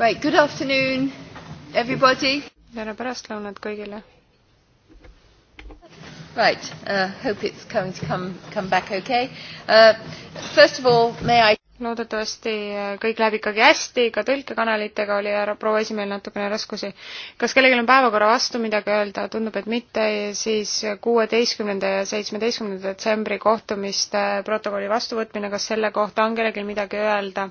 Right, good afternoon everybody. tere pärastlõunat kõigile. Right, uh, hope it's going to come, come back okay. Uh, first of all, may I loodetavasti uh, kõik läheb ikkagi hästi, ka tõlkekanalitega oli härra proua esimehel natukene raskusi. kas kellelgi on päevakorra vastu midagi öelda, tundub, et mitte, siis kuueteistkümnenda ja seitsmeteistkümnenda detsembri kohtumiste äh, protokolli vastuvõtmine, kas selle kohta on kellelgi midagi öelda?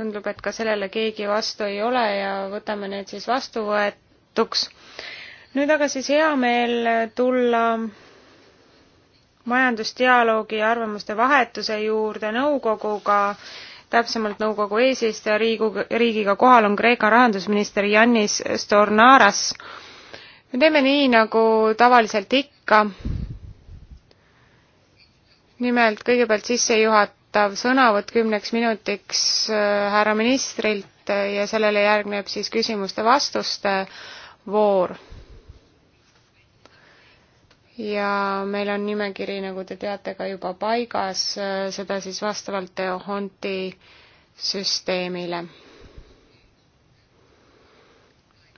tundub, et ka sellele keegi vastu ei ole ja võtame need siis vastuvõetuks. nüüd aga siis hea meel tulla majandusdialoogi ja arvamuste vahetuse juurde nõukoguga, täpsemalt nõukogu eesistuja riigu, riigiga kohal on Kreeka rahandusminister Yannis Stornaras. me teeme nii, nagu tavaliselt ikka nimelt kõigepealt sissejuhat-, sissejuhatav sõnavõtt kümneks minutiks äh, härra ministrilt äh, ja sellele järgneb siis küsimuste-vastuste voor. ja meil on nimekiri, nagu te teate, ka juba paigas, äh, seda siis vastavalt Honti süsteemile.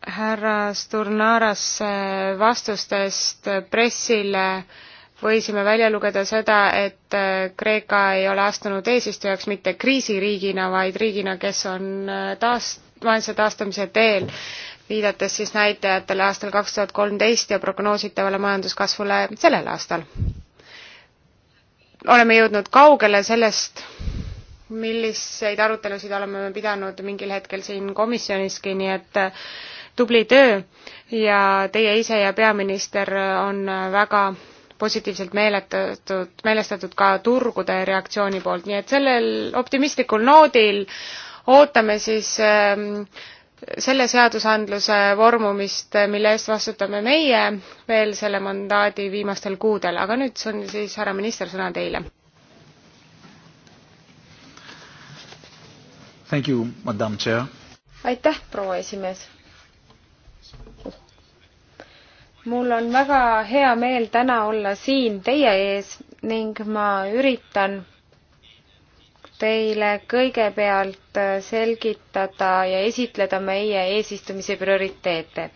härra Sturnaras vastustest pressile äh, võisime välja lugeda seda, et äh, Kreeka ei ole astunud eesistujaks mitte kriisiriigina, vaid riigina, kes on äh, taast-, majanduse taastamise teel, viidates siis näitajatele aastal kaks tuhat kolmteist ja prognoositavale majanduskasvule sellel aastal. oleme jõudnud kaugele sellest, milliseid arutelusid oleme pidanud mingil hetkel siin komisjoniski, nii et äh, tubli töö ja teie ise ja peaminister on väga positiivselt meeletatud, meelestatud ka turgude reaktsiooni poolt, nii et sellel optimistlikul noodil ootame siis ähm, selle seadusandluse vormumist, mille eest vastutame meie veel selle mandaadi viimastel kuudel, aga nüüd see on siis, härra minister, sõna teile. aitäh, proua esimees mul on väga hea meel täna olla siin teie ees ning ma üritan teile kõigepealt selgitada ja esitleda meie eesistumise prioriteete.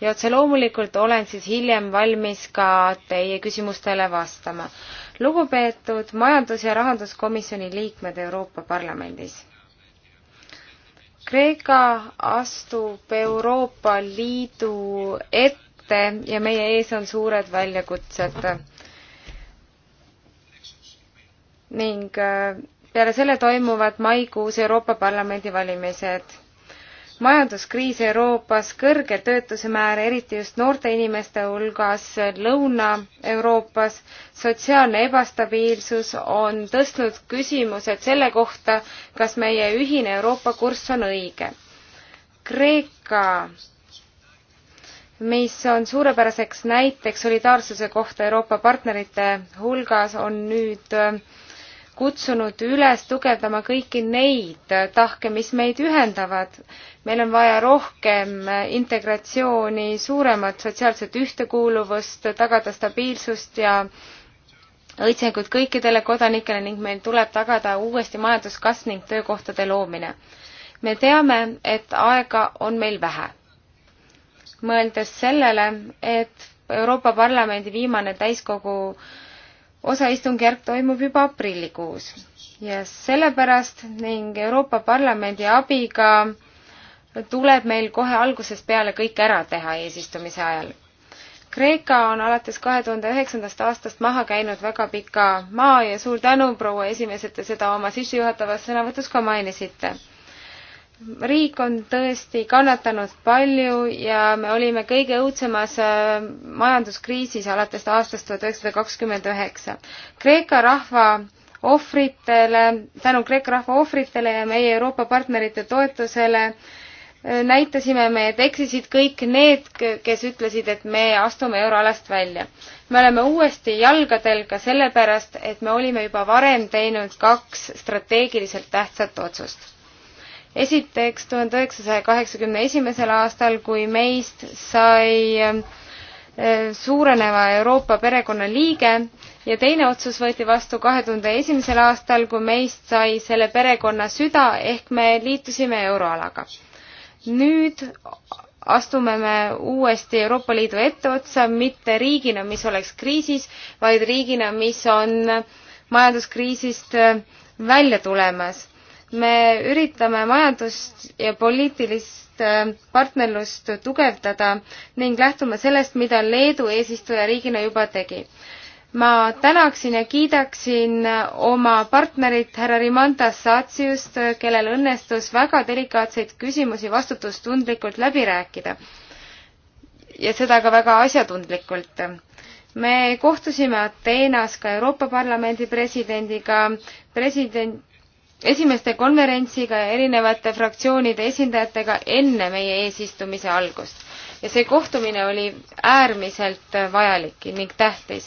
ja otse loomulikult olen siis hiljem valmis ka teie küsimustele vastama. lugupeetud Majandus- ja Rahanduskomisjoni liikmed Euroopa Parlamendis. Kreeka astub Euroopa Liidu ette ette ja meie ees on suured väljakutsed. ning äh, peale selle toimuvad maikuus Euroopa Parlamendi valimised. majanduskriis Euroopas, kõrge töötuse määr, eriti just noorte inimeste hulgas Lõuna-Euroopas, sotsiaalne ebastabiilsus on tõstnud küsimused selle kohta, kas meie ühine Euroopa kurss on õige. Kreeka mis on suurepäraseks näiteks solidaarsuse kohta Euroopa partnerite hulgas, on nüüd äh, kutsunud üles tugevdama kõiki neid tahke, mis meid ühendavad. meil on vaja rohkem äh, integratsiooni, suuremat sotsiaalset ühtekuuluvust, tagada stabiilsust ja õitsengut kõikidele kodanikele ning meil tuleb tagada uuesti majanduskasv ning töökohtade loomine. me teame, et aega on meil vähe mõeldes sellele, et Euroopa Parlamendi viimane täiskogu osaistungjärk toimub juba aprillikuus ja sellepärast ning Euroopa Parlamendi abiga tuleb meil kohe algusest peale kõik ära teha eesistumise ajal. Kreeka on alates kahe tuhande üheksandast aastast maha käinud väga pika maa ja suur tänu, proua esimees, et te seda oma sissejuhatavas sõnavõtus ka mainisite riik on tõesti kannatanud palju ja me olime kõige õudsemas äh, majanduskriisis alates aastast tuhat üheksasada kakskümmend üheksa. Kreeka rahva ohvritele, tänu Kreeka rahva ohvritele ja meie Euroopa partnerite toetusele äh, näitasime me, et eksisid kõik need, kes ütlesid, et me astume euroalast välja. me oleme uuesti jalgadel ka sellepärast, et me olime juba varem teinud kaks strateegiliselt tähtsat otsust esiteks tuhande üheksasaja kaheksakümne esimesel aastal, kui meist sai eh, suureneva Euroopa perekonna liige ja teine otsus võeti vastu kahe tuhande esimesel aastal, kui meist sai selle perekonna süda ehk me liitusime euroalaga. nüüd astume me uuesti Euroopa Liidu etteotsa, mitte riigina, mis oleks kriisis, vaid riigina, mis on majanduskriisist eh, välja tulemas me üritame majandust ja poliitilist äh, partnerlust tugevdada ning lähtume sellest, mida Leedu eesistujariigina juba tegi. ma tänaksin ja kiidaksin oma partnerit härra Rimantas Saatsiust, kellel õnnestus väga delikaatseid küsimusi vastutustundlikult läbi rääkida. ja seda ka väga asjatundlikult me kohtusime Ateenas ka Euroopa Parlamendi presidendiga, president esimeste konverentsiga ja erinevate fraktsioonide esindajatega enne meie eesistumise algust. ja see kohtumine oli äärmiselt vajalik ning tähtis.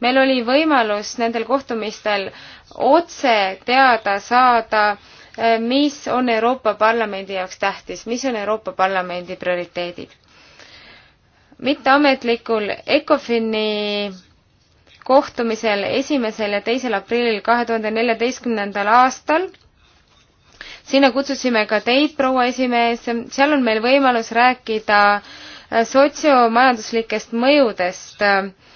meil oli võimalus nendel kohtumistel otse teada saada, mis on Euroopa Parlamendi jaoks tähtis, mis on Euroopa Parlamendi prioriteedid mitteametlikul ECOFIN-i kohtumisel esimesel ja teisel aprillil kahe tuhande neljateistkümnendal aastal. sinna kutsusime ka teid, proua esimees, seal on meil võimalus rääkida äh, sotsiomajanduslikest mõjudest äh,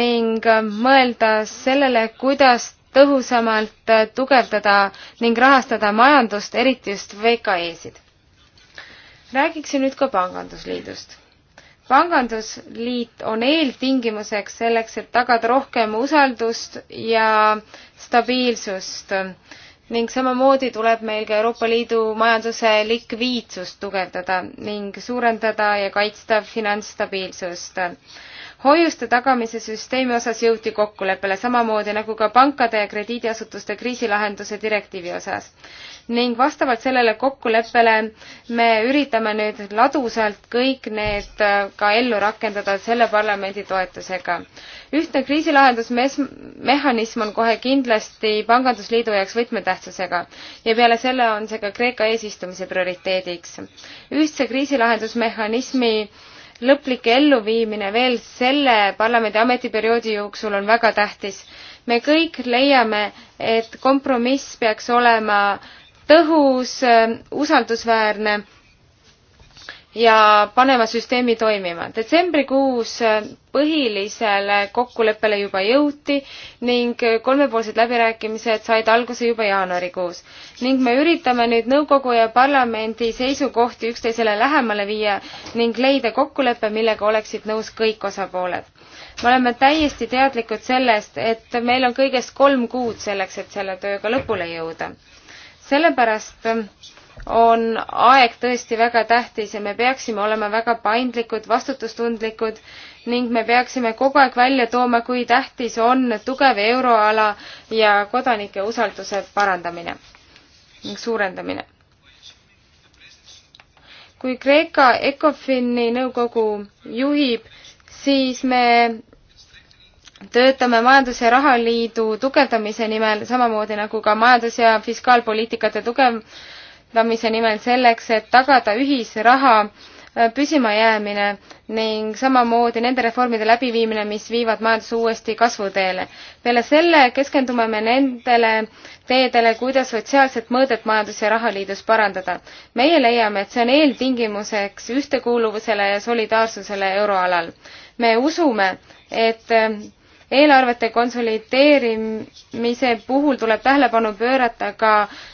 ning äh, mõelda sellele, kuidas tõhusamalt tugevdada ning rahastada majandust, eriti just VKE-sid. räägiksin nüüd ka Pangandusliidust pangandusliit on eeltingimuseks selleks, et tagada rohkem usaldust ja stabiilsust ning samamoodi tuleb meil ka Euroopa Liidu majanduse likviidsust tugevdada ning suurendada ja kaitsta finantsstabiilsust hoiuste tagamise süsteemi osas jõuti kokkuleppele, samamoodi nagu ka pankade ja krediidiasutuste kriisilahenduse direktiivi osas. ning vastavalt sellele kokkuleppele me üritame nüüd ladusalt kõik need äh, ka ellu rakendada selle parlamendi toetusega. ühtne kriisilahendusmehhanism on kohe kindlasti Pangandusliidu jaoks võtmetähtsusega ja peale selle on see ka Kreeka eesistumise prioriteediks. ühtse kriisilahendusmehhanismi lõplik elluviimine veel selle parlamendi ametiperioodi jooksul on väga tähtis. me kõik leiame, et kompromiss peaks olema tõhus, usaldusväärne ja panema süsteemi toimima. detsembrikuus põhilisele kokkuleppele juba jõuti ning kolmepoolsed läbirääkimised said alguse juba jaanuarikuus. ning me üritame nüüd nõukogu ja parlamendi seisukohti üksteisele lähemale viia ning leida kokkulepe, millega oleksid nõus kõik osapooled. me oleme täiesti teadlikud sellest, et meil on kõigest kolm kuud selleks, et selle tööga lõpule jõuda. sellepärast on aeg tõesti väga tähtis ja me peaksime olema väga paindlikud, vastutustundlikud ning me peaksime kogu aeg välja tooma, kui tähtis on tugev euroala ja kodanike usalduse parandamine ning suurendamine. kui Kreeka ECOFIN-i nõukogu juhib, siis me töötame Majandus- ja Rahaliidu tugevdamise nimel, samamoodi nagu ka majandus- ja fiskaalpoliitikate tugev-, tugevdamise nimel selleks, et tagada ühisraha äh, püsimajäämine ning samamoodi nende reformide läbiviimine, mis viivad majanduse uuesti kasvuteele. peale selle keskendume me nendele teedele, kuidas sotsiaalset mõõdet Majandus- ja Rahaliidus parandada. meie leiame, et see on eeltingimuseks ühtekuuluvusele ja solidaarsusele euroalal. me usume, et äh, eelarvete konsolideerimise puhul tuleb tähelepanu pöörata ka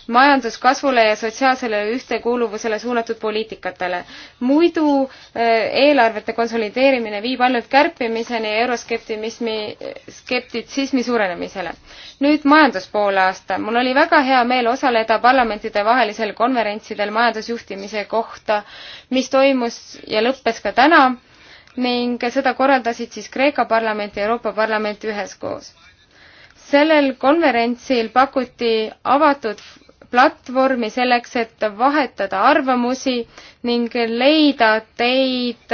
majanduskasvule ja sotsiaalsele ühtekuuluvusele suunatud poliitikatele. muidu eh, eelarvete konsolideerimine viib ainult kärpimiseni ja euroskeptimismi, skeptitsismi suurenemisele. nüüd majanduspoole aasta. mul oli väga hea meel osaleda parlamentidevahelisel konverentsidel majandusjuhtimise kohta, mis toimus ja lõppes ka täna ning seda korraldasid siis Kreeka parlament ja Euroopa Parlament üheskoos. sellel konverentsil pakuti avatud platvormi selleks, et vahetada arvamusi ning leida teid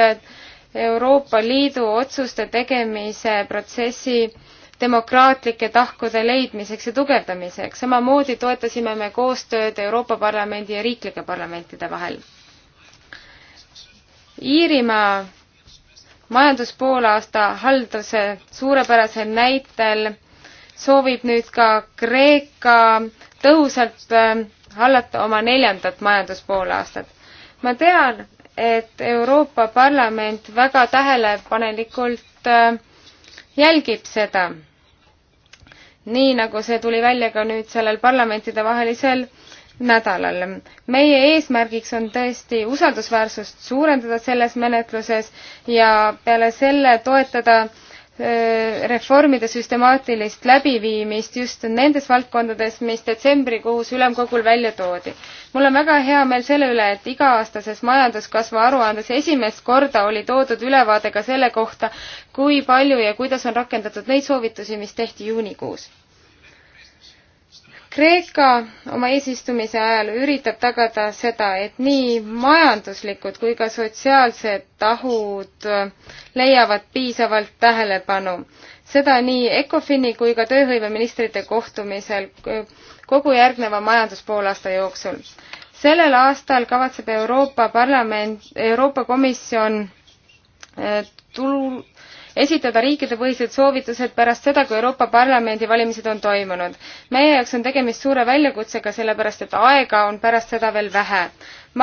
Euroopa Liidu otsuste tegemise protsessi demokraatlike tahkude leidmiseks ja tugevdamiseks. samamoodi toetasime me koostööd Euroopa Parlamendi ja riiklike parlamentide vahel. Iirimaa majanduspoolaasta halduse suurepärasel näitel soovib nüüd ka Kreeka tõhusalt äh, hallata oma neljandat majanduspoolaastat. ma tean, et Euroopa Parlament väga tähelepanelikult äh, jälgib seda, nii nagu see tuli välja ka nüüd sellel parlamentidevahelisel nädalal. meie eesmärgiks on tõesti usaldusväärsust suurendada selles menetluses ja peale selle toetada reformide süstemaatilist läbiviimist just nendes valdkondades, mis detsembrikuus ülemkogul välja toodi. mul on väga hea meel selle üle, et iga-aastases majanduskasvu aruandes esimest korda oli toodud ülevaade ka selle kohta, kui palju ja kuidas on rakendatud neid soovitusi, mis tehti juunikuus Kreeka oma eesistumise ajal üritab tagada seda, et nii majanduslikud kui ka sotsiaalsed tahud leiavad piisavalt tähelepanu. seda nii ECOFIN-i kui ka tööhõiveministrite kohtumisel kogu järgneva majanduspoolaasta jooksul. sellel aastal kavatseb Euroopa Parlament, Euroopa Komisjon eh, tulu, esitada riikidepõhised soovitused pärast seda, kui Euroopa Parlamendi valimised on toimunud. meie jaoks on tegemist suure väljakutsega, sellepärast et aega on pärast seda veel vähe.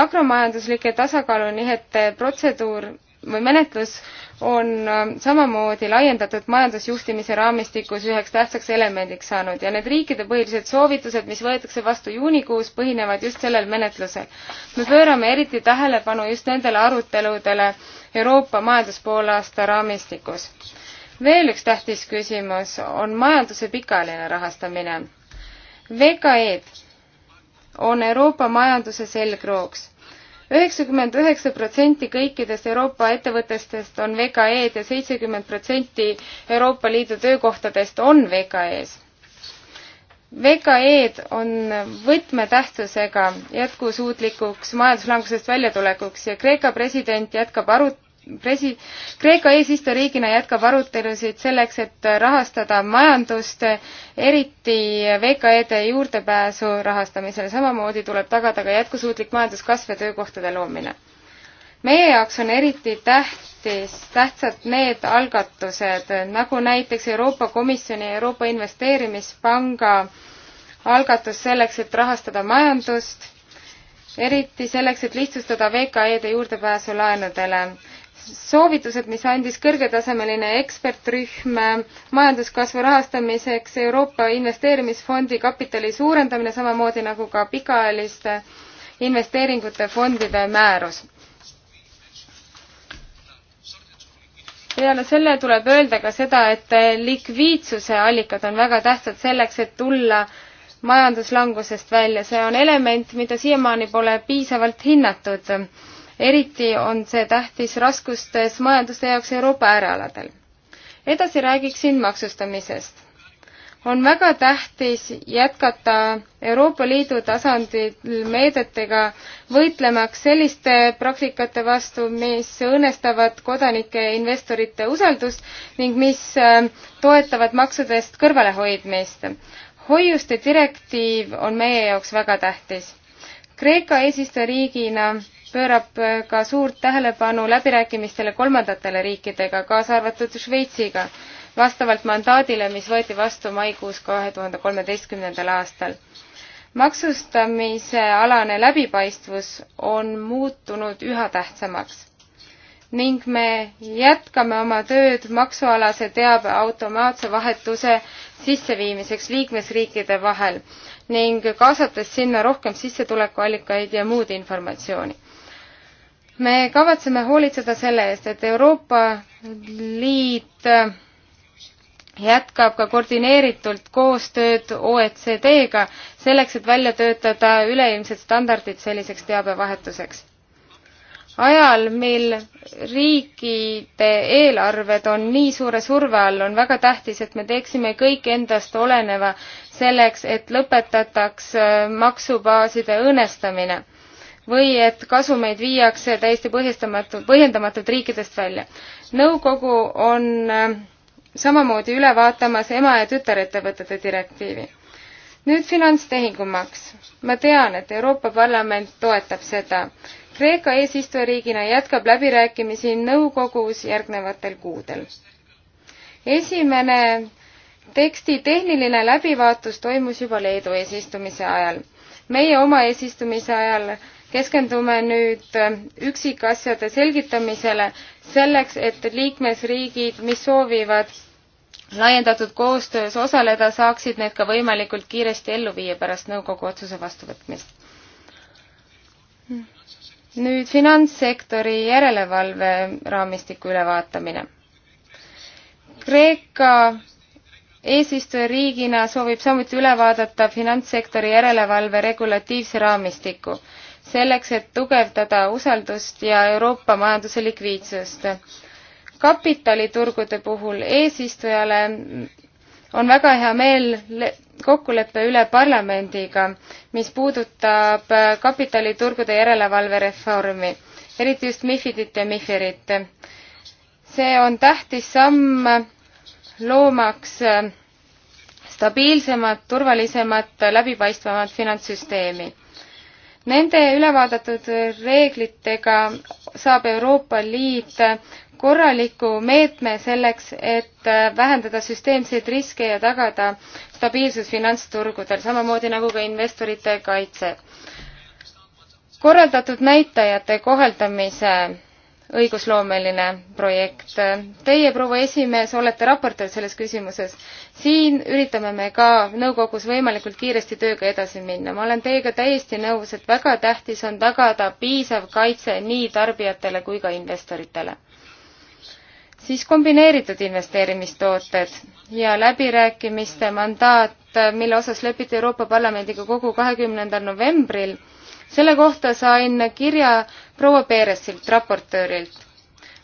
makromajanduslikke tasakaalunihete protseduur või menetlus on ähm, samamoodi laiendatud majandusjuhtimise raamistikus üheks tähtsaks elemendiks saanud ja need riikidepõhilised soovitused, mis võetakse vastu juunikuus, põhinevad just sellel menetlusel. me pöörame eriti tähelepanu just nendele aruteludele Euroopa majanduspoolaasta raamistikus. veel üks tähtis küsimus on majanduse pikaajaline rahastamine. VKE-d on Euroopa majanduse selgrooks üheksakümmend üheksa protsenti kõikidest Euroopa ettevõtetest on VKE-d ja seitsekümmend protsenti Euroopa Liidu töökohtadest on VKE-s. VKE-d on võtmetähtsusega jätkusuutlikuks majanduslangusest väljatulekuks ja Kreeka president jätkab arut-, presi-, Kreeka eesistujariigina jätkab arutelusid selleks, et rahastada majandust, eriti VKE-de juurdepääsu rahastamisele. samamoodi tuleb tagada ka jätkusuutlik majanduskasv ja töökohtade loomine. meie jaoks on eriti tähtis, tähtsad need algatused, nagu näiteks Euroopa Komisjoni ja Euroopa Investeerimispanga algatus selleks, et rahastada majandust eriti selleks, et lihtsustada VKE-de juurdepääsu laenudele soovitused, mis andis kõrgetasemeline ekspertrühm majanduskasvu rahastamiseks, Euroopa Investeerimisfondi kapitali suurendamine, samamoodi nagu ka pikaajaliste investeeringute fondide määrus. peale selle tuleb öelda ka seda, et likviidsuse allikad on väga tähtsad selleks, et tulla majanduslangusest välja. see on element, mida siiamaani pole piisavalt hinnatud eriti on see tähtis raskustes majanduste jaoks Euroopa äärealadel. edasi räägiksin maksustamisest. on väga tähtis jätkata Euroopa Liidu tasandil meedetega, võitlemaks selliste praktikate vastu, mis õõnestavad kodanike ja investorite usaldust ning mis äh, toetavad maksudest kõrvalehoidmist. hoiuste direktiiv on meie jaoks väga tähtis. Kreeka eesistujariigina pöörab ka suurt tähelepanu läbirääkimistele kolmandatele riikidega, kaasa arvatud Šveitsiga, vastavalt mandaadile, mis võeti vastu maikuus kahe tuhande kolmeteistkümnendal aastal. maksustamise alane läbipaistvus on muutunud üha tähtsamaks ning me jätkame oma tööd maksualase teabe automaatse vahetuse sisseviimiseks liikmesriikide vahel ning kaasates sinna rohkem sissetulekuallikaid ja muud informatsiooni me kavatseme hoolitseda selle eest, et Euroopa Liit jätkab ka koordineeritult koostööd OECD-ga selleks, et välja töötada üleilmsed standardid selliseks teabevahetuseks. ajal, mil riikide eelarved on nii suure surve all, on väga tähtis, et me teeksime kõik endast oleneva selleks, et lõpetataks maksubaaside õõnestamine või et kasumeid viiakse täiesti põhjendamatult, põhjendamatult riikidest välja. nõukogu on äh, samamoodi üle vaatamas ema- ja tütarettevõtete direktiivi. nüüd finantstehingumaks. ma tean, et Euroopa Parlament toetab seda. Kreeka eesistujariigina jätkab läbirääkimisi nõukogus järgnevatel kuudel. esimene teksti tehniline läbivaatus toimus juba Leedu eesistumise ajal. meie oma eesistumise ajal keskendume nüüd äh, üksikasjade selgitamisele selleks, et liikmesriigid, mis soovivad laiendatud koostöös osaleda, saaksid need ka võimalikult kiiresti ellu viia pärast nõukogu otsuse vastuvõtmist. nüüd finantssektori järelevalve raamistiku ülevaatamine. Kreeka eesistujariigina soovib samuti üle vaadata finantssektori järelevalve regulatiivse raamistiku selleks, et tugevdada usaldust ja Euroopa majanduse likviidsust. kapitaliturgude puhul eesistujale on väga hea meel kokkuleppe üle parlamendiga, mis puudutab kapitaliturgude järelevalve reformi, eriti just MIFIDit ja MIFIRit. see on tähtis samm loomaks stabiilsemat, turvalisemat, läbipaistvamat finantssüsteemi Nende ülevaadatud reeglitega saab Euroopa Liit korraliku meetme selleks, et vähendada süsteemseid riske ja tagada stabiilsus finantsturgudel, samamoodi nagu ka investorite kaitse. korraldatud näitajate koheldamise õigusloomeline projekt. Teie, proua esimees, olete raportöör selles küsimuses. siin üritame me ka nõukogus võimalikult kiiresti tööga edasi minna. ma olen teiega täiesti nõus, et väga tähtis on tagada piisav kaitse nii tarbijatele kui ka investoritele. siis kombineeritud investeerimistooted ja läbirääkimiste mandaat, mille osas lepiti Euroopa Parlamendiga kokku kahekümnendal novembril selle kohta sain kirja proua Peeresilt, raportöörilt.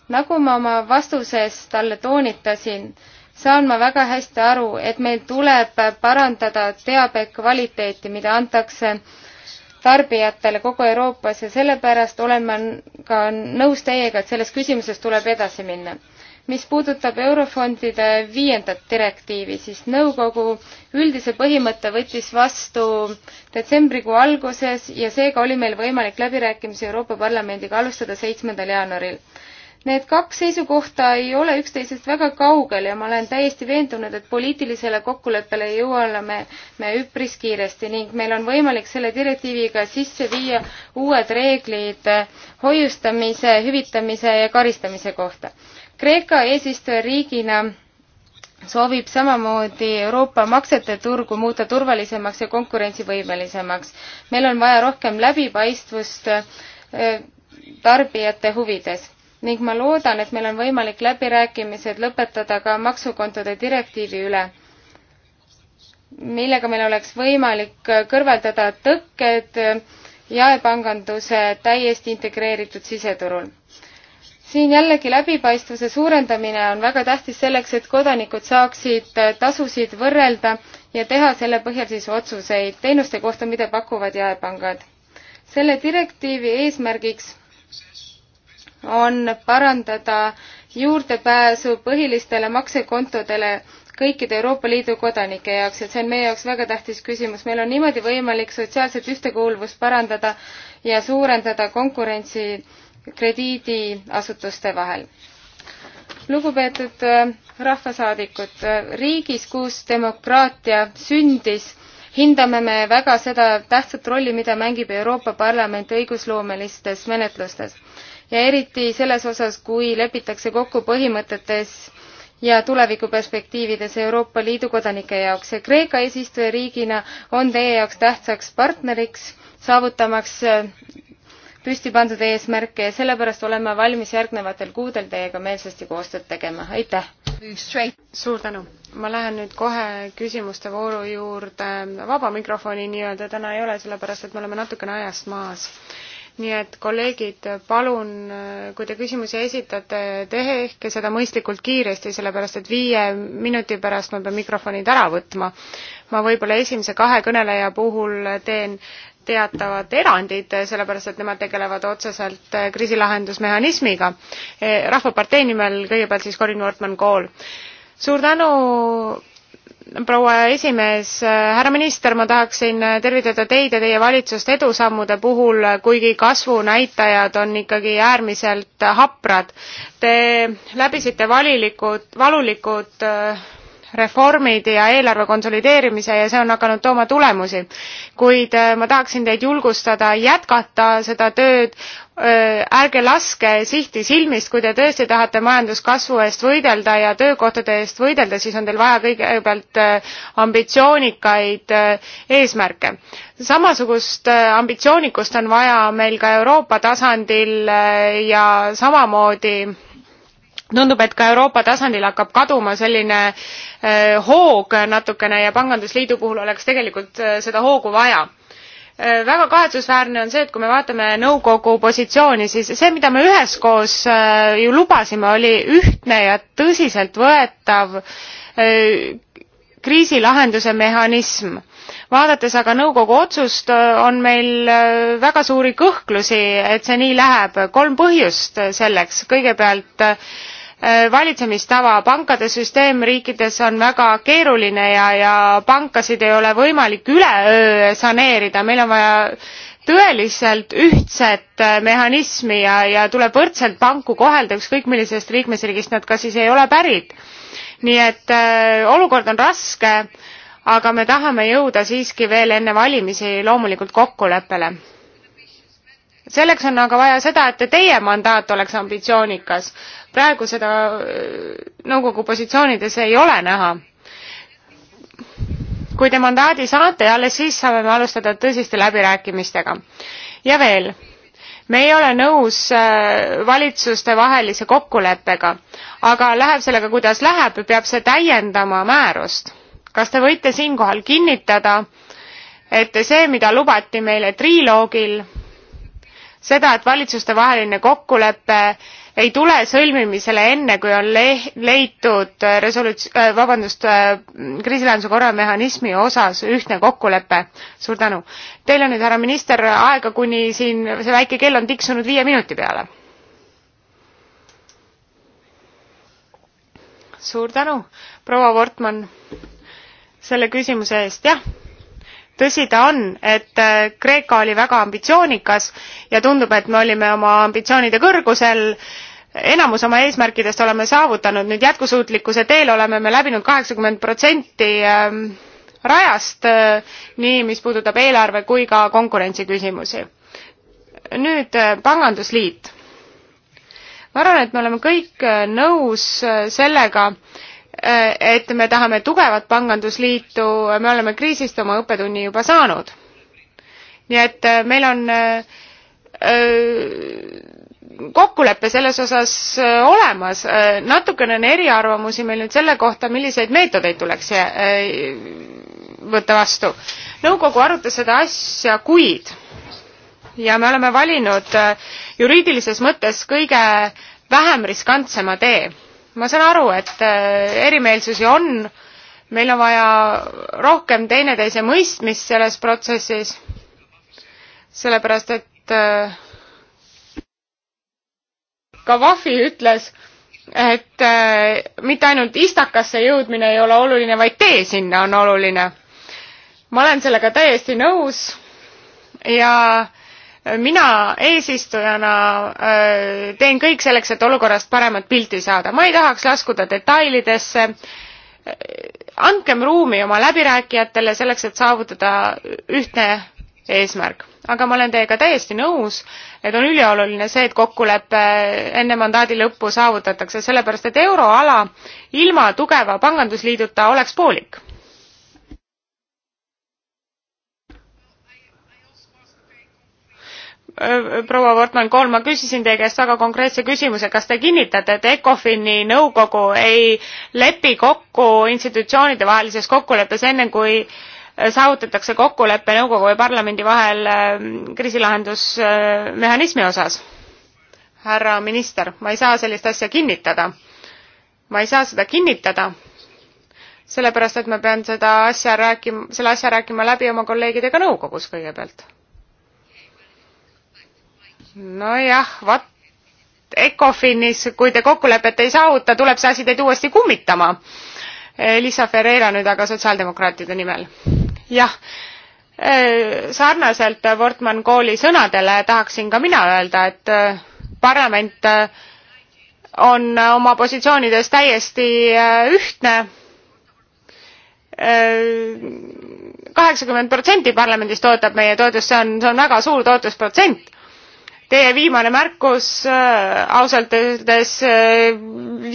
nagu ma oma vastuses talle toonitasin, saan ma väga hästi aru, et meil tuleb parandada teabe kvaliteeti, mida antakse tarbijatele kogu Euroopas ja sellepärast olen ma ka nõus teiega, et selles küsimuses tuleb edasi minna mis puudutab eurofondide viiendat direktiivi, siis nõukogu üldise põhimõtte võttis vastu detsembrikuu alguses ja seega oli meil võimalik läbirääkimisi Euroopa Parlamendiga alustada seitsmendal jaanuaril. Need kaks seisukohta ei ole üksteisest väga kaugel ja ma olen täiesti veendunud, et poliitilisele kokkuleppele jõuame me üpris kiiresti ning meil on võimalik selle direktiiviga sisse viia uued reeglid hoiustamise, hüvitamise ja karistamise kohta Kreeka eesistujariigina soovib samamoodi Euroopa maksete turgu muuta turvalisemaks ja konkurentsivõimelisemaks. meil on vaja rohkem läbipaistvust eh, tarbijate huvides ning ma loodan, et meil on võimalik läbirääkimised lõpetada ka maksukontode direktiivi üle, millega meil oleks võimalik kõrvaldada tõkked jaepanganduse täiesti integreeritud siseturul siin jällegi läbipaistvuse suurendamine on väga tähtis selleks, et kodanikud saaksid äh, tasusid võrrelda ja teha selle põhjal siis otsuseid teenuste kohta, mida pakuvad jaepangad. selle direktiivi eesmärgiks on parandada juurdepääsu põhilistele maksekontodele kõikide Euroopa Liidu kodanike jaoks, et see on meie jaoks väga tähtis küsimus. meil on niimoodi võimalik sotsiaalset ühtekuuluvust parandada ja suurendada konkurentsi krediidiasutuste vahel. lugupeetud äh, rahvasaadikud, äh, riigis, kus demokraatia sündis, hindame me väga seda tähtsat rolli, mida mängib Euroopa Parlament õigusloomelistes menetlustes ja eriti selles osas, kui lepitakse kokku põhimõtetes ja tulevikuperspektiivides Euroopa Liidu kodanike jaoks ja Kreeka eesistujariigina on teie jaoks tähtsaks partneriks saavutamaks äh, püsti pandud eesmärke ja sellepärast oleme valmis järgnevatel kuudel teiega meelsasti koostööd tegema, aitäh! suur tänu! ma lähen nüüd kohe küsimuste vooru juurde, vaba mikrofoni nii-öelda täna ei ole, sellepärast et me oleme natukene ajast maas. nii et kolleegid, palun, kui te küsimusi esitate, tehke seda mõistlikult kiiresti, sellepärast et viie minuti pärast ma pean mikrofonid ära võtma. ma võib-olla esimese kahe kõneleja puhul teen teatavad erandid, sellepärast et nemad tegelevad otseselt eh, kriisilahendusmehhanismiga. Eh, rahvapartei nimel kõigepealt siis Corin Wortmann-Kool. suur tänu proua esimees, eh, härra minister, ma tahaksin tervitada teid ja teie valitsust edusammude puhul, kuigi kasvunäitajad on ikkagi äärmiselt haprad. Te läbisite valilikud, valulikud äh, reformid ja eelarve konsolideerimise ja see on hakanud tooma tulemusi. kuid äh, ma tahaksin teid julgustada jätkata seda tööd, äh, ärge laske sihti silmist, kui te tõesti tahate majanduskasvu eest võidelda ja töökohtade eest võidelda, siis on teil vaja kõigepealt äh, ambitsioonikaid eesmärke. samasugust ambitsioonikust on vaja meil ka Euroopa tasandil ja samamoodi tundub, et ka Euroopa tasandil hakkab kaduma selline äh, hoog natukene ja pangandusliidu puhul oleks tegelikult äh, seda hoogu vaja äh,. väga kahetsusväärne on see, et kui me vaatame nõukogu positsiooni, siis see, mida me üheskoos äh, ju lubasime, oli ühtne ja tõsiseltvõetav äh, kriisilahenduse mehhanism vaadates aga nõukogu otsust äh, on meil väga suuri kõhklusi et see nii läheb kolm põhjust selleks kõigepealt Äh, valitsemistava pankade süsteem riikides on väga keeruline ja ja pankasid ei ole võimalik üleöö saneerida meil on vaja tõeliselt ühtset äh, mehhanismi ja ja tuleb võrdselt panku kohelda ükskõik millisest liikmesriigist nad ka siis ei ole pärit nii et äh, olukord on raske aga me tahame jõuda siiski veel enne valimisi loomulikult kokkuleppele selleks on aga vaja seda et teie mandaat oleks ambitsioonikas praegu seda äh, nõukogu positsioonides ei ole näha. kui te mandaadi saate, alles siis saame me alustada tõsiste läbirääkimistega. ja veel, me ei ole nõus äh, valitsustevahelise kokkuleppega, aga läheb sellega, kuidas läheb, peab see täiendama määrust. kas te võite siinkohal kinnitada, et see, mida lubati meile triloogil, seda, et valitsustevaheline kokkulepe ei tule sõlmimisele enne, kui on le-, leitud äh, resoluts-, äh, vabandust, äh, kriisilahenduse korramehhanismi osas ühtne kokkulepe. suur tänu. Teil on nüüd, härra minister, aega, kuni siin see väike kell on tiksunud viie minuti peale. suur tänu, proua Wortmann, selle küsimuse eest, jah tõsi ta on, et Kreeka oli väga ambitsioonikas ja tundub, et me olime oma ambitsioonide kõrgusel enamus oma eesmärkidest oleme saavutanud, nüüd jätkusuutlikkuse teel oleme me läbinud kaheksakümmend protsenti ähm, rajast, äh, nii mis puudutab eelarve kui ka konkurentsiküsimusi. nüüd äh, Pangandusliit. ma arvan, et me oleme kõik äh, nõus sellega, et me tahame tugevat pangandusliitu, me oleme kriisist oma õppetunni juba saanud. nii et meil on öö, kokkulepe selles osas äh, olemas, äh, natukene on eriarvamusi meil nüüd selle kohta, milliseid meetodeid tuleks äh, võtta vastu. nõukogu arutas seda asja kuid ja me oleme valinud juriidilises mõttes kõige vähem riskantsema tee. ma saan aru, et erimeelsusi on, meil on vaja rohkem teineteise mõistmist selles protsessis, sellepärast et Gaddafi ütles, et äh, mitte ainult istakasse jõudmine ei ole oluline, vaid tee sinna on oluline. ma olen sellega täiesti nõus ja mina eesistujana äh, teen kõik selleks, et olukorrast paremat pilti saada. ma ei tahaks laskuda detailidesse. Äh, andkem ruumi oma läbirääkijatele selleks, et saavutada ühtne eesmärk. aga ma olen teiega täiesti nõus, et on ülioluline see, et kokkulepe enne mandaadi lõppu saavutatakse, sellepärast et euroala ilma tugeva pangandusliiduta oleks poolik. proua Wortmann-Kool, ma küsisin teie käest väga konkreetse küsimuse, kas te kinnitate, et ECOFIN-i nõukogu ei lepi kokku institutsioonide vahelises kokkuleppes enne, kui äh, saavutatakse kokkulepe nõukogu ja parlamendi vahel ähm, kriisilahendusmehhanismi osas? härra minister, ma ei saa sellist asja kinnitada. ma ei saa seda kinnitada, sellepärast et ma pean seda asja rääkima, selle asja rääkima läbi oma kolleegidega nõukogus kõigepealt. nojah, vot ECOFINis, kui te kokkulepet ei saavuta, tuleb see asi teid uuesti kummitama. Elisa Ferreira nüüd aga sotsiaaldemokraatide nimel jah, e, sarnaselt Wortmann kooli sõnadele tahaksin ka mina öelda, et e, parlament e, on oma positsioonides täiesti ühtne kaheksakümmend protsenti parlamendist toetab meie toetust, see on, see on väga suur toetusprotsent. Teie viimane märkus äh, ausalt öeldes äh,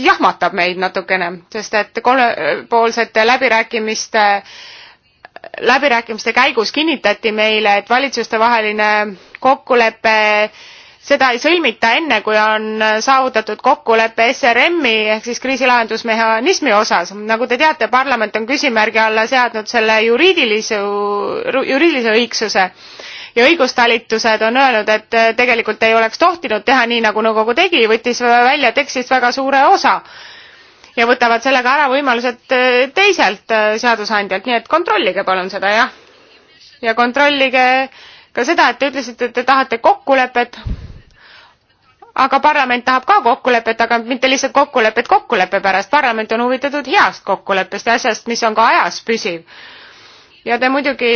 jahmatab meid natukene, sest et kolmepoolsete läbirääkimiste äh, läbirääkimiste käigus kinnitati meile, et valitsustevaheline kokkulepe seda ei sõlmita enne, kui on saavutatud kokkulepe SRM-i ehk siis kriisilahendusmehhanismi osas. nagu te teate, parlament on küsimärgi alla seadnud selle juriidilise, juriidilise õigsuse ja õigustalitused on öelnud, et tegelikult ei oleks tohtinud teha nii, nagu nõukogu tegi, võttis välja tekstist väga suure osa ja võtavad sellega ära võimalused äh, teiselt äh, seadusandjalt, nii et kontrollige palun seda, jah. ja kontrollige ka seda, et te ütlesite, et te tahate kokkulepet, aga parlament tahab ka kokkulepet, aga mitte lihtsalt kokkulepet kokkuleppe pärast, parlament on huvitatud heast kokkuleppest ja asjast, mis on ka ajas püsiv. ja te muidugi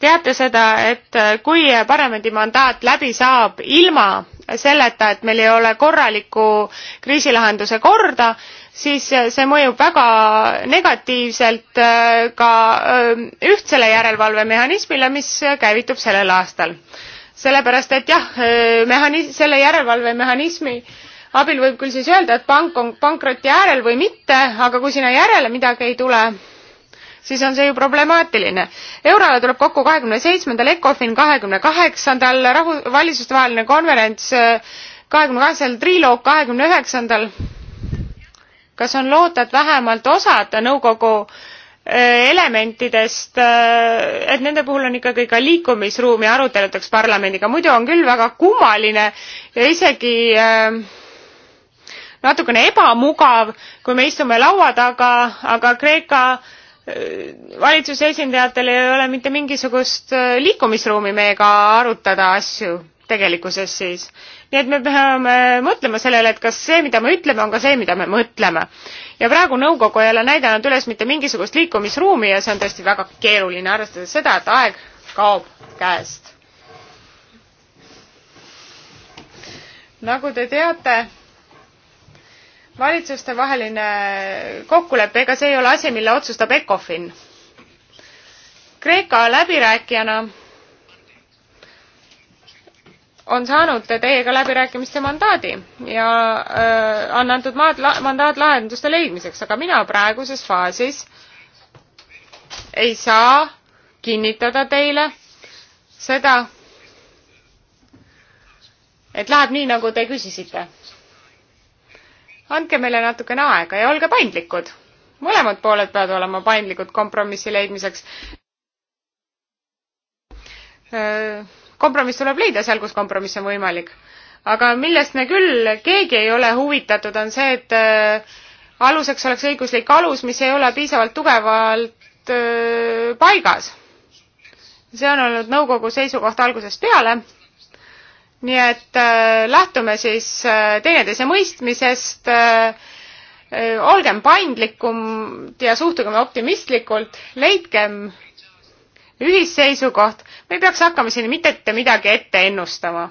teate seda, et äh, kui parlamendi mandaat läbi saab ilma selleta, et meil ei ole korralikku kriisilahenduse korda, siis äh, see mõjub väga negatiivselt äh, ka ühtsele järelevalvemehhanismile, mis käivitub sellel aastal. sellepärast, et jah, mehhanism, selle järelevalvemehhanismi abil võib küll siis öelda, et pank on pankroti äärel või mitte, aga kui sinna järele midagi ei tule, siis on see ju problemaatiline. eurole tuleb kokku kahekümne seitsmendal, ECOFIN kahekümne kaheksandal, rahu-, valitsustevaheline konverents äh, kahekümne kaheksandal, triloog kahekümne üheksandal. kas on loota, et vähemalt osad nõukogu äh, elementidest, äh, et nende puhul on ikkagi ka liikumisruumi aruteludeks parlamendiga, muidu on küll väga kummaline ja isegi natukene ebamugav, kui me istume laua taga, aga Kreeka Äh, valitsuse esindajatel ei ole mitte mingisugust äh, liikumisruumi meiega arutada asju tegelikkuses siis. nii et me peame mõtlema sellele, et kas see, mida me ütleme, on ka see, mida me mõtleme. ja praegu nõukogu ei ole näidanud üles mitte mingisugust liikumisruumi ja see on tõesti väga keeruline, arvestades seda, et aeg kaob käest. nagu te teate valitsustevaheline kokkulepe, ega see ei ole asi, mille otsustab ECOFIN. Kreeka läbirääkijana on saanud teiega läbirääkimiste mandaadi ja öö, äh, on antud maad, mandaat lahenduste leidmiseks, aga mina praeguses faasis ei saa kinnitada teile seda, et läheb nii, nagu te küsisite andke meile natukene aega ja olge paindlikud. mõlemad pooled peavad olema paindlikud kompromissi leidmiseks. kompromiss tuleb leida seal, kus kompromiss on võimalik. aga millest me küll keegi ei ole huvitatud, on see, et aluseks oleks õiguslik alus, mis ei ole piisavalt tugevalt paigas. see on olnud nõukogu seisukoht algusest peale nii et äh, lähtume siis äh, teineteise mõistmisest äh,, äh olgem paindlikumad ja suhtugem optimistlikult, leidkem ühisseisukoht, me ei peaks hakkama siin mitte midagi ette ennustama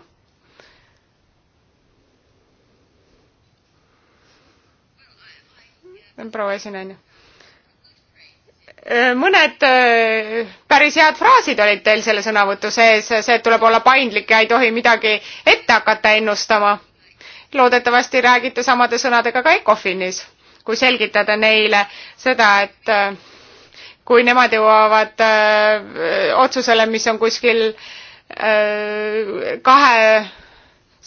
proua esinaine. Äh, mõned äh, päris head fraasid olid teil selle sõnavõtu sees, see, et tuleb olla paindlik ja ei tohi midagi ette hakata ennustama. loodetavasti räägite samade sõnadega ka ECOFINis, kui selgitada neile seda, et äh, kui nemad jõuavad öö, otsusele, mis on kuskil öö, kahe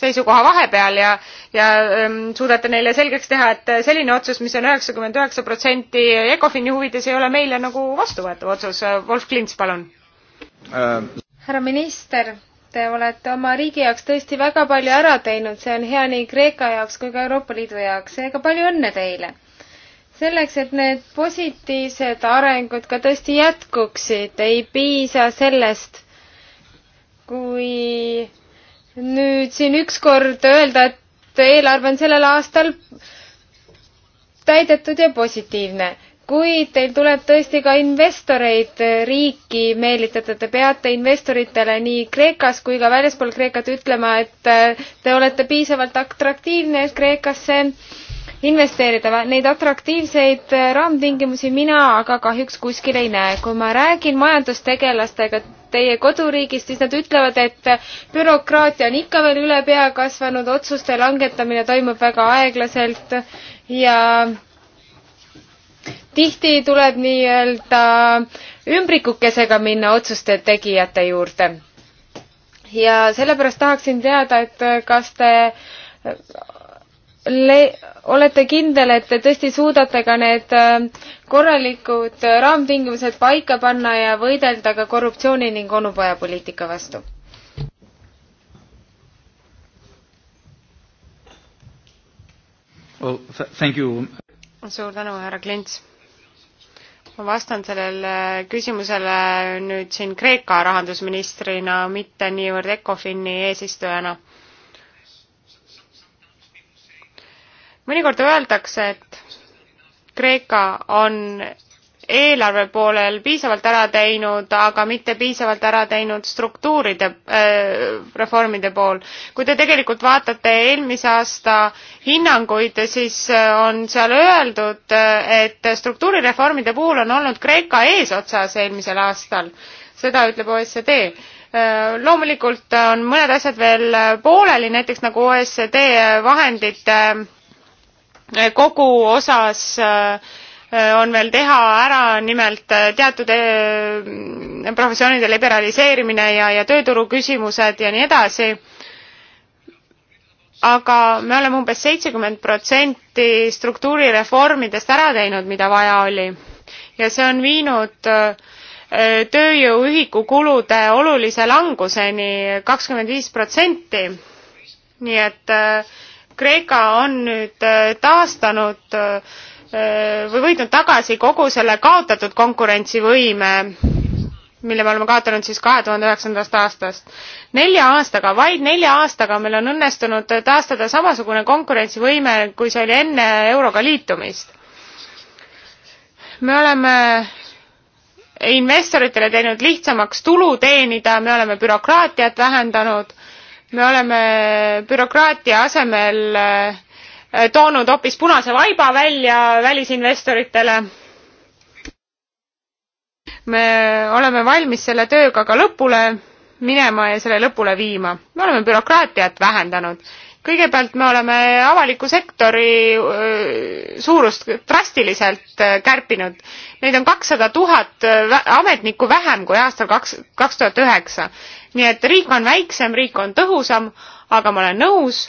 seisukoha vahepeal ja, ja ähm, suudate neile selgeks teha, et selline otsus, mis on üheksakümmend üheksa protsenti Ecofini huvides, ei ole meile nagu vastuvõetav otsus. Wolf Klints, palun ähm.. härra minister, te olete oma riigi jaoks tõesti väga palju ära teinud, see on hea nii Kreeka jaoks kui ka Euroopa Liidu jaoks, seega palju õnne teile! selleks, et need positiivsed arengud ka tõesti jätkuksid, ei piisa sellest, kui nüüd siin ükskord öelda, et eelarve on sellel aastal täidetud ja positiivne kuid teil tuleb tõesti ka investoreid riiki meelitada, te peate investoritele nii Kreekas kui ka väljaspool Kreekat ütlema, et te olete piisavalt atraktiivne, et Kreekasse investeerida, neid atraktiivseid äh, raamtingimusi mina aga kahjuks kuskil ei näe. kui ma räägin majandustegelastega teie koduriigis, siis nad ütlevad, et äh, bürokraatia on ikka veel üle pea kasvanud, otsuste langetamine toimub väga aeglaselt ja tihti tuleb nii-öelda ümbrikukesega minna otsuste tegijate juurde. ja sellepärast tahaksin teada, et äh, kas te le-, olete kindel, et te tõesti suudate ka need äh, korralikud äh, raamtingimused paika panna ja võidelda ka korruptsiooni ning onupojapoliitika vastu? Well, thank you. suur tänu, härra Klints. ma vastan sellele küsimusele nüüd siin Kreeka rahandusministrina, mitte niivõrd ECOFIN-i eesistujana mõnikord öeldakse, et Kreeka on eelarve poolel piisavalt ära teinud, aga mitte piisavalt ära teinud struktuuride äh, reformide pool. kui te tegelikult vaatate eelmise aasta hinnanguid, siis äh, on seal öeldud, äh, et struktuurireformide puhul on olnud Kreeka eesotsas eelmisel aastal. seda ütleb OECD äh, loomulikult on mõned asjad veel pooleli, näiteks nagu OECD vahendite äh, kogu osas äh, on veel teha ära nimelt äh, teatud äh, professioonide liberaliseerimine ja, ja tööturu küsimused ja nii edasi. aga me oleme umbes seitsekümmend protsenti struktuurireformidest ära teinud, mida vaja oli ja see on viinud tööjõuühiku kulude olulise languseni kakskümmend viis protsenti. nii et äh, Kreeka on nüüd äh, taastanud äh, või võitnud tagasi kogu selle kaotatud konkurentsivõime, mille me oleme kaotanud siis kahe tuhande üheksandast aastast. nelja aastaga, vaid nelja aastaga meil on õnnestunud taastada samasugune konkurentsivõime, kui see oli enne euroga liitumist. me oleme investoritele teinud lihtsamaks tulu teenida, me oleme bürokraatiat vähendanud me oleme bürokraatia asemel äh, toonud hoopis punase vaiba välja välisinvestoritele. me oleme valmis selle tööga ka lõpule minema ja selle lõpule viima. me oleme bürokraatiat vähendanud kõigepealt me oleme avaliku sektori suurust drastiliselt kärpinud. Neid on kakssada tuhat ametnikku vähem kui aastal kaks, kaks tuhat üheksa. nii et riik on väiksem, riik on tõhusam, aga ma olen nõus,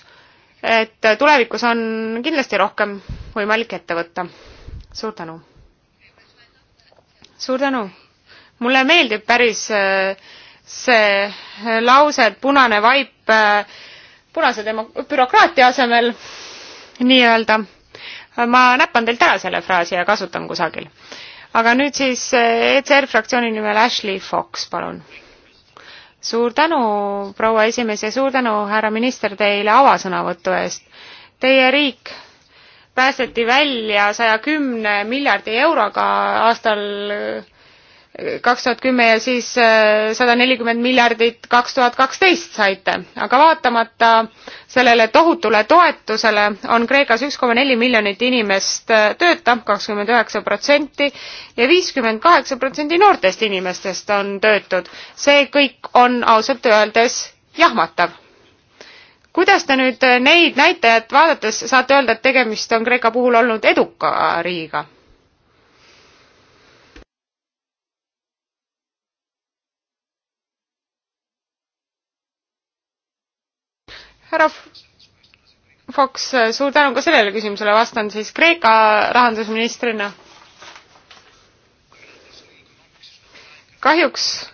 et tulevikus on kindlasti rohkem võimalik ette võtta. suur tänu! suur tänu! mulle meeldib päris see lause, et punane vaip äh, punase demo-, bürokraatia asemel nii-öelda. ma näpan teilt ära selle fraasi ja kasutan kusagil. aga nüüd siis ECR eh, e fraktsiooni nimel Ashley Fox, palun. suur tänu, proua esimees ja suur tänu, härra minister, teile avasõnavõtu eest. Teie riik päästeti välja saja kümne miljardi euroga aastal kaks eh, kaks tuhat kümme ja siis äh, sada nelikümmend miljardit kaks tuhat kaksteist saite, aga vaatamata sellele tohutule toetusele on Kreekas üks koma neli miljonit inimest äh, tööta, kakskümmend üheksa protsenti ja viiskümmend kaheksa protsenti noortest inimestest on töötud. see kõik on ausalt öeldes jahmatav. kuidas te nüüd neid näitajat vaadates saate öelda, et tegemist on Kreeka puhul olnud eduka riigiga? härra Fox, suur tänu ka sellele küsimusele, vastan siis Kreeka rahandusministrina. kahjuks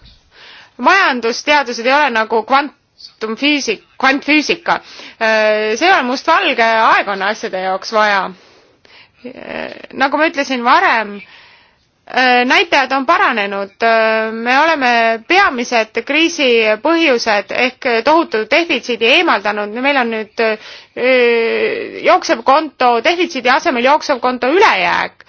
majandusteadused ei ole nagu kvantumfüüsik, kvantfüüsika. see on mustvalge, aeg on asjade jaoks vaja. nagu ma ütlesin varem, Äh, näitajad on paranenud, äh, me oleme peamised kriisi põhjused ehk tohutu defitsiidi eemaldanud, meil on nüüd äh, jooksev konto, defitsiidi asemel jooksev konto ülejääk.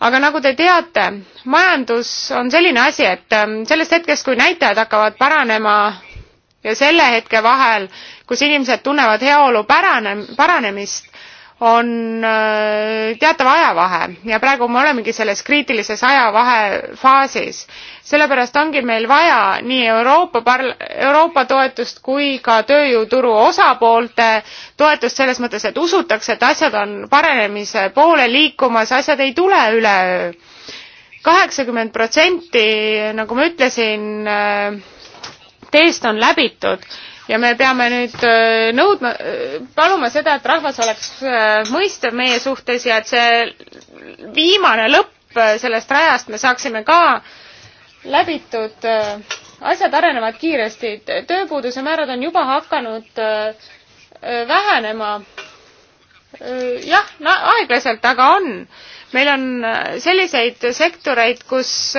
aga nagu te teate, majandus on selline asi, et sellest hetkest, kui näitajad hakkavad paranema ja selle hetke vahel, kus inimesed tunnevad heaolu pärane, paranemist, on äh, teatav ajavahe ja praegu me olemegi selles kriitilises ajavahe faasis. sellepärast ongi meil vaja nii Euroopa par-, Euroopa toetust kui ka tööjõuturu osapoolte toetust selles mõttes, et usutakse, et asjad on paranemise poole liikumas, asjad ei tule üleöö. kaheksakümmend protsenti, nagu ma ütlesin, äh, teest on läbitud ja me peame nüüd äh, nõudma, äh, paluma seda, et rahvas oleks äh, mõistev meie suhtes ja et see viimane lõpp sellest rajast me saaksime ka läbitud. asjad arenevad kiiresti, tööpuuduse määrad on juba hakanud vähenema. jah, aeglaselt, aga on meil on selliseid sektoreid, kus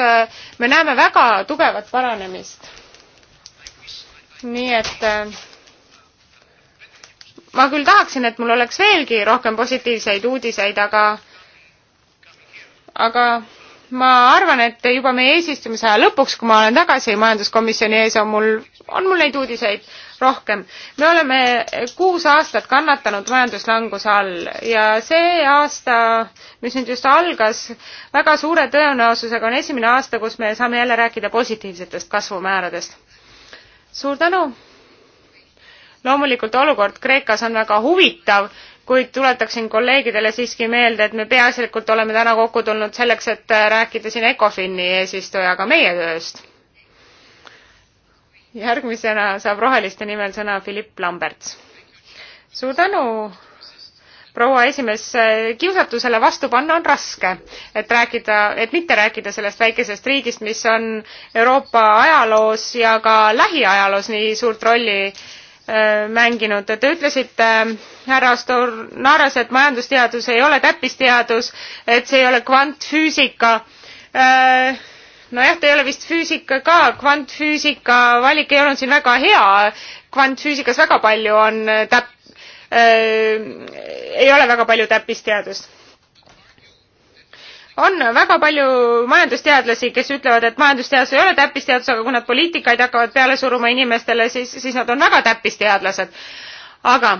me näeme väga tugevat paranemist nii et äh, ma küll tahaksin, et mul oleks veelgi rohkem positiivseid uudiseid, aga, aga ma arvan, et juba meie eesistumise aja lõpuks, kui ma olen tagasi majanduskomisjoni ees, on mul, on mul neid uudiseid rohkem. me oleme kuus aastat kannatanud majanduslanguse all ja see aasta, mis nüüd just algas, väga suure tõenäosusega on esimene aasta, kus me saame jälle rääkida positiivsetest kasvumääradest suur tänu! loomulikult olukord Kreekas on väga huvitav, kuid tuletaksin kolleegidele siiski meelde, et me peaasjalikult oleme täna kokku tulnud selleks, et äh, rääkida siin Ecofini eesistujaga meie tööst. järgmisena saab Roheliste nimel sõna Philipp Lamberts. suur tänu, proua esimees, eh, kiusatusele vastu panna on raske, et rääkida, et mitte rääkida sellest väikesest riigist, mis on Euroopa ajaloos ja ka lähiajaloos nii suurt rolli eh, mänginud. Te ütlesite, härra Stornaras, et majandusteadus ei ole täppisteadus, et see ei ole kvantfüüsika eh, nojah, ta ei ole vist füüsika ka, kvantfüüsika valik ei olnud siin väga hea. kvantfüüsikas väga palju on täpp, Äh, ei ole väga palju täppisteadust on väga palju majandusteadlasi, kes ütlevad, et majandusteadus ei ole täppisteadus, aga kui nad poliitikaid hakkavad peale suruma inimestele, siis, siis nad on väga täppisteadlased. aga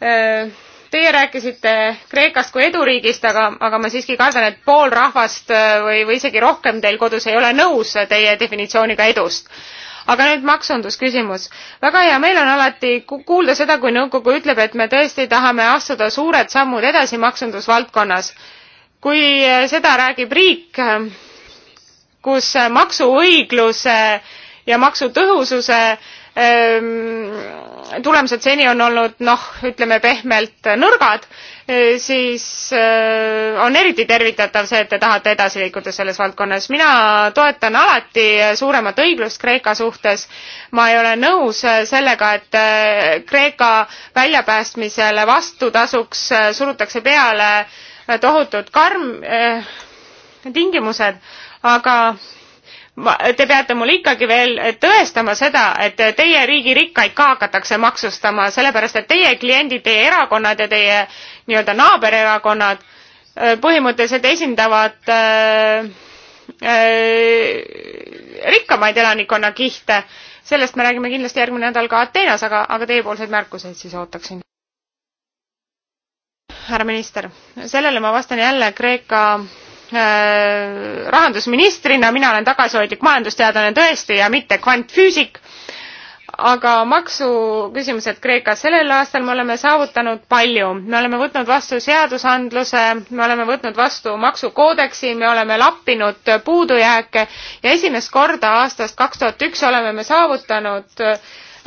äh, teie rääkisite Kreekast kui eduriigist, aga, aga ma siiski kardan, et pool rahvast äh, või, või isegi rohkem teil kodus ei ole nõus teie definitsiooniga edust aga nüüd maksundusküsimus. väga hea meel on alati kuulda seda, kui nõukogu ütleb, et me tõesti tahame astuda suured sammud edasi maksundusvaldkonnas. kui seda räägib riik, kus maksuõigluse ja maksutõhususe öö, ehm, tulemused seni on olnud noh, ütleme pehmelt nõrgad, eh, siis eh, on eriti tervitatav see, et te tahate edasi liikuda selles valdkonnas. mina toetan alati suuremat õiglust Kreeka suhtes. ma ei ole nõus eh, sellega, et Kreeka väljapäästmisele vastutasuks surutakse peale tohutud karm äh, tingimused, aga ma, te peate mulle ikkagi veel tõestama seda, et teie riigi rikkaid ka hakatakse maksustama, sellepärast et teie kliendid, teie erakonnad ja teie nii-öelda naabererakonnad äh, põhimõtteliselt esindavad äh, äh, rikkamaid elanikkonnakihte. sellest me räägime kindlasti järgmine nädal ka Ateenas, aga, aga teiepoolseid märkuseid siis ootaksin. härra minister, sellele ma vastan jälle Kreeka Äh, rahandusministrina, mina olen tagasihoidlik majandusteadlane tõesti ja mitte kvantfüüsik, aga maksuküsimused Kreekas, sellel aastal me oleme saavutanud palju, me oleme võtnud vastu seadusandluse, me oleme võtnud vastu maksukoodeksi, me oleme lappinud puudujääke ja esimest korda aastast kaks tuhat üks oleme me saavutanud äh,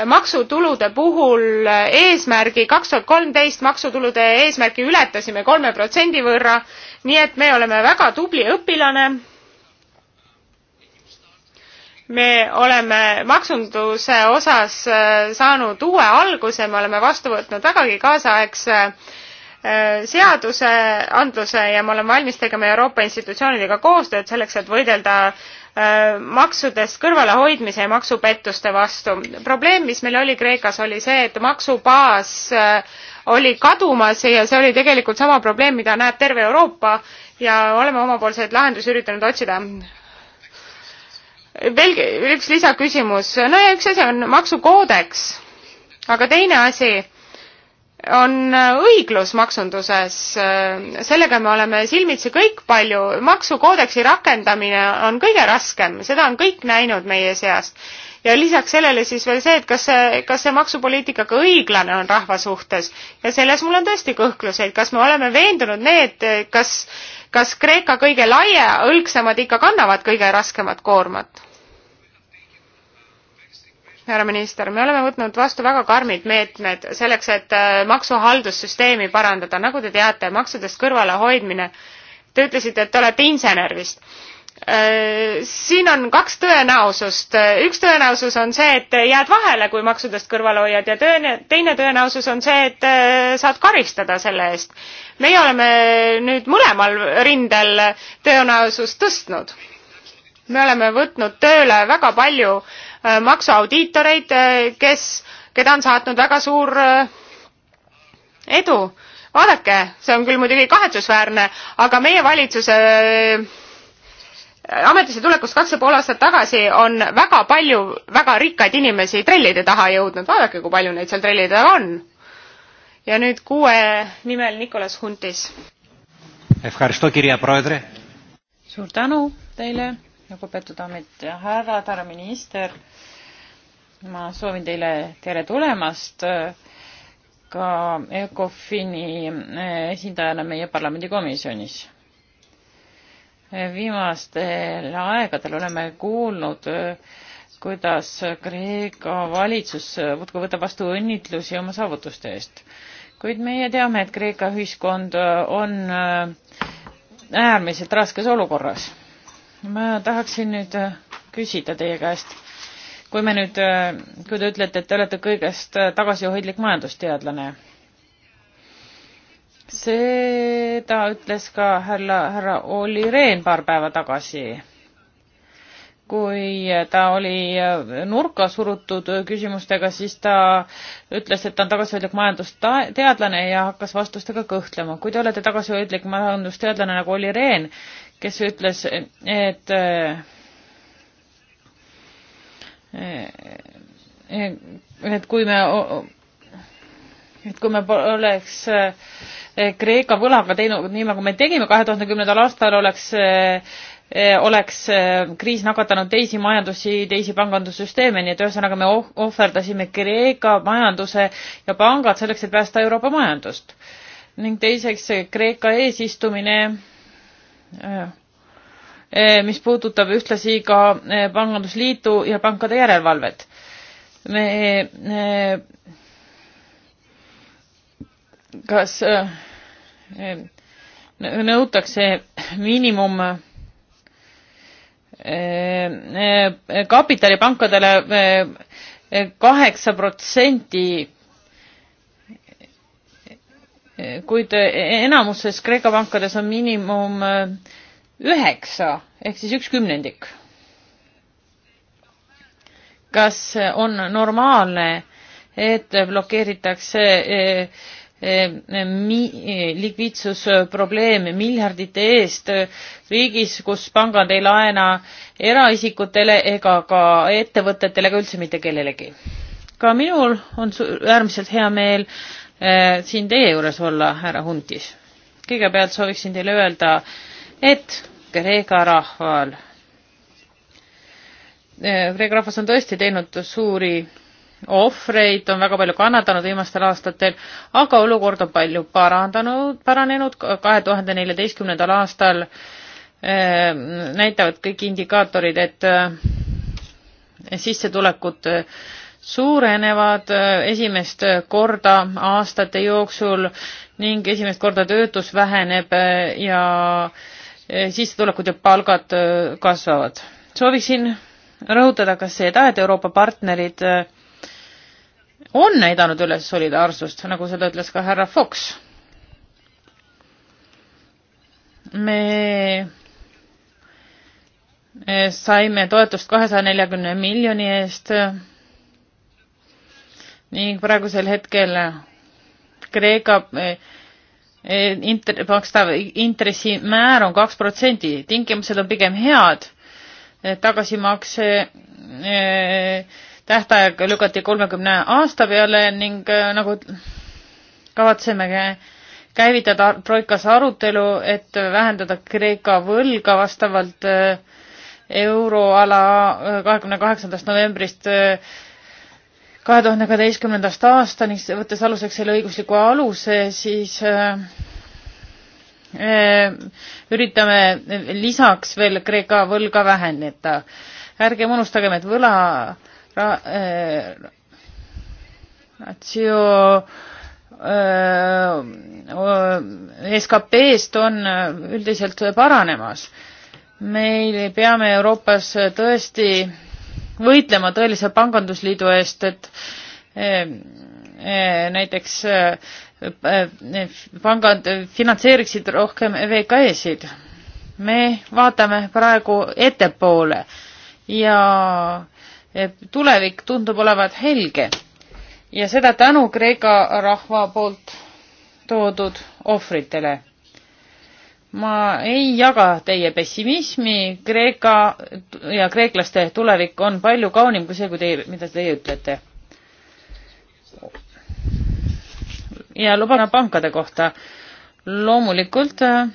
maksutulude puhul eesmärgi, kaks tuhat kolmteist maksutulude eesmärgi ületasime kolme protsendi võrra, nii et me oleme väga tubli õpilane. me oleme maksunduse osas äh, saanud uue alguse, me oleme vastu võtnud vägagi kaasaegse äh, seaduseandluse ja me oleme valmis tegema Euroopa institutsioonidega koostööd selleks, et võidelda Äh, maksudest kõrvalehoidmise ja maksupettuste vastu. probleem, mis meil oli Kreekas, oli see, et maksubaas äh, oli kadumas ja see oli tegelikult sama probleem, mida näeb terve Euroopa ja oleme omapoolseid lahendusi üritanud otsida veel üks lisaküsimus, no ja üks asi on maksukoodeks, aga teine asi on äh, õiglus maksunduses, äh, sellega me oleme silmitsi kõik palju, maksukoodeksi rakendamine on kõige raskem, seda on kõik näinud meie seast. ja lisaks sellele siis veel see, et kas see, kas see maksupoliitika ka õiglane on rahva suhtes ja selles mul on tõesti kõhkluseid, kas me oleme veendunud need, kas, kas Kreeka kõige laia, õlgsemad ikka kannavad kõige raskemat koormat härra minister, me oleme võtnud vastu väga karmid meetmed selleks, et äh, maksuhaldussüsteemi parandada, nagu te teate, maksudest kõrvalehoidmine. Te ütlesite, et te olete insener vist. Äh, siin on kaks tõenäosust. üks tõenäosus on see, et jääd vahele, kui maksudest kõrvale hoiad ja tõene, teine tõenäosus on see, et äh, saad karistada selle eest. meie oleme nüüd mõlemal rindel tõenäosust tõstnud. me oleme võtnud tööle väga palju äh, Äh, maksuaudiitoreid, äh, kes, keda on saatnud väga suur äh, edu. vaadake, see on küll muidugi kahetsusväärne, aga meie valitsuse ametisse tulekust kaks ja pool aastat tagasi on väga palju väga rikkaid inimesi trellide taha jõudnud, vaadake, kui palju neid seal trellide taga on. ja nüüd kuue nimel Nicolas Huntis. suur tänu teile lugupeetud daamid ja härrad, härra minister, ma soovin teile tere tulemast ka ECOFIN-i eh, esindajana meie parlamendikomisjonis. Eh, viimastel aegadel oleme kuulnud, eh, kuidas Kreeka valitsus muudkui võtab vastu õnnitlusi oma saavutuste eest. kuid meie teame, et Kreeka ühiskond on äärmiselt raskes olukorras ma tahaksin nüüd äh, küsida teie käest, kui me nüüd, äh, kui te ütlete, et te olete kõigest äh, tagasihoidlik majandusteadlane, seda ütles ka härra, härra Olli Rehn paar päeva tagasi, kui ta oli nurka surutud küsimustega, siis ta ütles, et ta on tagasihoidlik majandusteadlane ja hakkas vastustega kõhtlema. kui te olete tagasihoidlik majandusteadlane nagu Olli Rehn, kes ütles, et et kui me, et kui me oleks e, Kreeka võlaga teinud nii, nagu me tegime kahe tuhande kümnendal aastal, oleks, e, e, oleks kriis nakatanud teisi majandusi, teisi pangandussüsteeme, nii et ühesõnaga me oh-, ohverdasime Kreeka majanduse ja pangad selleks, et päästa Euroopa majandust. ning teiseks, Kreeka eesistumine Eh, mis puudutab ühtlasi ka eh, pangandusliitu ja pankade järelevalvet. me eh, kas nõutakse miinimum kapitalipankadele kaheksa protsenti kuid enamuses Kreeka pankades on miinimum äh, üheksa ehk siis üks kümnendik. kas on normaalne, et blokeeritakse äh, äh, mi-, likviidsusprobleeme miljardite eest riigis, kus pangad ei laena eraisikutele ega ka ettevõtetele ega üldse mitte kellelegi. ka minul on äärmiselt hea meel Eh, siin teie juures olla, härra Huntis. kõigepealt sooviksin teile öelda, et Kreeka rahval, eh, Kreeka rahvas on tõesti teinud suuri ohvreid, on väga palju kannatanud viimastel aastatel, aga olukord on palju parandanud, paranenud, kahe tuhande neljateistkümnendal aastal eh, näitavad kõik indikaatorid, et sissetulekud suurenevad äh, esimest korda aastate jooksul ning esimest korda töötus väheneb äh, ja äh, sissetulekud ja palgad kasvavad. sooviksin rõhutada ka seda, et Euroopa partnerid on näidanud üles solidaarsust, nagu seda ütles ka härra Fox. me saime toetust kahesaja neljakümne miljoni eest ning praegusel hetkel Kreeka eh, eh, inter-, makstav intressimäär on kaks protsenti, tingimused on pigem head, eh, tagasimakse tähtaeg lükati kolmekümne aasta peale ning nagu kavatseme käivitada Troikas arutelu, et vähendada Kreeka võlga vastavalt euroala kahekümne kaheksandast novembrist kahe tuhande kaheteistkümnendast aastani, võttes aluseks selle õigusliku aluse, siis äh, äh, üritame lisaks veel Kreeka võlga vähendada. ärgem unustagem, et võla ra, äh, ratsio äh, SKP-st on üldiselt paranemas. meil peame Euroopas tõesti äh, võitlema tõelise pangandusliidu eest, et ehm, eh, näiteks eh, eh, pangad finantseeriksid rohkem VKE-sid. me vaatame praegu ettepoole ja tulevik tundub olevat helge ja seda tänu Kreeka rahva poolt toodud ohvritele ma ei jaga teie pessimismi, Kreeka ja kreeklaste tulevik on palju kaunim kui see, kui teie, mida teie ütlete. ja lubame pankade kohta. loomulikult äh,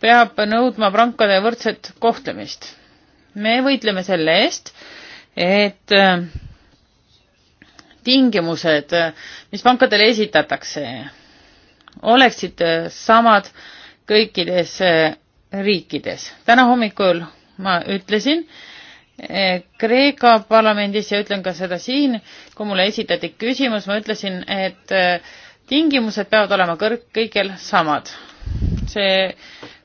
peab nõudma pankade võrdset kohtlemist. me võitleme selle eest, et äh, tingimused, äh, mis pankadele esitatakse, oleksid äh, samad kõikides äh, riikides. täna hommikul ma ütlesin äh, Kreeka parlamendis ja ütlen ka seda siin, kui mulle esitati küsimus, ma ütlesin, et tingimused peavad olema kõrg-, kõigil samad. see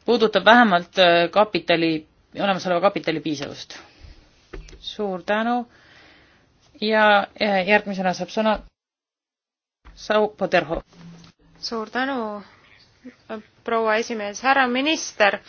puudutab vähemalt kapitali, olemasoleva kapitali piisavust. suur tänu ja järgmisena saab sõna Sau Poterho suur tänu, proua esimees, härra minister,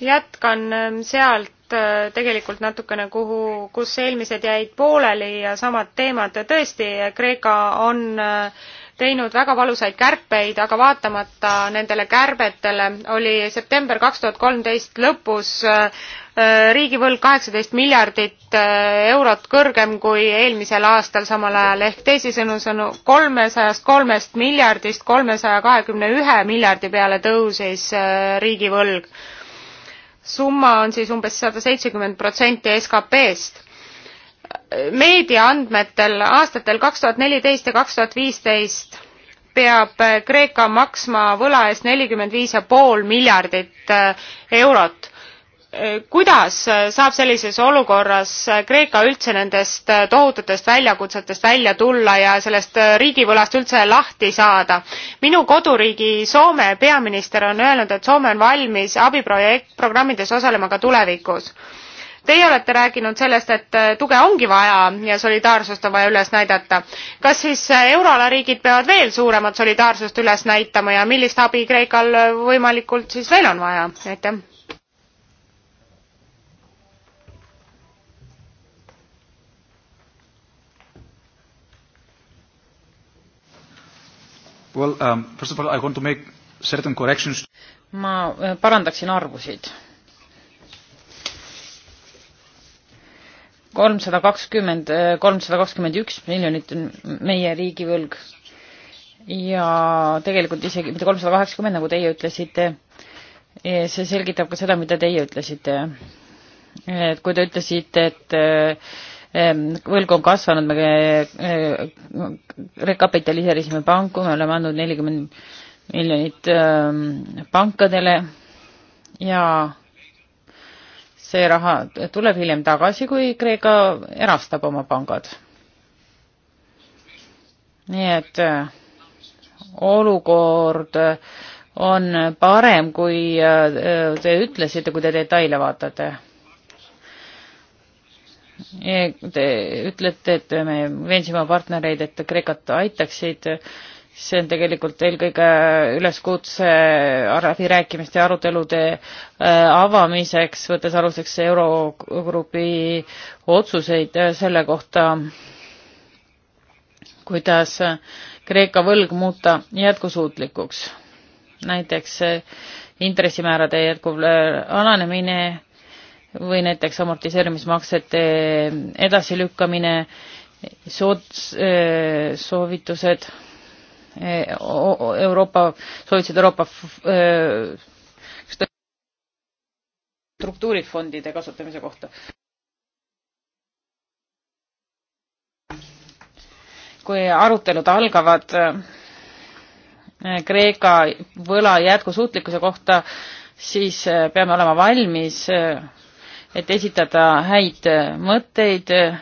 jätkan ähm, sealt äh, tegelikult natukene, kuhu, kus eelmised jäid pooleli ja samad teemad, tõesti, Kreeka on äh, teinud väga valusaid kärpeid, aga vaatamata nendele kärbetele oli september kaks tuhat kolmteist lõpus äh, Äh, riigivõlg kaheksateist miljardit äh, eurot kõrgem kui eelmisel aastal samal ajal ehk teisisõnu sõnu kolmesajast kolmest miljardist kolmesaja kahekümne ühe miljardi peale tõusis äh, riigivõlg. summa on siis umbes sada seitsekümmend protsenti SKP-st meedia andmetel aastatel kaks tuhat neliteist ja kaks tuhat viisteist peab Kreeka maksma võla eest nelikümmend viis ja pool miljardit eurot Eh, kuidas eh, saab sellises olukorras eh, Kreeka üldse nendest tohututest väljakutsetest välja tulla ja sellest riigivõlast üldse lahti saada? minu koduriigi Soome peaminister on öelnud, et Soome on valmis abiprojekt, programmides osalema ka tulevikus. Teie olete rääkinud sellest, et tuge ongi vaja ja solidaarsust on vaja üles näidata. kas siis euroala riigid peavad veel suuremat solidaarsust üles näitama ja millist abi Kreekal võimalikult siis veel on vaja? aitäh Well, um, first of all, I want to make certain corrections. ma äh, parandaksin arvusid. kolmsada kakskümmend, äh, kolmsada kakskümmend üks miljonit on meie riigivõlg ja tegelikult isegi mitte kolmsada kaheksakümmend, nagu teie ütlesite. E, see selgitab ka seda, mida teie ütlesite. et kui te ütlesite, et äh, Ehm, võlg on kasvanud, me ehm, rekapitaliseerisime panku, me oleme andnud nelikümmend miljonit ehm, pankadele ja see raha tuleb hiljem tagasi, kui Kreeka erastab oma pangad. nii et olukord on parem, kui te ütlesite, kui te detaile vaatate Te ütlete, et me veensime partnereid, et Kreekat aitaksid. see on tegelikult eelkõige üleskutse läbirääkimiste ja arutelude äh, avamiseks, võttes aluseks Eurogrupi otsuseid äh, selle kohta, kuidas äh, Kreeka võlg muuta jätkusuutlikuks. näiteks intressimäärade jätkuv alanemine või näiteks amortiseerimismaksete eh, edasilükkamine, soots-, eh, soovitused, eh, Euroopa, soovitused Euroopa struktuurid fondide kasutamise kohta. kui arutelud algavad Kreeka võla jätkusuutlikkuse kohta, siis peame olema valmis et esitada häid äh, mõtteid, äh,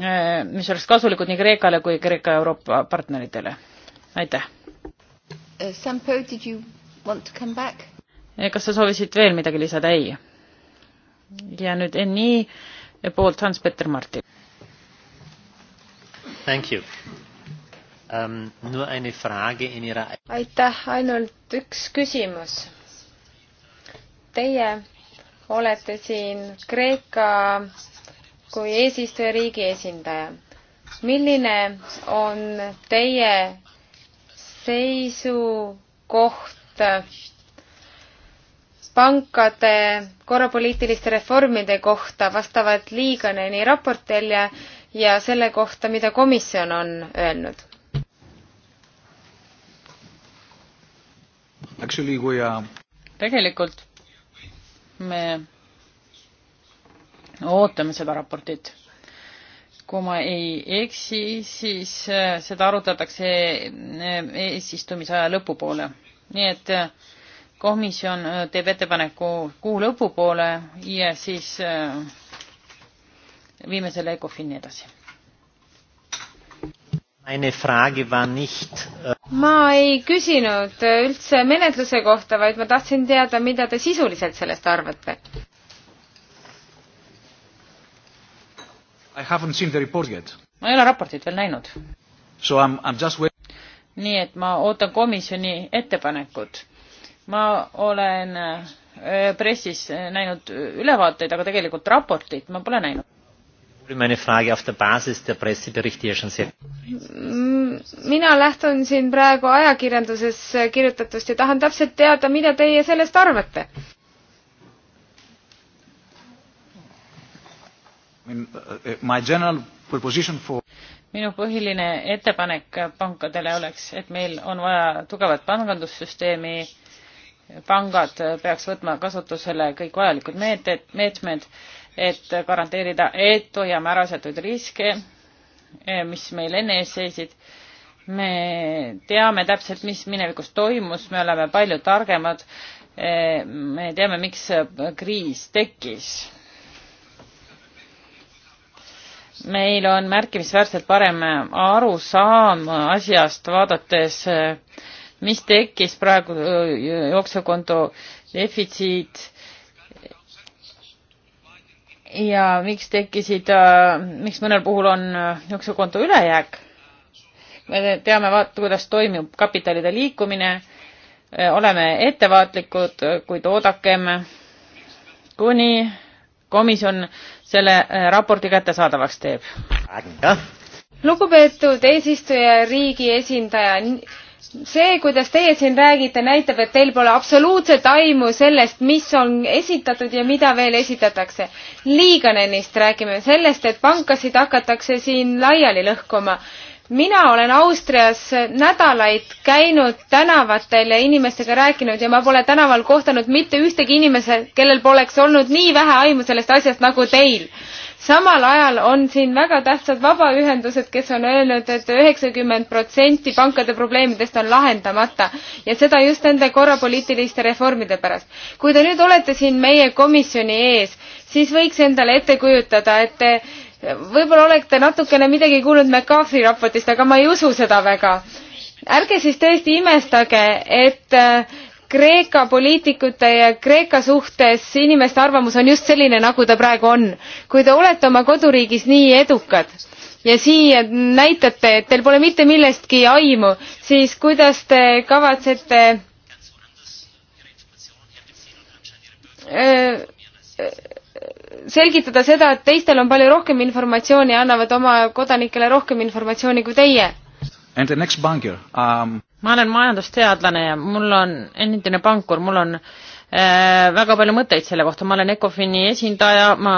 äh, mis oleks kasulikud nii Kreekale kui Kreeka Euroopa partneritele. aitäh! Uh, Sampo, did you want to come back? kas sa soovisid veel midagi lisada? ei. ja nüüd NI poolt Hans-Peter Martin. Thank you. Um, nur eine Frage in ihrer... aitäh, ainult üks küsimus teie olete siin Kreeka kui eesistujariigi esindaja. milline on teie seisukoht pankade korrapoliitiliste reformide kohta vastavalt Liiganeni raportile ja selle kohta, mida komisjon on öelnud? tegelikult me ootame seda raportit. kui ma ei eksi, siis äh, seda arutatakse äh, eesistumisaja lõpupoole. nii et äh, komisjon teeb ettepaneku kuu lõpupoole ja siis viime selle ECOFIN-i edasi. Äh, ma ei küsinud äh, üldse menetluse kohta, vaid ma tahtsin teada, mida te sisuliselt sellest arvate. ma ei ole raportit veel näinud. nii et ma ootan komisjoni ettepanekut. ma olen äh, pressis näinud ülevaateid, aga tegelikult raportit ma pole näinud. Meine Frage auf der Basis der Presseberichte ja schon sehr. mina lähtun siin praegu ajakirjanduses äh, kirjutatust ja tahan täpselt teada, mida teie sellest arvate. Uh, uh, minu põhiline ettepanek pankadele oleks, et meil on vaja tugevat pangandussüsteemi pangad peaks võtma kasutusele kõik vajalikud meeted, meetmed et garanteerida, et hoiame ära seatud riske, eh, mis meil enne ees seisid. me teame täpselt, mis minevikus toimus, me oleme palju targemad. Eh, me teame, miks kriis tekkis. meil on märkimisväärselt parem arusaam asjast, vaadates, eh, mis tekkis praegu jooksevkonto defitsiit ja miks tekkisid, äh, miks mõnel puhul on äh, niisuguse konto ülejääk? me teame, vaata, kuidas toimub kapitalide liikumine, äh, oleme ettevaatlikud, kuid oodakem, kuni komisjon selle raporti kättesaadavaks teeb. lugupeetud eesistuja, riigi esindaja, see, kuidas teie siin räägite, näitab, et teil pole absoluutset aimu sellest, mis on esitatud ja mida veel esitatakse. Liiganenist räägime, sellest, et pankasid hakatakse siin laiali lõhkuma. mina olen Austrias nädalaid käinud tänavatel ja inimestega rääkinud ja ma pole tänaval kohtanud mitte ühtegi inimese, kellel poleks olnud nii vähe aimu sellest asjast nagu teil samal ajal on siin väga tähtsad vabaühendused, kes on öelnud et, et üheksakümmend protsenti pankade probleemidest on lahendamata ja seda just nende korrapoliitiliste reformide pärast. kui te nüüd olete siin meie komisjoni ees, siis võiks endale ette kujutada, et te võib-olla olete natukene midagi kuulnud McCarthy raportist, aga ma ei usu seda väga ärge siis tõesti imestage, et Kreeka poliitikute ja Kreeka suhtes inimeste arvamus on just selline, nagu ta praegu on. kui te olete oma koduriigis nii edukad ja siia näitate, et teil pole mitte millestki aimu, siis kuidas te kavatsete äh, selgitada seda, et teistel on palju rohkem informatsiooni ja annavad oma kodanikele rohkem informatsiooni kui teie Um... ma olen majandusteadlane ja mul on endine pankur, mul on äh, väga palju mõtteid selle kohta, ma olen Ecofini esindaja, ma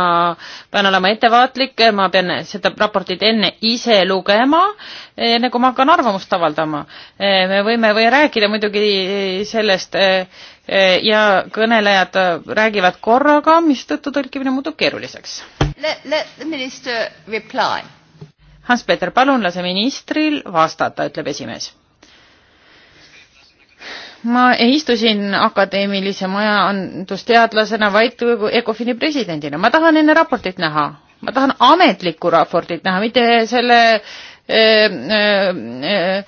pean olema ettevaatlik, ma pean seda raportit enne ise lugema, enne kui ma hakkan arvamust avaldama äh,. me võime või rääkida muidugi sellest äh, ja kõnelejad räägivad korraga, mistõttu tõlkimine muutub keeruliseks. Let, let the minister reply Hans-Peeter, palun lase ministril vastata, ütleb esimees. ma ei istu siin akadeemilise majandusteadlasena, vaid ECOFIN-i presidendina. ma tahan enne raportit näha, ma tahan ametlikku raportit näha, mitte selle eh, eh,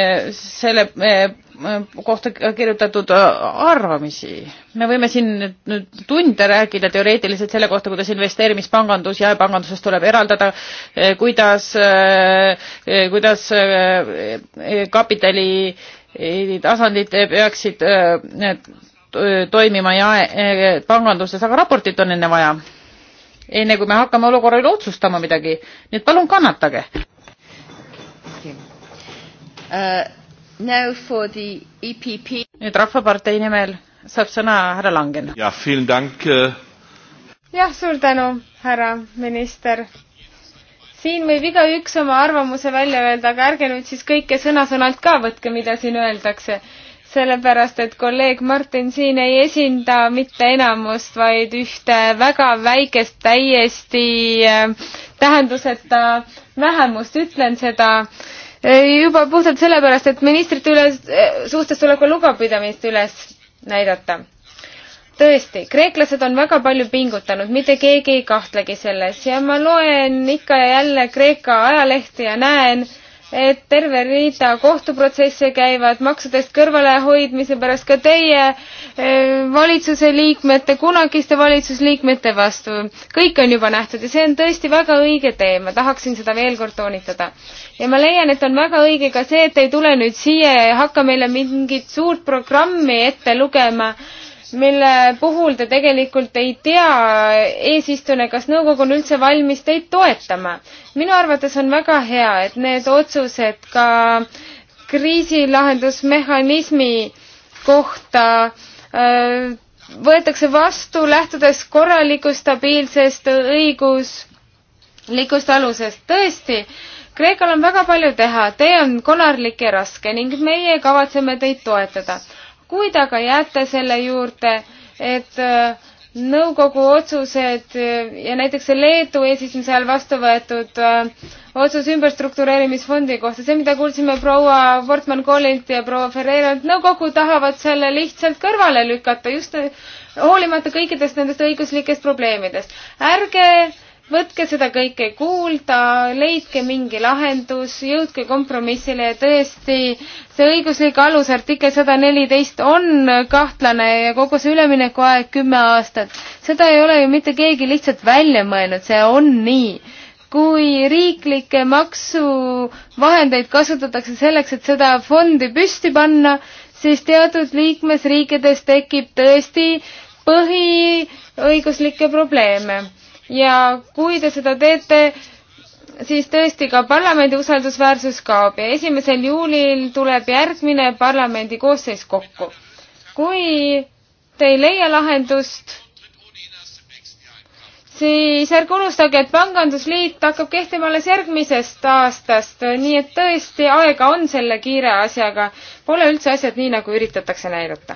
eh, selle kohta kirjutatud äh, arvamusi. me võime siin nüüd tunde rääkida teoreetiliselt selle kohta, kuidas investeerimispangandus, jaepangandusest tuleb eraldada, äh, kuidas, äh, kuidas kapitali tasandid peaksid toimima jaepanganduses, aga raportit on enne vaja. enne kui me hakkame olukorra üle otsustama midagi, nii et palun kannatage uh E nüüd Rahvapartei nimel saab sõna härra Langen. Äh, jah, suur tänu, härra minister. siin võib igaüks oma arvamuse välja öelda, aga ärge nüüd siis kõike sõna-sõnalt ka võtke, mida siin öeldakse. sellepärast, et kolleeg Martin siin ei esinda mitte enamust, vaid ühte väga väikest, täiesti äh, tähenduseta vähemust, ütlen seda äh, juba puhtalt sellepärast, et ministrite üle, eh, suhtes tuleb ka lugupidamist üles näidata. tõesti, kreeklased on väga palju pingutanud, mitte keegi ei kahtlegi selles ja ma loen ikka ja jälle Kreeka ajalehti ja näen, et terve rida kohtuprotsesse käivad maksudest kõrvalehoidmise pärast ka teie eh, valitsuse liikmete, kunagiste valitsusliikmete vastu. kõik on juba nähtud ja see on tõesti väga õige tee, ma tahaksin seda veel kord toonitada. ja ma leian, et on väga õige ka see, et ei tule nüüd siia ja hakka meile mingit suurt programmi ette lugema mille puhul te tegelikult ei tea eesistujana, kas nõukogu on üldse valmis teid toetama. minu arvates on väga hea, et need otsused ka kriisilahendusmehhanismi kohta öö, äh, võetakse vastu lähtudes korralikust stabiilsest õiguslikust alusest. tõesti, Kreekal on väga palju teha, tee on konarlik ja raske ning meie kavatseme teid toetada kui te aga jääte selle juurde, et äh, nõukogu otsused äh, ja näiteks see Leedu eesistumise ajal vastu võetud äh, otsus ümberstruktureerimisfondi kohta, see, mida kuulsime proua Fortman Collilt ja proua Ferreiralt, nõukogu tahavad selle lihtsalt kõrvale lükata, just hoolimata kõikidest nendest õiguslikest probleemidest. ärge võtke seda kõike kuulda, leidke mingi lahendus, jõudke kompromissile ja tõesti, see õiguslik alus artikkel sada neliteist on kahtlane ja kogu see üleminekuaeg kümme aastat, seda ei ole ju mitte keegi lihtsalt välja mõelnud, see on nii kui riiklikke maksuvahendeid kasutatakse selleks, et seda fondi püsti panna, siis teatud liikmesriikides tekib tõesti põhiõiguslikke probleeme ja kui te seda teete, siis tõesti ka parlamendi usaldusväärsus kaob ja esimesel juulil tuleb järgmine parlamendi koosseis kokku. kui te ei leia lahendust, siis ärge unustage, et pangandusliit hakkab kehtima alles järgmisest aastast, nii et tõesti aega on selle kiire asjaga. Pole üldse asjad nii, nagu üritatakse näidata.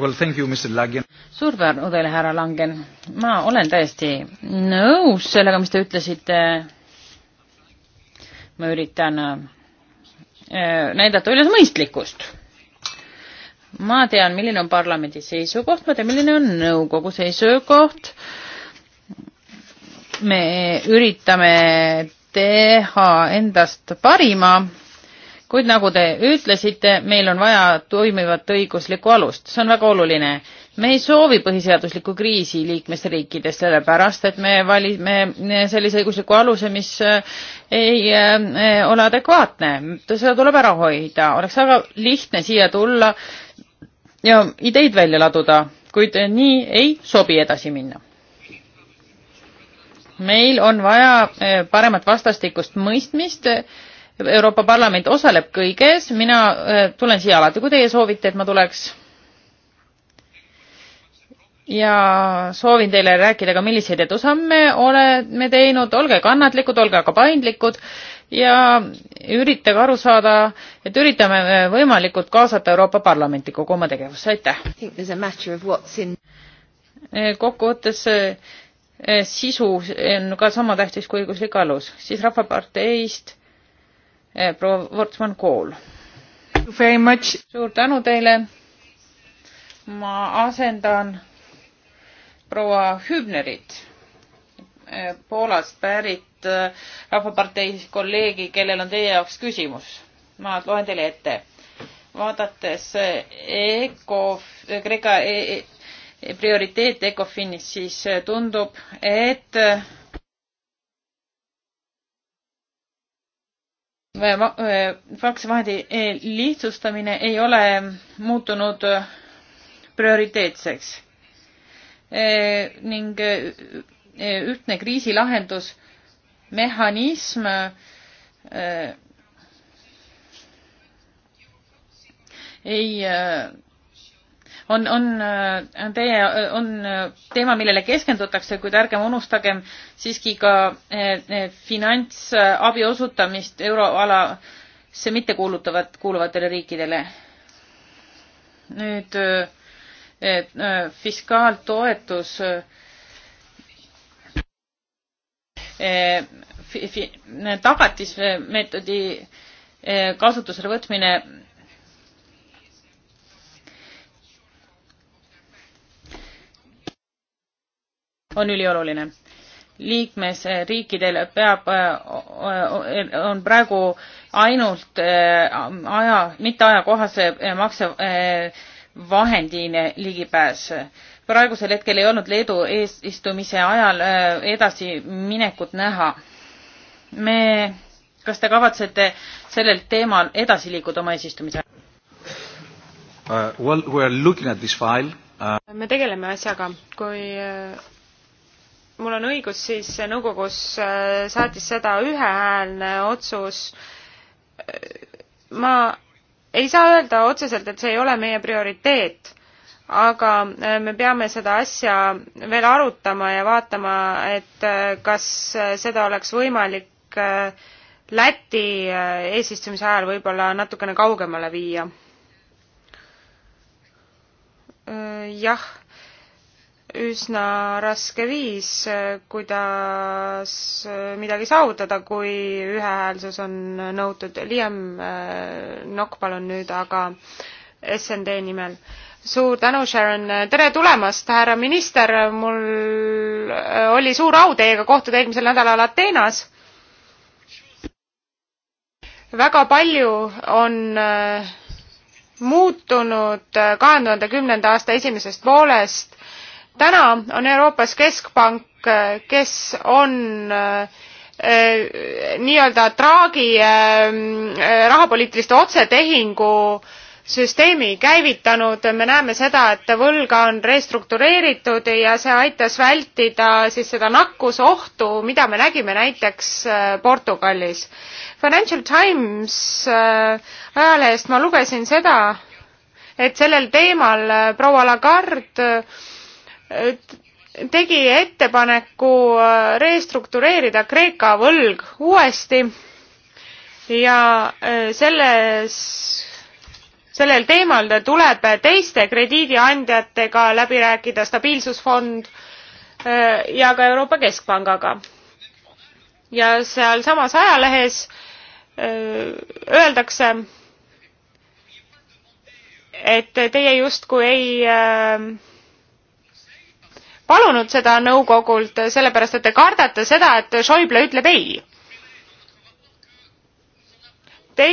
Well, thank you, Mr. Langen. suur tänu teile, härra Langen. ma olen täiesti nõus sellega, mis te ütlesite. ma üritan äh, näidata üles mõistlikkust. ma tean, milline on parlamendi seisukoht, ma tean, milline on nõukogu seisukoht. me üritame teha endast parima kuid nagu te ütlesite, meil on vaja toimivat õiguslikku alust, see on väga oluline. me ei soovi põhiseaduslikku kriisi liikmesriikides, sellepärast et me valime sellise õigusliku aluse, mis eh, ei eh, ole adekvaatne. seda tuleb ära hoida, oleks väga lihtne siia tulla ja ideid välja laduda, kuid nii ei sobi edasi minna meil on vaja eh, paremat vastastikust mõistmist Euroopa Parlament osaleb kõiges, mina äh, tulen siia alati, kui teie soovite, et ma tuleks. ja soovin teile rääkida ka, milliseid edusamme oleme teinud, olge kannatlikud, olge aga paindlikud ja üritage aru saada, et üritame äh, võimalikult kaasata Euroopa Parlamenti kogu oma tegevusse, aitäh! Äh, kokkuvõttes sisu on ka sama tähtis kui õiguslik alus, siis Rahvaparteist Eh, proua Wortmann Kool. suur tänu teile. ma asendan proua Hübnerit, eh, Poolast pärit eh, Rahvapartei kolleegi, kellel on teie jaoks küsimus. ma loen teile ette. vaadates ECO, Kreeka e, e, prioriteet ECOFINis, siis tundub, et Äh, äh, faksivahendi äh, lihtsustamine ei ole muutunud prioriteetseks ning ühtne kriisilahendusmehhanism ei on, on äh, teie, äh, on äh, teema, millele keskendutakse, kuid ärgem unustagem siiski ka finantsabi osutamist euroalasse mittekuulutavat, kuuluvatele riikidele. nüüd fiskaaltoetus tagatismeetodi kasutusele võtmine on ülioluline. liikmesriikidel peab, äh, äh, on praegu ainult äh, aja, mitte ajakohase maksevahendine ligipääs praegusel hetkel ei olnud Leedu eesistumise ajal edasiminekut näha. me, kas te kavatsete sellel teemal edasi liikuda oma eesistumise ajal uh,? Well, we are looking at this file uh.... me tegeleme asjaga, kui mul on õigus, siis nõukogus äh, saatis seda ühehäälne otsus. ma ei saa öelda otseselt, et see ei ole meie prioriteet, aga äh, me peame seda asja veel arutama ja vaatama, et äh, kas seda oleks võimalik Läti eesistumise ajal võib-olla natukene kaugemale viia. jah üsna raske viis, kuidas midagi saavutada, kui ühehäälsus on nõutud. Liam äh, Nokk, palun nüüd aga SND nimel. suur tänu, Sharon, tere tulemast, härra minister, mul äh, oli suur au teiega kohtuda eelmisel nädalal Ateenas väga palju on äh, muutunud kahe tuhande kümnenda aasta esimesest poolest täna on Euroopas keskpank, kes on äh, äh, nii-öelda traagi äh, rahapoliitiliste otsetehingu süsteemi käivitanud, me näeme seda, et võlga on restruktureeritud ja see aitas vältida siis seda nakkusohtu, mida me nägime näiteks Portugalis. Financial Times ajalehest ma lugesin seda, et sellel teemal proua Lagarde tegi ettepaneku äh, restruktureerida Kreeka võlg uuesti ja äh, selles, sellel teemal tuleb teiste krediidiandjatega läbi rääkida, stabiilsusfond äh, ja ka Euroopa Keskpangaga. ja sealsamas ajalehes öeldakse, et teie justkui ei palunud seda nõukogult, sellepärast et te kardate seda, et Schäuble ütleb ei. Te,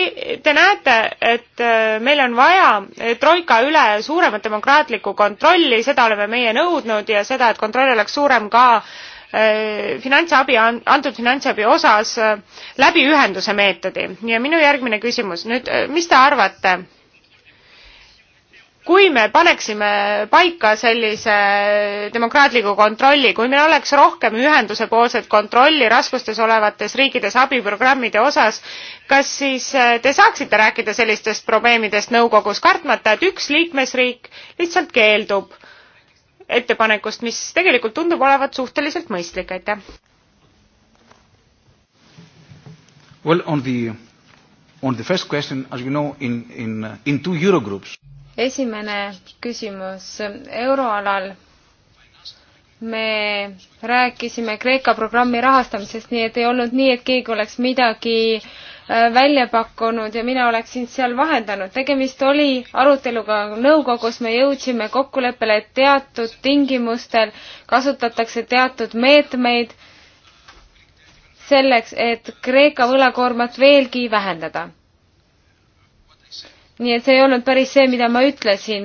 te näete, et äh, meil on vaja äh, troika üle suuremat demokraatlikku kontrolli, seda oleme meie nõudnud ja seda, et kontroll oleks suurem ka äh, finantsabi, antud finantsabi osas äh, läbi ühenduse meetodi. ja minu järgmine küsimus nüüd, äh, mis te arvate? kui me paneksime paika sellise demokraatliku kontrolli, kui meil oleks rohkem ühenduse poolset kontrolli raskustes olevates riikides abiprogrammide osas, kas siis eh, te saaksite rääkida sellistest probleemidest nõukogus, kartmata, et üks liikmesriik lihtsalt keeldub ettepanekust, mis tegelikult tundub olevat suhteliselt mõistlik, aitäh? Well, on the, on the first question, as you know, in, in, in two Eurogroups esimene küsimus. euroalal me rääkisime Kreeka programmi rahastamisest, nii et ei olnud nii, et keegi oleks midagi äh, välja pakkunud ja mina oleksin seal vahendanud. tegemist oli aruteluga nõukogus, me jõudsime kokkuleppele, et teatud tingimustel kasutatakse teatud meetmeid selleks, et Kreeka võlakoormat veelgi vähendada nii et see ei olnud päris see, mida ma ütlesin.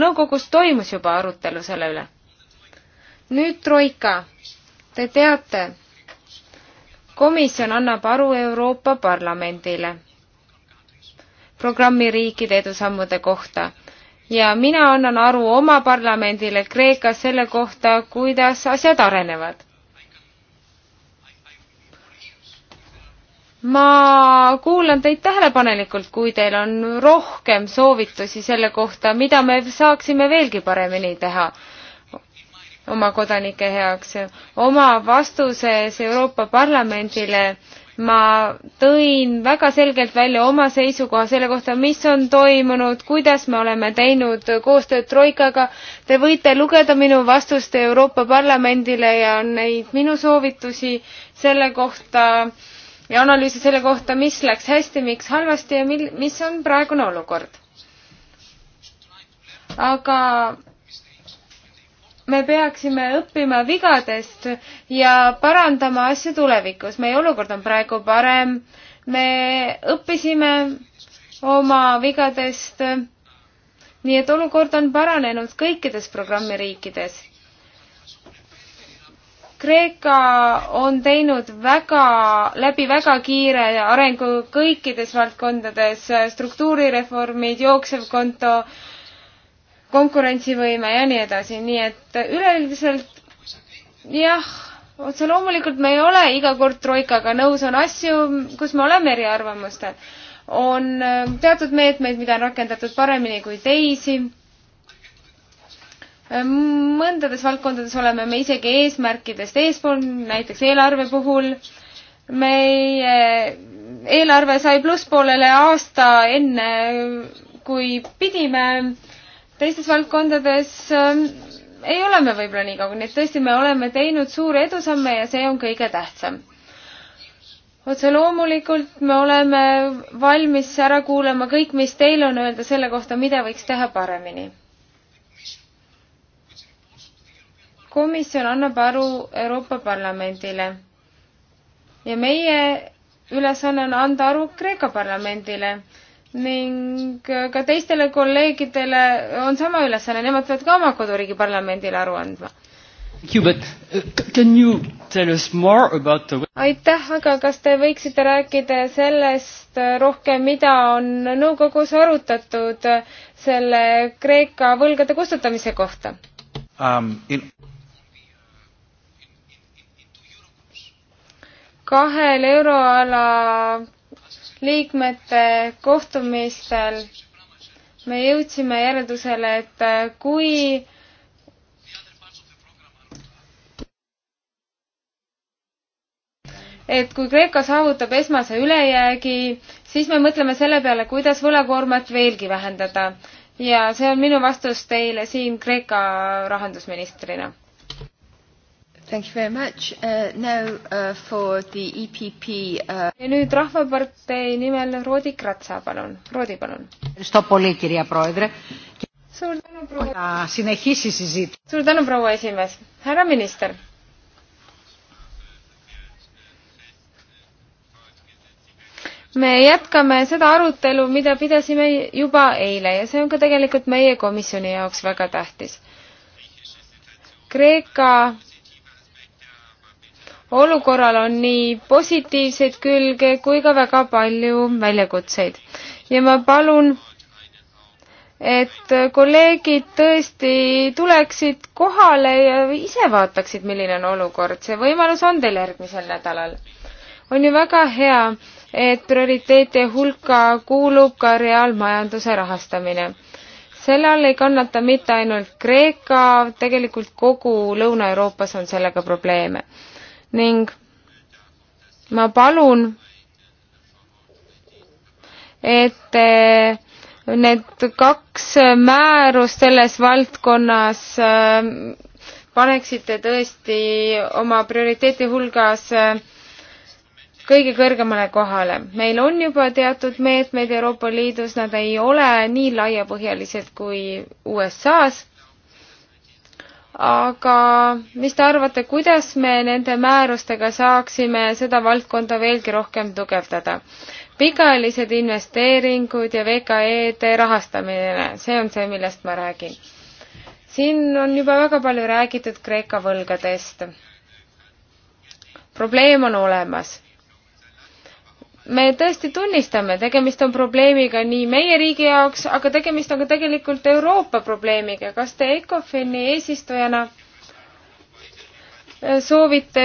nõukogus toimus juba arutelu selle üle. nüüd Troika. Te teate, komisjon annab aru Euroopa Parlamendile programmi riikide edusammude kohta ja mina annan aru oma parlamendile Kreekas selle kohta, kuidas asjad arenevad. ma kuulan teid tähelepanelikult, kui teil on rohkem soovitusi selle kohta, mida me saaksime veelgi paremini teha oma kodanike heaks. oma vastuses Euroopa Parlamendile ma tõin väga selgelt välja oma seisukoha selle kohta, mis on toimunud, kuidas me oleme teinud koostööd Troikaga. Te võite lugeda minu vastust Euroopa Parlamendile ja neid minu soovitusi selle kohta, ja analüüse selle kohta, mis läks hästi, miks halvasti ja mil-, mis on praegune olukord. aga me peaksime õppima vigadest ja parandama asju tulevikus. meie olukord on praegu parem, me õppisime oma vigadest, nii et olukord on paranenud kõikides programmi riikides Kreeka on teinud väga, läbi väga kiire arengu kõikides valdkondades, struktuurireformid, jooksev konto, konkurentsivõime ja nii edasi, nii et üleüldiselt jah, otse loomulikult me ei ole iga kord troikaga nõus, on asju, kus me oleme eriarvamustel. on äh, teatud meetmeid, mida on rakendatud paremini kui teisi mõndades valdkondades oleme me isegi eesmärkidest eespool, näiteks eelarve puhul. meie eelarve sai plusspoolele aasta enne, kui pidime. teistes valdkondades ähm, ei ole me võib-olla nii kaugel, nii et tõesti, me oleme teinud suuri edusamme ja see on kõige tähtsam otse loomulikult me oleme valmis ära kuulama kõik, mis teil on öelda selle kohta, mida võiks teha paremini komisjon annab aru Euroopa Parlamendile ja meie ülesanne on anda aru Kreeka parlamendile ning ka teistele kolleegidele on sama ülesanne, nemad peavad ka oma koduriigi parlamendile aru andma. Uh, the... aitäh, aga kas te võiksite rääkida sellest rohkem, mida on nõukogus arutatud selle Kreeka võlgade kustutamise kohta um,? In... kahel euroala liikmete kohtumistel me jõudsime järeldusele, et kui et kui Kreeka saavutab esmase ülejäägi, siis me mõtleme selle peale, kuidas võlakoormat veelgi vähendada. ja see on minu vastus teile siin Kreeka rahandusministrina Thank you very much. Uh, now uh, for the EPP. Uh... ja nüüd Rahvapartei nimel Roodi Kratsa, palun. Roodi, palun. suur tänu, proua. suur tänu, proua esimees. härra minister. me jätkame seda arutelu, mida pidasime juba eile ja see on ka tegelikult meie komisjoni jaoks väga tähtis. Kreeka olukorral on nii positiivseid külge kui ka väga palju väljakutseid. ja ma palun, et kolleegid tõesti tuleksid kohale ja ise vaataksid, milline on olukord. see võimalus on teil järgmisel nädalal. on ju väga hea, et prioriteete hulka kuulub ka reaalmajanduse rahastamine selle all ei kannata mitte ainult Kreeka, tegelikult kogu Lõuna-Euroopas on sellega probleeme ning ma palun, et te need kaks määrust selles valdkonnas ähm, paneksite tõesti oma prioriteeti hulgas ähm, kõige kõrgemale kohale. meil on juba teatud meetmed Euroopa Liidus, nad ei ole nii laiapõhjalised kui USA-s aga mis te arvate, kuidas me nende määrustega saaksime seda valdkonda veelgi rohkem tugevdada? pikaajalised investeeringud ja VKE-de rahastamine, see on see, millest ma räägin. siin on juba väga palju räägitud Kreeka võlgadest. probleem on olemas me tõesti tunnistame, tegemist on probleemiga nii meie riigi jaoks, aga tegemist on ka tegelikult Euroopa probleemiga. kas te ECOFIN-i eesistujana äh, soovite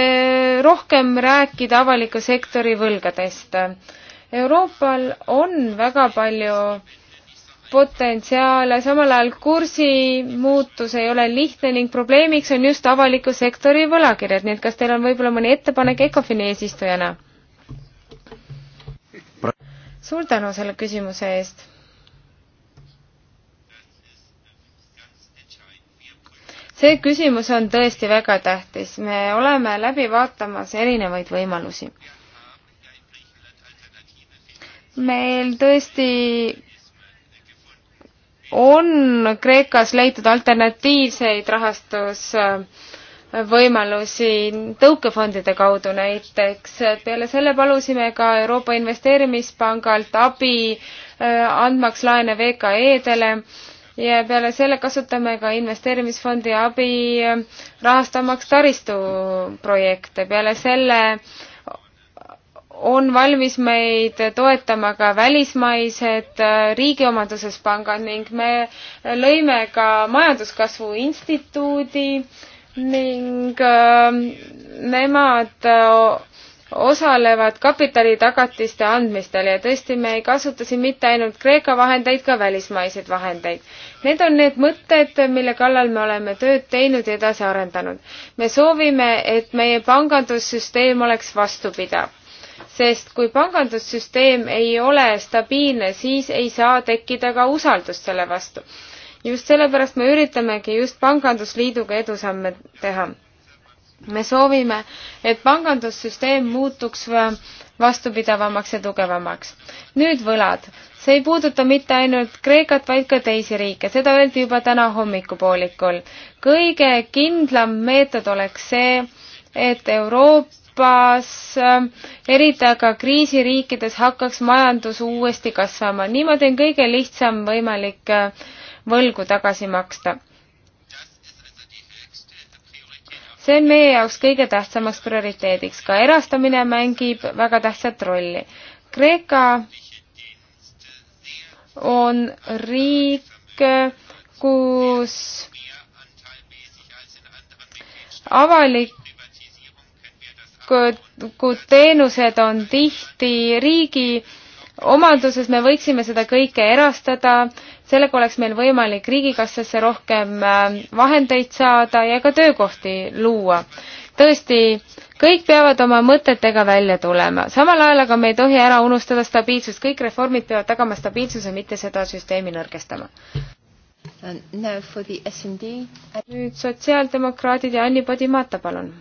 rohkem rääkida avaliku sektori võlgadest? Euroopal on väga palju potentsiaale, samal ajal kursi muutus ei ole lihtne ning probleemiks on just avaliku sektori võlakirjad, nii et kas teil on võib-olla mõni ettepanek ECOFIN-i eesistujana? suur tänu selle küsimuse eest. see küsimus on tõesti väga tähtis, me oleme läbi vaatamas erinevaid võimalusi. meil tõesti on Kreekas leitud alternatiivseid rahastus äh, võimalusi tõukefondide kaudu näiteks. peale selle palusime ka Euroopa Investeerimispangalt abi äh, andmaks laene VKE-dele ja peale selle kasutame ka investeerimisfondi abi äh, rahastamaks taristuprojekte. peale selle on valmis meid toetama ka välismaised äh, riigiomanduses pangad ning me lõime ka Majanduskasvu Instituudi äh, ning ähm, nemad äh, osalevad kapitalitagatiste andmistel ja tõesti, me ei kasuta siin mitte ainult Kreeka vahendeid, ka välismaiseid vahendeid. Need on need mõtted, mille kallal me oleme tööd teinud ja edasi arendanud. me soovime, et meie pangandussüsteem oleks vastupidav, sest kui pangandussüsteem ei ole stabiilne, siis ei saa tekkida ka usaldust selle vastu just sellepärast me üritamegi just pangandusliiduga edusamme teha. me soovime, et pangandussüsteem muutuks vastupidavamaks ja tugevamaks. nüüd võlad. see ei puuduta mitte ainult Kreekat, vaid ka teisi riike, seda öeldi juba täna hommikupoolikul. kõige kindlam meetod oleks see, et Euroopas, ähm, eriti aga kriisiriikides, hakkaks majandus uuesti kasvama. niimoodi on kõige lihtsam võimalik äh, võlgu tagasi maksta. see on meie jaoks kõige tähtsamaks prioriteediks, ka erastamine mängib väga tähtsat rolli. Kreeka on riik, kus avalikud teenused on tihti riigi omanduses, me võiksime seda kõike erastada sellega oleks meil võimalik riigikassasse rohkem äh, vahendeid saada ja ka töökohti luua. tõesti, kõik peavad oma mõtetega välja tulema, samal ajal aga me ei tohi ära unustada stabiilsust, kõik reformid peavad tagama stabiilsuse, mitte seda süsteemi nõrgestama. Uh, nüüd sotsiaaldemokraadid ja Anni Podimata, palun.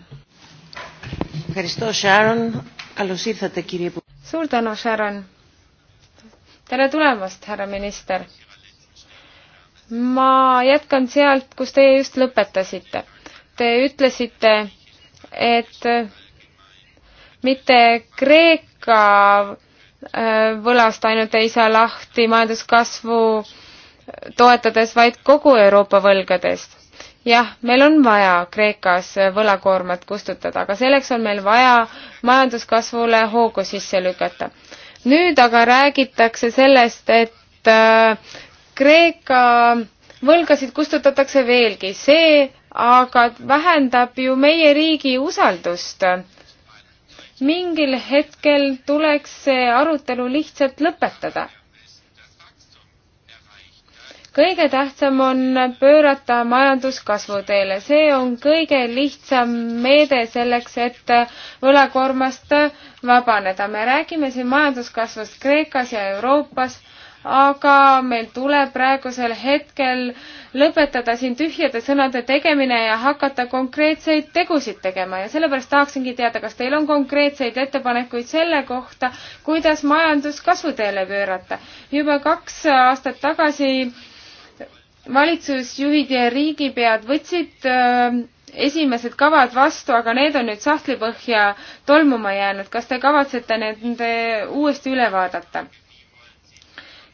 suur tänu, Sharon. tere tulemast, härra minister ma jätkan sealt, kus teie just lõpetasite. Te ütlesite, et mitte Kreeka äh, võlast ainult ei saa lahti majanduskasvu toetades, vaid kogu Euroopa võlgadest. jah, meil on vaja Kreekas võlakoormat kustutada, aga selleks on meil vaja majanduskasvule hoogu sisse lükata. nüüd aga räägitakse sellest, et äh, Kreeka võlgasid kustutatakse veelgi, see aga vähendab ju meie riigi usaldust. mingil hetkel tuleks see arutelu lihtsalt lõpetada. kõige tähtsam on pöörata majanduskasvu teele, see on kõige lihtsam meede selleks, et võlakoormast vabaneda. me räägime siin majanduskasvust Kreekas ja Euroopas aga meil tuleb praegusel hetkel lõpetada siin tühjade sõnade tegemine ja hakata konkreetseid tegusid tegema ja sellepärast tahaksingi teada, kas teil on konkreetseid ettepanekuid selle kohta, kuidas majandus kasvuteele pöörata. juba kaks aastat tagasi valitsusjuhid ja riigipead võtsid öö, äh, esimesed kavad vastu, aga need on nüüd sahtlipõhja tolmuma jäänud. kas te kavatsete need uuesti üle vaadata?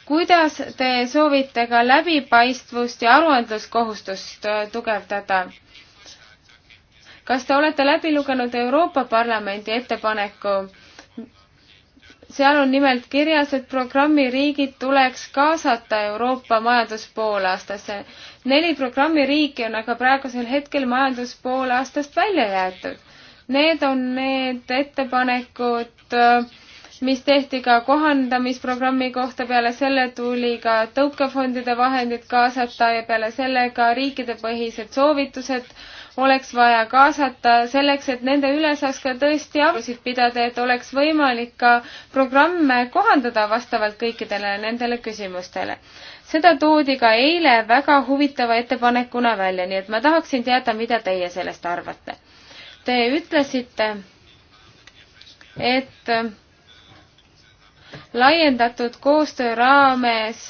kuidas te soovite ka läbipaistvust ja aruandluskohustust äh, tugevdada? kas te olete läbi lugenud Euroopa Parlamendi ettepaneku? seal on nimelt kirjas, et programmiriigid tuleks kaasata Euroopa majanduspoolaastasse. neli programmiriiki on aga praegusel hetkel majanduspoolaastast välja jäetud. Need on need ettepanekud äh, mis tehti ka kohandamisprogrammi kohta, peale selle tuli ka tõukefondide vahendid kaasata ja peale selle ka riikidepõhised soovitused oleks vaja kaasata selleks, et nende üle saaks ka tõesti arusid pidada, et oleks võimalik ka programme kohandada vastavalt kõikidele nendele küsimustele. seda toodi ka eile väga huvitava ettepanekuna välja, nii et ma tahaksin teada, mida teie sellest arvate. Te ütlesite, et laiendatud koostöö raames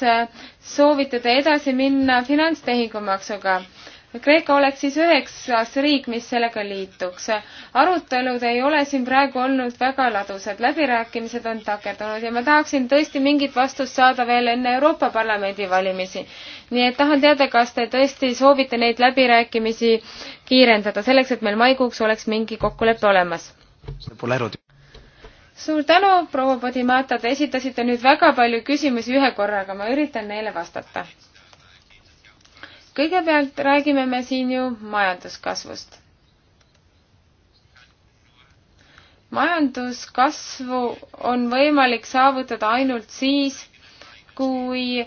soovite te edasi minna finantstehingumaksuga. Kreeka oleks siis üheksas riik, mis sellega liituks. arutelud ei ole siin praegu olnud väga ladusad, läbirääkimised on takerdunud ja ma tahaksin tõesti mingit vastust saada veel enne Euroopa Parlamendi valimisi. nii et tahan teada, kas te tõesti soovite neid läbirääkimisi kiirendada selleks, et meil maikuuks oleks mingi kokkulepe olemas? suur tänu, proua Podimata, te esitasite nüüd väga palju küsimusi ühe korraga, ma üritan neile vastata. kõigepealt räägime me siin ju majanduskasvust. majanduskasvu on võimalik saavutada ainult siis, kui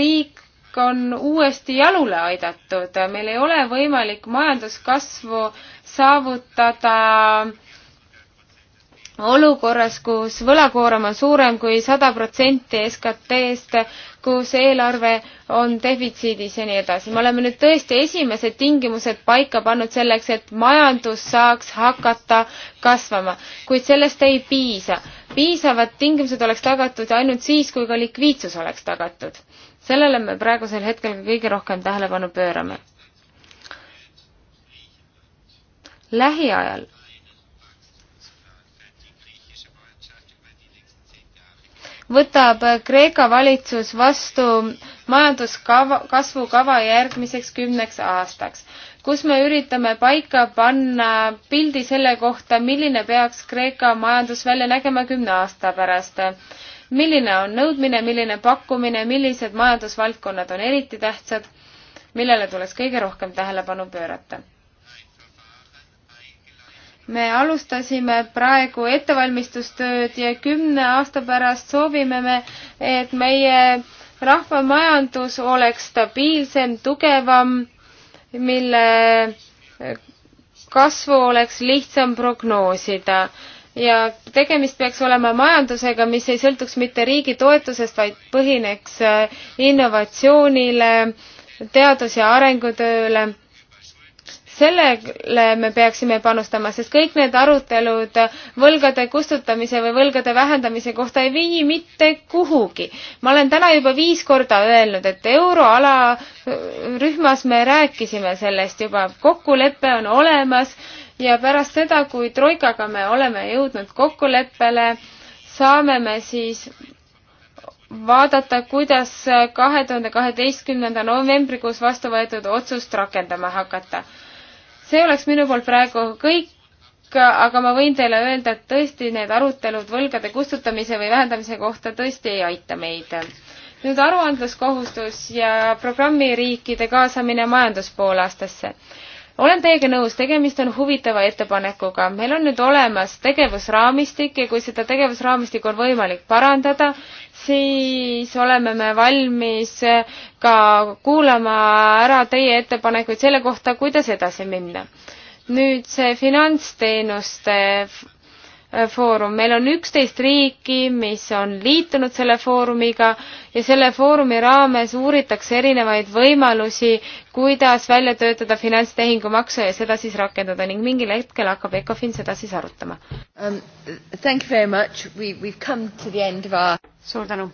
riik on uuesti jalule aidatud, meil ei ole võimalik majanduskasvu saavutada äh, olukorras, kus võlakoorem on suurem kui sada protsenti SKT-st, kus eelarve on defitsiidis ja nii edasi. me oleme nüüd tõesti esimesed tingimused paika pannud selleks, et majandus saaks hakata kasvama, kuid sellest ei piisa. piisavad tingimused oleks tagatud ainult siis, kui ka likviidsus oleks tagatud. sellele me praegusel hetkel kõige rohkem tähelepanu pöörame. lähiajal võtab Kreeka valitsus vastu majanduskasvu kava järgmiseks kümneks aastaks, kus me üritame paika panna pildi selle kohta, milline peaks Kreeka majandus välja nägema kümne aasta pärast. milline on nõudmine, milline pakkumine, millised majandusvaldkonnad on eriti tähtsad, millele tuleks kõige rohkem tähelepanu pöörata me alustasime praegu ettevalmistustööd ja kümne aasta pärast soovime me, et meie rahvamajandus oleks stabiilsem, tugevam, mille kasvu oleks lihtsam prognoosida ja tegemist peaks olema majandusega, mis ei sõltuks mitte riigi toetusest, vaid põhineks innovatsioonile, teadus- ja arengutööle sellele me peaksime panustama, sest kõik need arutelud võlgade kustutamise või võlgade vähendamise kohta ei vii mitte kuhugi. ma olen täna juba viis korda öelnud, et euroala rühmas me rääkisime sellest juba, kokkulepe on olemas ja pärast seda, kui Troikaga me oleme jõudnud kokkuleppele, saame me siis vaadata, kuidas kahe tuhande kaheteistkümnenda novembrikuus vastu võetud otsust rakendama hakata see oleks minu poolt praegu kõik, aga ma võin teile öelda, et tõesti need arutelud võlgade kustutamise või vähendamise kohta tõesti ei aita meid. nüüd aruandluskohustus ja programmiriikide kaasamine majanduspoolaastasse olen teiega nõus, tegemist on huvitava ettepanekuga. meil on nüüd olemas tegevusraamistik ja kui seda tegevusraamistikku on võimalik parandada, siis oleme me valmis ka kuulama ära teie ettepanekuid selle kohta, kuidas edasi minna. nüüd see finantsteenuste Äh, foorum. meil on üksteist riiki, mis on liitunud selle foorumiga ja selle foorumi raames uuritakse erinevaid võimalusi, kuidas välja töötada finantstehingumaksu ja seda siis rakendada ning mingil hetkel hakkab Ecofin seda siis arutama um,. We, our... suur tänu.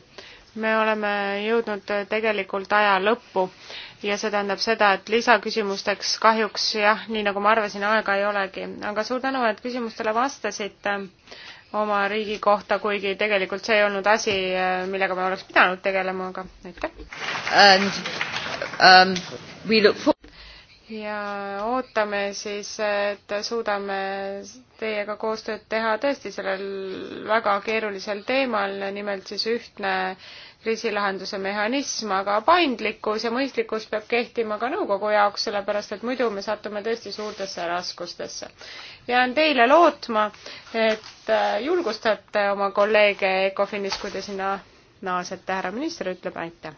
me oleme jõudnud tegelikult aja lõppu ja see tähendab seda, et lisaküsimusteks kahjuks jah, nii nagu ma arvasin, aega ei olegi, aga suur tänu, et küsimustele vastasite oma riigi kohta, kuigi tegelikult see ei olnud asi, millega me oleks pidanud tegelema, aga aitäh! Um, ja ootame siis, et suudame teiega koostööd teha tõesti sellel väga keerulisel teemal, nimelt siis ühtne kriisilahenduse mehhanism, aga paindlikkus ja mõistlikkus peab kehtima ka nõukogu jaoks, sellepärast et muidu me satume tõesti suurtesse raskustesse. jään teile lootma, et äh, julgustate oma kolleege ECOFINis, kui te sinna naasete, härra minister ütleb aitäh.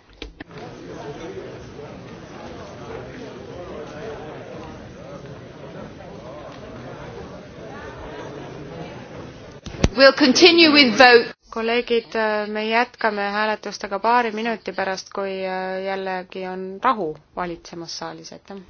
We'll continue with vote kolleegid, me jätkame hääletustega paari minuti pärast, kui äh, jällegi on rahu valitsemas saalis, aitäh!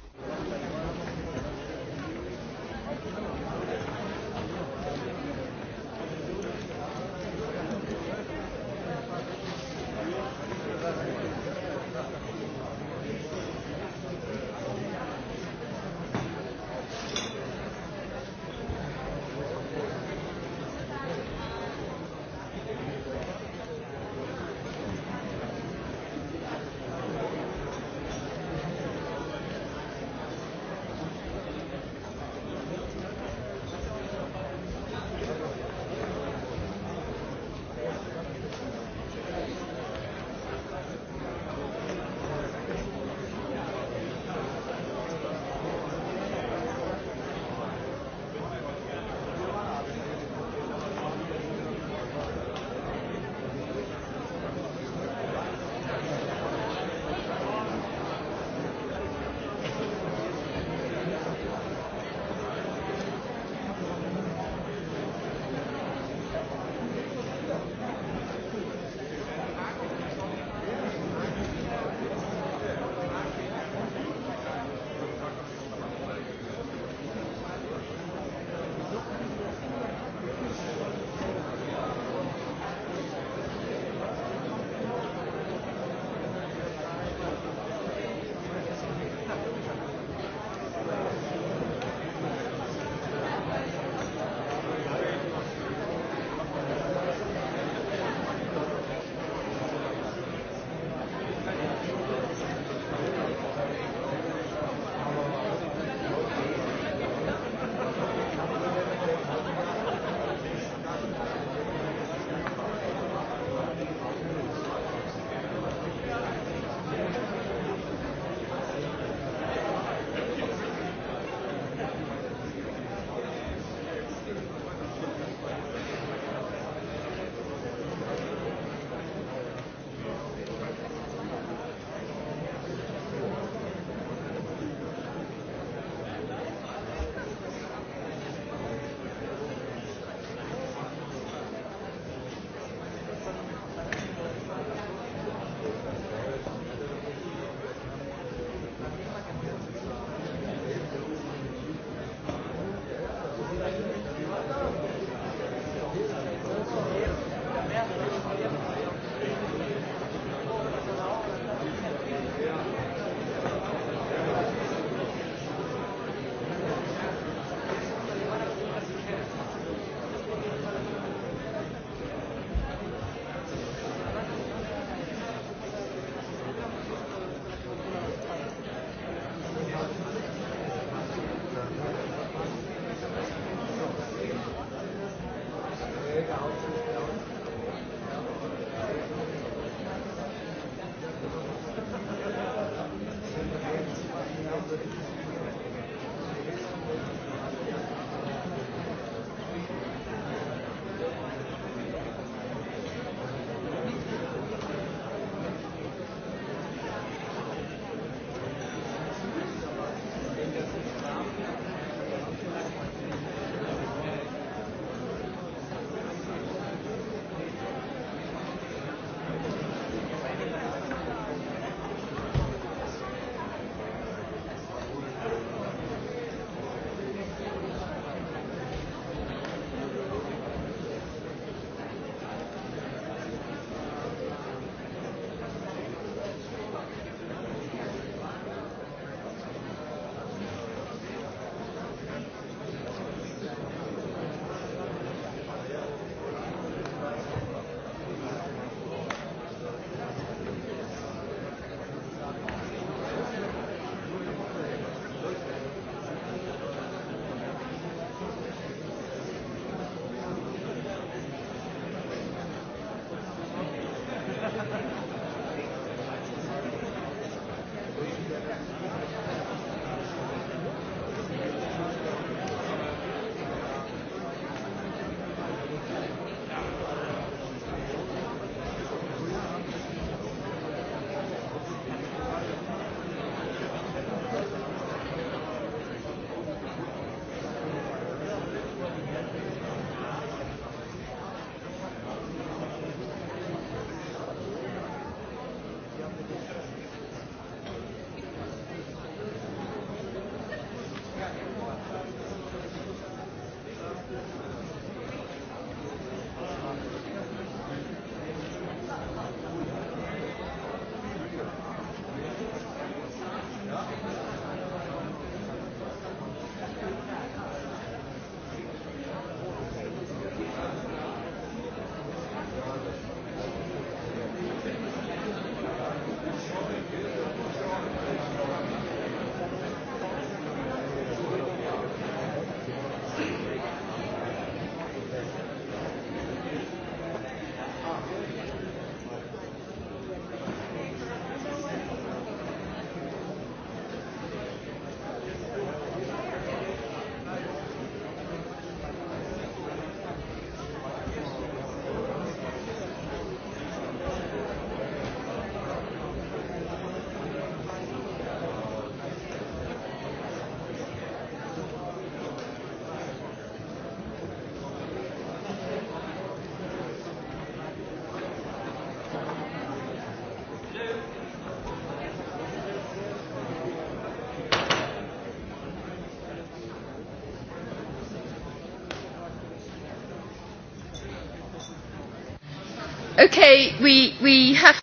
okay, we, we have...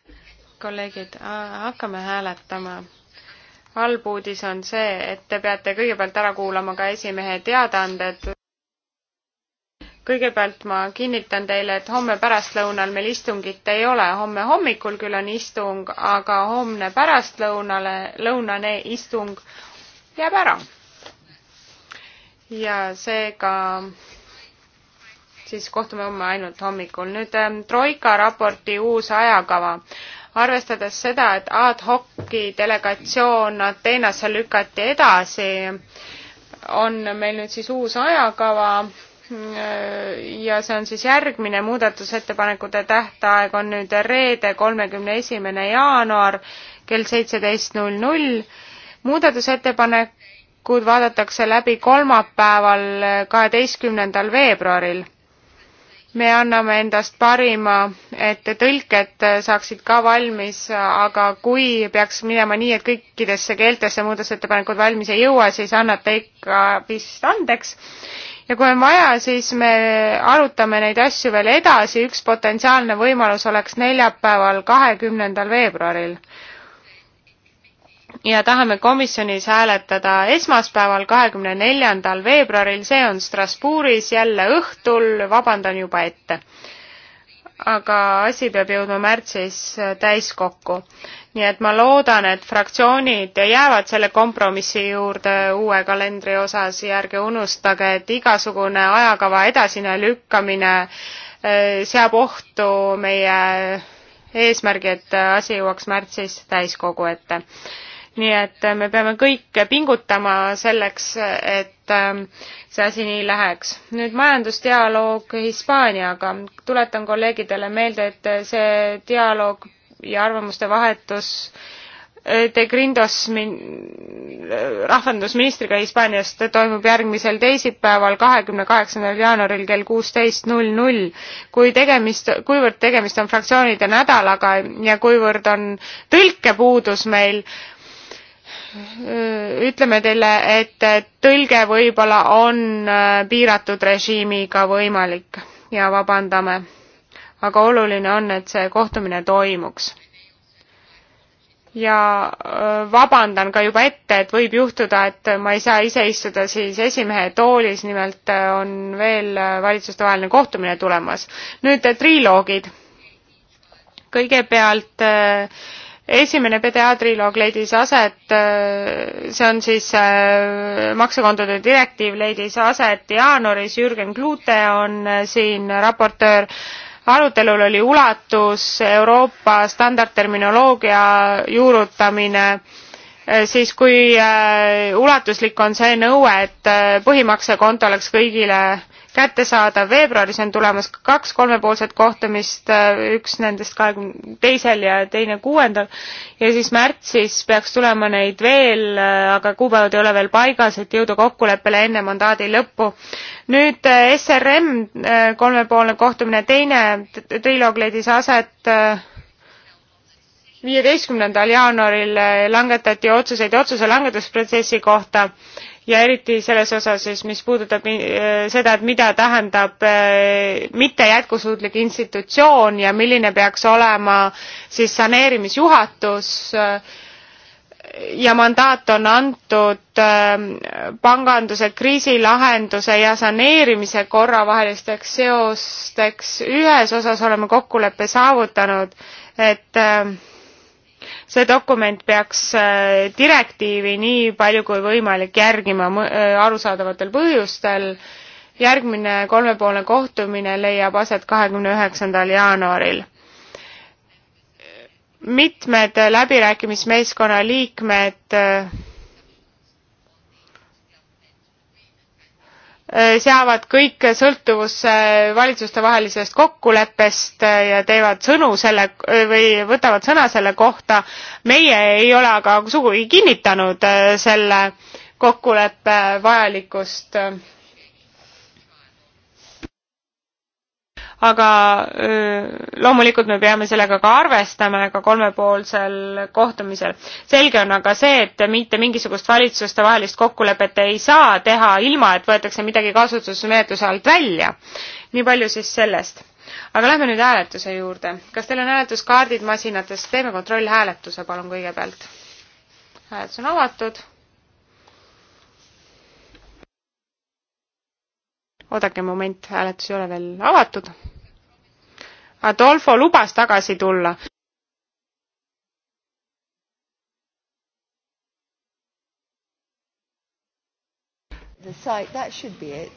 kolleegid, hakkame hääletama. halb uudis on see, et te peate kõigepealt ära kuulama ka esimehe teadaanded. kõigepealt ma kinnitan teile, et homme pärastlõunal meil istungit ei ole, homme hommikul küll on istung, aga homne pärastlõunale, lõunane istung jääb ära. ja seega siis kohtume homme ainult hommikul. nüüd ähm, Troika raporti uus ajakava. arvestades seda, et ad hoc'i delegatsioon Ateenasse lükati edasi, on meil nüüd siis uus ajakava äh, ja see on siis järgmine muudatusettepanekute tähtaeg on nüüd reede, kolmekümne esimene jaanuar kell seitseteist null null. muudatusettepanekud vaadatakse läbi kolmapäeval, kaheteistkümnendal veebruaril me anname endast parima, et tõlked saaksid ka valmis, aga kui peaks minema nii, et kõikidesse keeltesse muudatusettepanekud valmis ei jõua, siis annate ikka vist andeks. ja kui on vaja, siis me arutame neid asju veel edasi, üks potentsiaalne võimalus oleks neljapäeval, kahekümnendal veebruaril ja tahame komisjonis hääletada esmaspäeval, kahekümne neljandal veebruaril, see on Strasbourgis jälle õhtul, vabandan juba ette. aga asi peab jõudma märtsis täiskokku. nii et ma loodan, et fraktsioonid jäävad selle kompromissi juurde uue kalendri osas ja ärge unustage, et igasugune ajakava edasine lükkamine eh, seab ohtu meie eesmärgi, et asi jõuaks märtsis täiskogu ette nii et äh, me peame kõik pingutama selleks, et ähm, see asi nii läheks. nüüd majandusdialoog Hispaaniaga. tuletan kolleegidele meelde, et äh, see dialoog ja arvamuste vahetus äh, De Grindos min-, rahandusministriga Hispaaniast toimub järgmisel teisipäeval, kahekümne kaheksandal jaanuaril kell kuusteist null null. kui tegemist, kuivõrd tegemist on fraktsioonide nädalaga ja kuivõrd on tõlkepuudus meil, Äh, ütleme teile, et tõlge võib-olla on äh, piiratud režiimiga võimalik ja vabandame. aga oluline on, et see kohtumine toimuks. ja äh, vabandan ka juba ette, et võib juhtuda, et ma ei saa ise istuda siis esimehe toolis, nimelt on veel valitsustevaheline kohtumine tulemas. nüüd triloogid. kõigepealt äh, esimene PDA triloog leidis aset, see on siis äh, maksekontode direktiiv, leidis aset jaanuaris, Jürgen Klute on äh, siin raportöör. arutelul oli ulatus, Euroopa standardterminoloogia juurutamine, äh, siis kui ulatuslik on see nõue, et põhimaksekonto oleks kõigile kättesaadav. veebruaris on tulemas kaks kolmepoolset kohtumist, üks nendest kahekümne teisel ja teine kuuendal ja siis märtsis peaks tulema neid veel, aga kuupäevad ei ole veel paigas, et jõuda kokkuleppele enne mandaadi lõppu. nüüd eh, SRM eh, kolmepoolne kohtumine, teine triloog leidis aset eh, viieteistkümnendal jaanuaril langetati otsuseid otsuse langetusprotsessi kohta ja eriti selles osas siis, mis puudutab äh, seda, et mida tähendab äh, mitte jätkusuutlik institutsioon ja milline peaks olema siis saneerimisjuhatus äh, ja mandaat on antud panganduse kriisilahenduse ja saneerimise korravahelisteks seosteks. ühes osas oleme kokkuleppe saavutanud, et äh, see dokument peaks äh, direktiivi nii palju kui võimalik järgima äh, arusaadavatel põhjustel. järgmine kolmepoolne kohtumine leiab aset kahekümne üheksandal jaanuaril mitmed läbirääkimismeeskonna liikmed äh, Eh, seavad kõik sõltuvusse valitsustevahelisest kokkuleppest eh, ja teevad sõnu selle eh, või võtavad sõna selle kohta. meie ei ole aga sugugi kinnitanud selle kokkuleppe vajalikkust aga loomulikult me peame sellega ka arvestama ka kolmepoolsel kohtumisel. selge on aga see, et mitte mingisugust valitsustevahelist kokkulepet ei saa teha ilma, et võetakse midagi kasutusmenetluse alt välja. nii palju siis sellest. aga lähme nüüd hääletuse juurde. kas teil on hääletuskaardid masinates? teeme kontrollhääletuse palun kõigepealt. hääletus on avatud oodake moment, hääletus ei ole veel avatud Adolfo lubas tagasi tulla. The site, that should be it.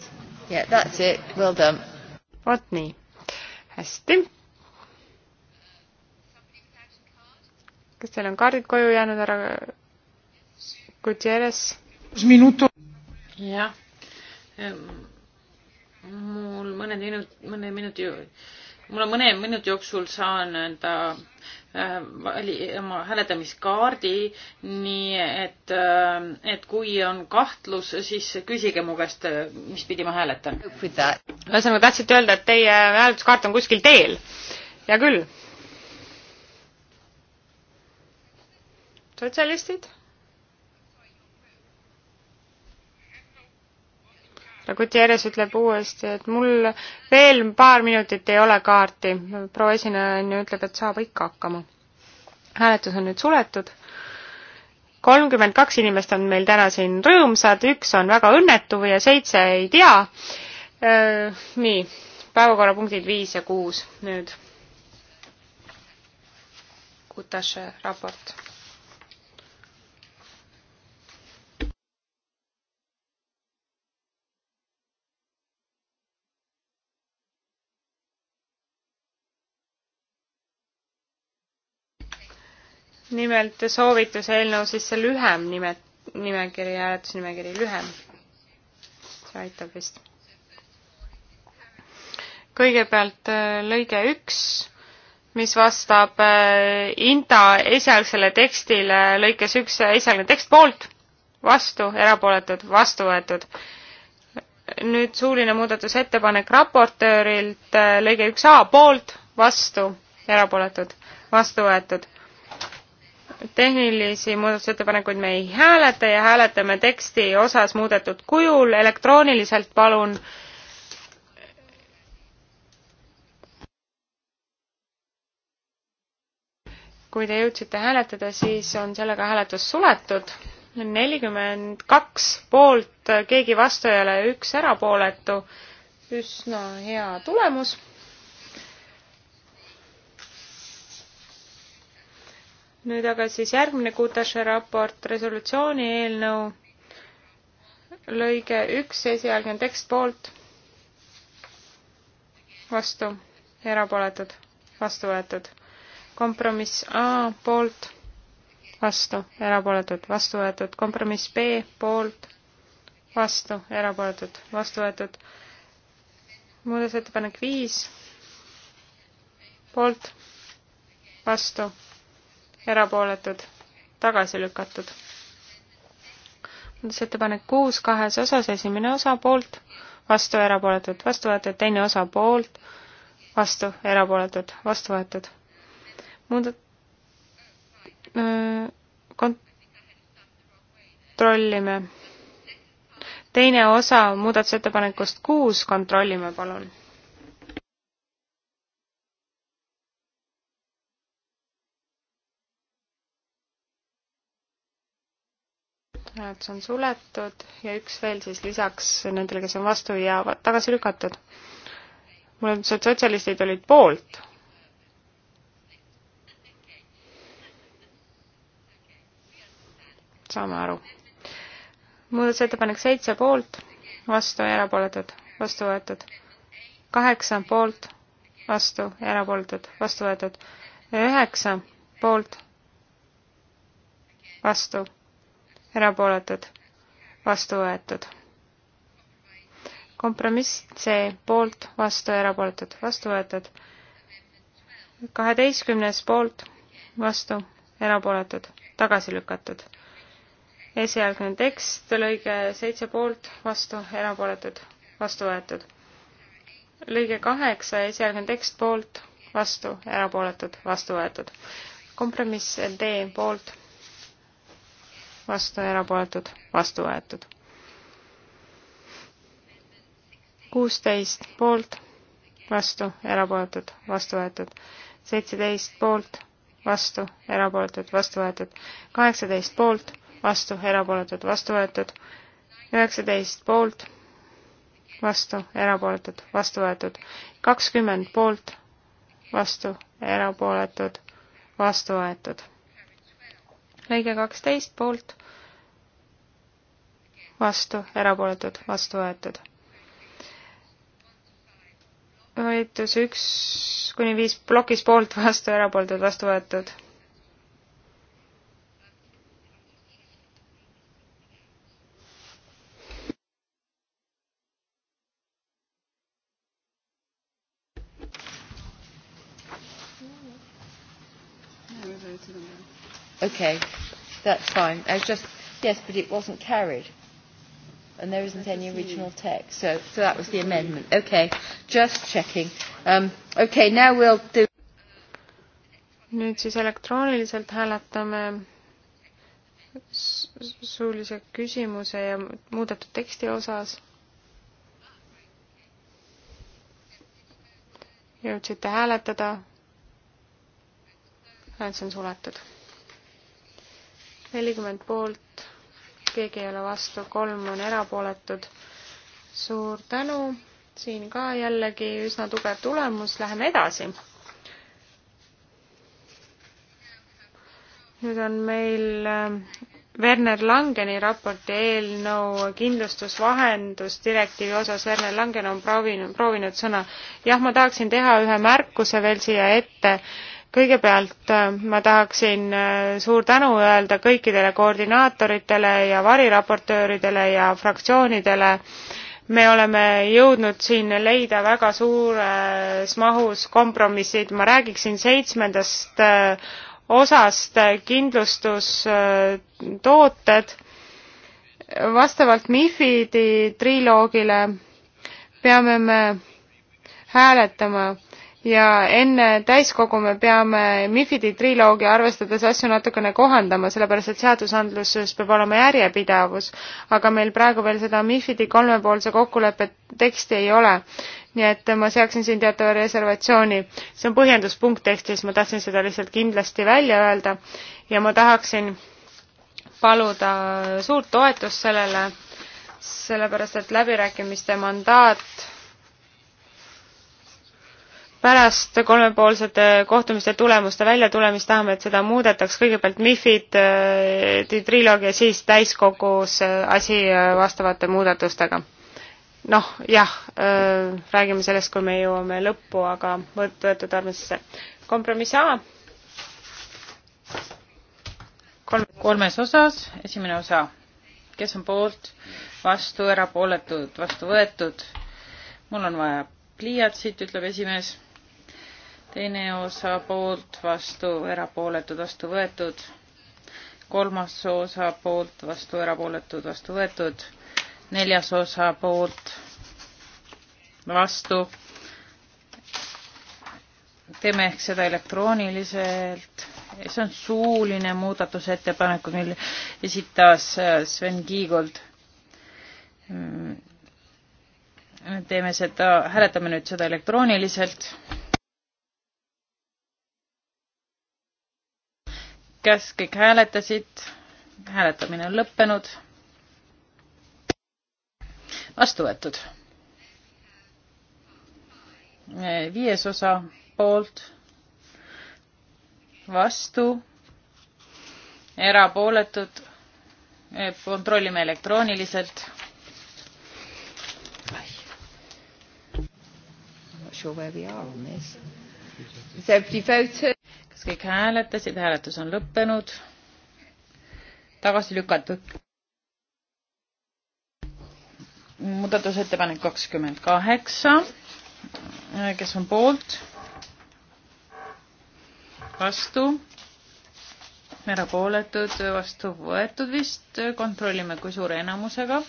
Yeah, that's it. Well done. vot nii, hästi. kas teil on kaardid koju jäänud, härra Gutierrez? jah, ehm, mul mõned minut, mõne minuti mul on mõne minuti jooksul saan anda äh, vali, oma hääletamiskaardi, nii et äh,, et kui on kahtlus, siis küsige mu käest, mis pidi ma hääletan. ühesõnaga, tahtsite öelda, et teie hääletuskaart on kuskil teel? hea küll. sotsialistid Gutierrez ütleb uuesti, et mul veel paar minutit ei ole kaarti. proua esineja ütleb, et saab ikka hakkama. hääletus on nüüd suletud. kolmkümmend kaks inimest on meil täna siin rõõmsad, üks on väga õnnetu ja seitse ei tea. nii, päevakorrapunktid viis ja kuus nüüd. Kutaše raport nimelt soovitus eelnõu sisse lühem nime, nimekiri, hääletusnimekiri lühem. see aitab vist. kõigepealt äh, lõige üks, mis vastab äh, Inta esialgsele tekstile, lõikes üks äh, esialgne tekst poolt, vastu, erapooletud, vastu võetud. nüüd suuline muudatusettepanek raportöörilt, lõige üks A poolt, vastu, erapooletud, vastu võetud tehnilisi muudatusettepanekuid me ei hääleta ja hääletame teksti osas muudetud kujul elektrooniliselt, palun. kui te jõudsite hääletada, siis on sellega hääletus suletud. nelikümmend kaks poolt, keegi vastu ei ole, üks erapooletu. üsna hea tulemus nüüd aga siis järgmine Kutaše raport, resolutsiooni eelnõu, lõige üks, esialgne tekst poolt, vastu, erapooletud, vastu võetud. kompromiss A poolt, vastu, erapooletud, vastu võetud. kompromiss B poolt, vastu, erapooletud, vastu võetud. muudatusettepanek viis, poolt, vastu erapooletud, tagasi lükatud. muudatusettepanek kuus kahes osas, esimene osa poolt, vastu erapooletud, vastu võetud, teine osa poolt, vastu erapooletud, vastu võetud. muudat-, kontrollime. teine osa muudatusettepanekust kuus, kontrollime palun hääletus on suletud ja üks veel siis lisaks nendele, kes on vastu ja tagasi lükatud. mul on, sotsialistid olid poolt saame aru. muudatusettepanek seitse poolt, vastu ja erapooletud, vastu võetud. kaheksa poolt, vastu ja erapooletud, vastu võetud. üheksa poolt, vastu erapooletud, vastu võetud. kompromiss C poolt, vastu, erapooletud, vastu võetud. kaheteistkümnes poolt, vastu, erapooletud, tagasi lükatud. esialgne tekst, lõige seitse poolt, vastu, erapooletud, vastu võetud. lõige kaheksa, esialgne tekst poolt, vastu, erapooletud, vastu võetud. kompromiss D poolt vastu erapooletud, vastu võetud. kuusteist poolt, vastu erapooletud, vastu võetud. seitseteist poolt, vastu erapooletud, vastu võetud. kaheksateist poolt, vastu erapooletud, vastu võetud. üheksateist poolt, vastu erapooletud, vastu võetud. kakskümmend poolt, vastu erapooletud, vastu võetud lõige kaksteist poolt, vastu, erapooletud, vastu võetud. võetus üks kuni viis plokis poolt, vastu, erapooletud, vastu võetud That's fine. I was just, yes, but it wasn't carried. And there isn't any original text. So, so that was the amendment. Okay, just checking. Um, okay, now we'll do. nüüd siis elektrooniliselt hääletame suulise küsimuse ja muudetud teksti osas jõudsite hääletada. hääl on suletud nelikümmend poolt, keegi ei ole vastu, kolm on erapooletud. suur tänu, siin ka jällegi üsna tugev tulemus, läheme edasi. nüüd on meil äh, Werner Langeni raporti eelnõu kindlustusvahendusdirektiivi osas. Werner Langen on proovinud, proovinud sõna. jah, ma tahaksin teha ühe märkuse veel siia ette kõigepealt äh, ma tahaksin äh, suur tänu öelda kõikidele koordinaatoritele ja variraportööridele ja fraktsioonidele. me oleme jõudnud siin leida väga suures mahus kompromissid, ma räägiksin seitsmendast äh, osast kindlustustooted vastavalt MIFIDi triloogile peame me hääletama ja enne täiskogu me peame MIFIDi triloogi arvestades asju natukene kohandama, sellepärast et seadusandluses peab olema järjepidevus, aga meil praegu veel seda MIFIDi kolmepoolse kokkuleppe teksti ei ole. nii et ma seaksin siin teatava reservatsiooni. see on põhjenduspunkt tekstis, ma tahtsin seda lihtsalt kindlasti välja öelda ja ma tahaksin paluda suurt toetust sellele, sellepärast et läbirääkimiste mandaat pärast kolmepoolsete kohtumiste tulemuste väljatulemist tahame, et seda muudetaks kõigepealt MIFID äh, triloog ja siis täiskogus äh, asi äh, vastavate muudatustega. noh, jah, räägime sellest, kui me jõuame lõppu, aga võetud arvesse. kompromiss A. kolm, kolmes osas, esimene osa, kes on poolt, vastu, erapooletud, vastu võetud. mul on vaja pliiatsit, ütleb esimees teine osa poolt vastu, erapooletud, vastu võetud. kolmas osa poolt vastu, erapooletud, vastu võetud. neljas osa poolt vastu. teeme ehk seda elektrooniliselt. see on suuline muudatusettepanek, mille esitas äh, Sven Kiigold. Mm. teeme seda, hääletame nüüd seda elektrooniliselt kes kõik hääletasid, hääletamine on lõppenud. vastu võetud. viies osa poolt, vastu, erapooletud, kontrollime elektrooniliselt. Sure where we are on this. Has everybody voted? kas kõik hääletasid, hääletus on lõppenud? tagasi lükatud. muudatusettepanek kakskümmend kaheksa, kes on poolt? vastu? erapooletud, vastu võetud vist, kontrollime, kui suure enamusega.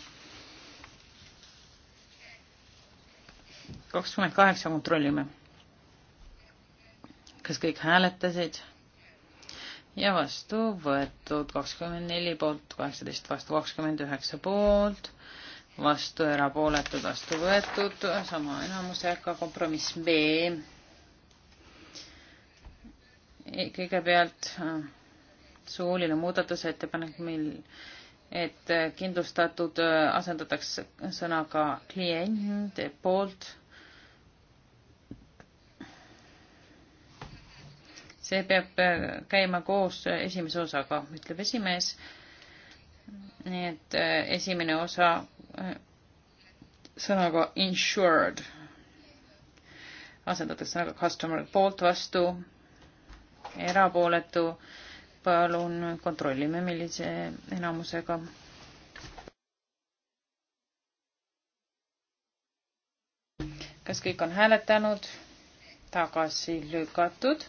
kakskümmend kaheksa kontrollime kas kõik hääletasid? ja vastu võetud kakskümmend neli poolt, kaheksateist vastu, kakskümmend üheksa poolt, vastu erapooletud, vastu võetud, sama enamusega kompromiss B. E, kõigepealt äh, suuline muudatusettepanek, mil, et kindlustatud äh, asendatakse sõnaga klient poolt see peab äh, käima koos äh, esimese osaga, ütleb esimees. nii et äh, esimene osa sõnaga insured asendatakse sõnaga customer poolt vastu, erapooletu. palun kontrollime, millise enamusega. kas kõik on hääletanud? tagasi lükatud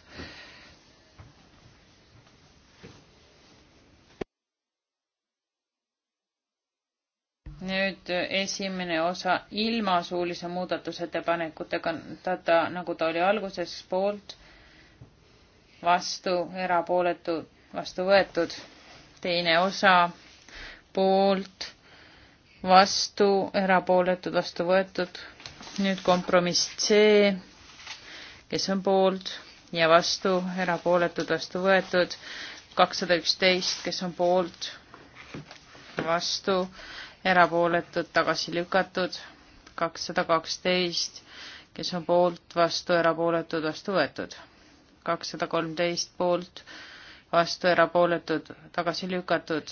nüüd äh, esimene osa ilma suulise muudatusettepanekutega, ta nagu ta oli alguses poolt, vastu, erapooletu, vastu võetud. teine osa poolt, vastu, erapooletud, vastu võetud. nüüd kompromiss C, kes on poolt ja vastu, erapooletud, vastu võetud. kakssada üksteist, kes on poolt, vastu erapooletud, tagasi lükatud, kakssada kaksteist, kes on poolt, vastu, erapooletud, vastu võetud. kakssada kolmteist poolt, vastu, erapooletud, tagasi lükatud,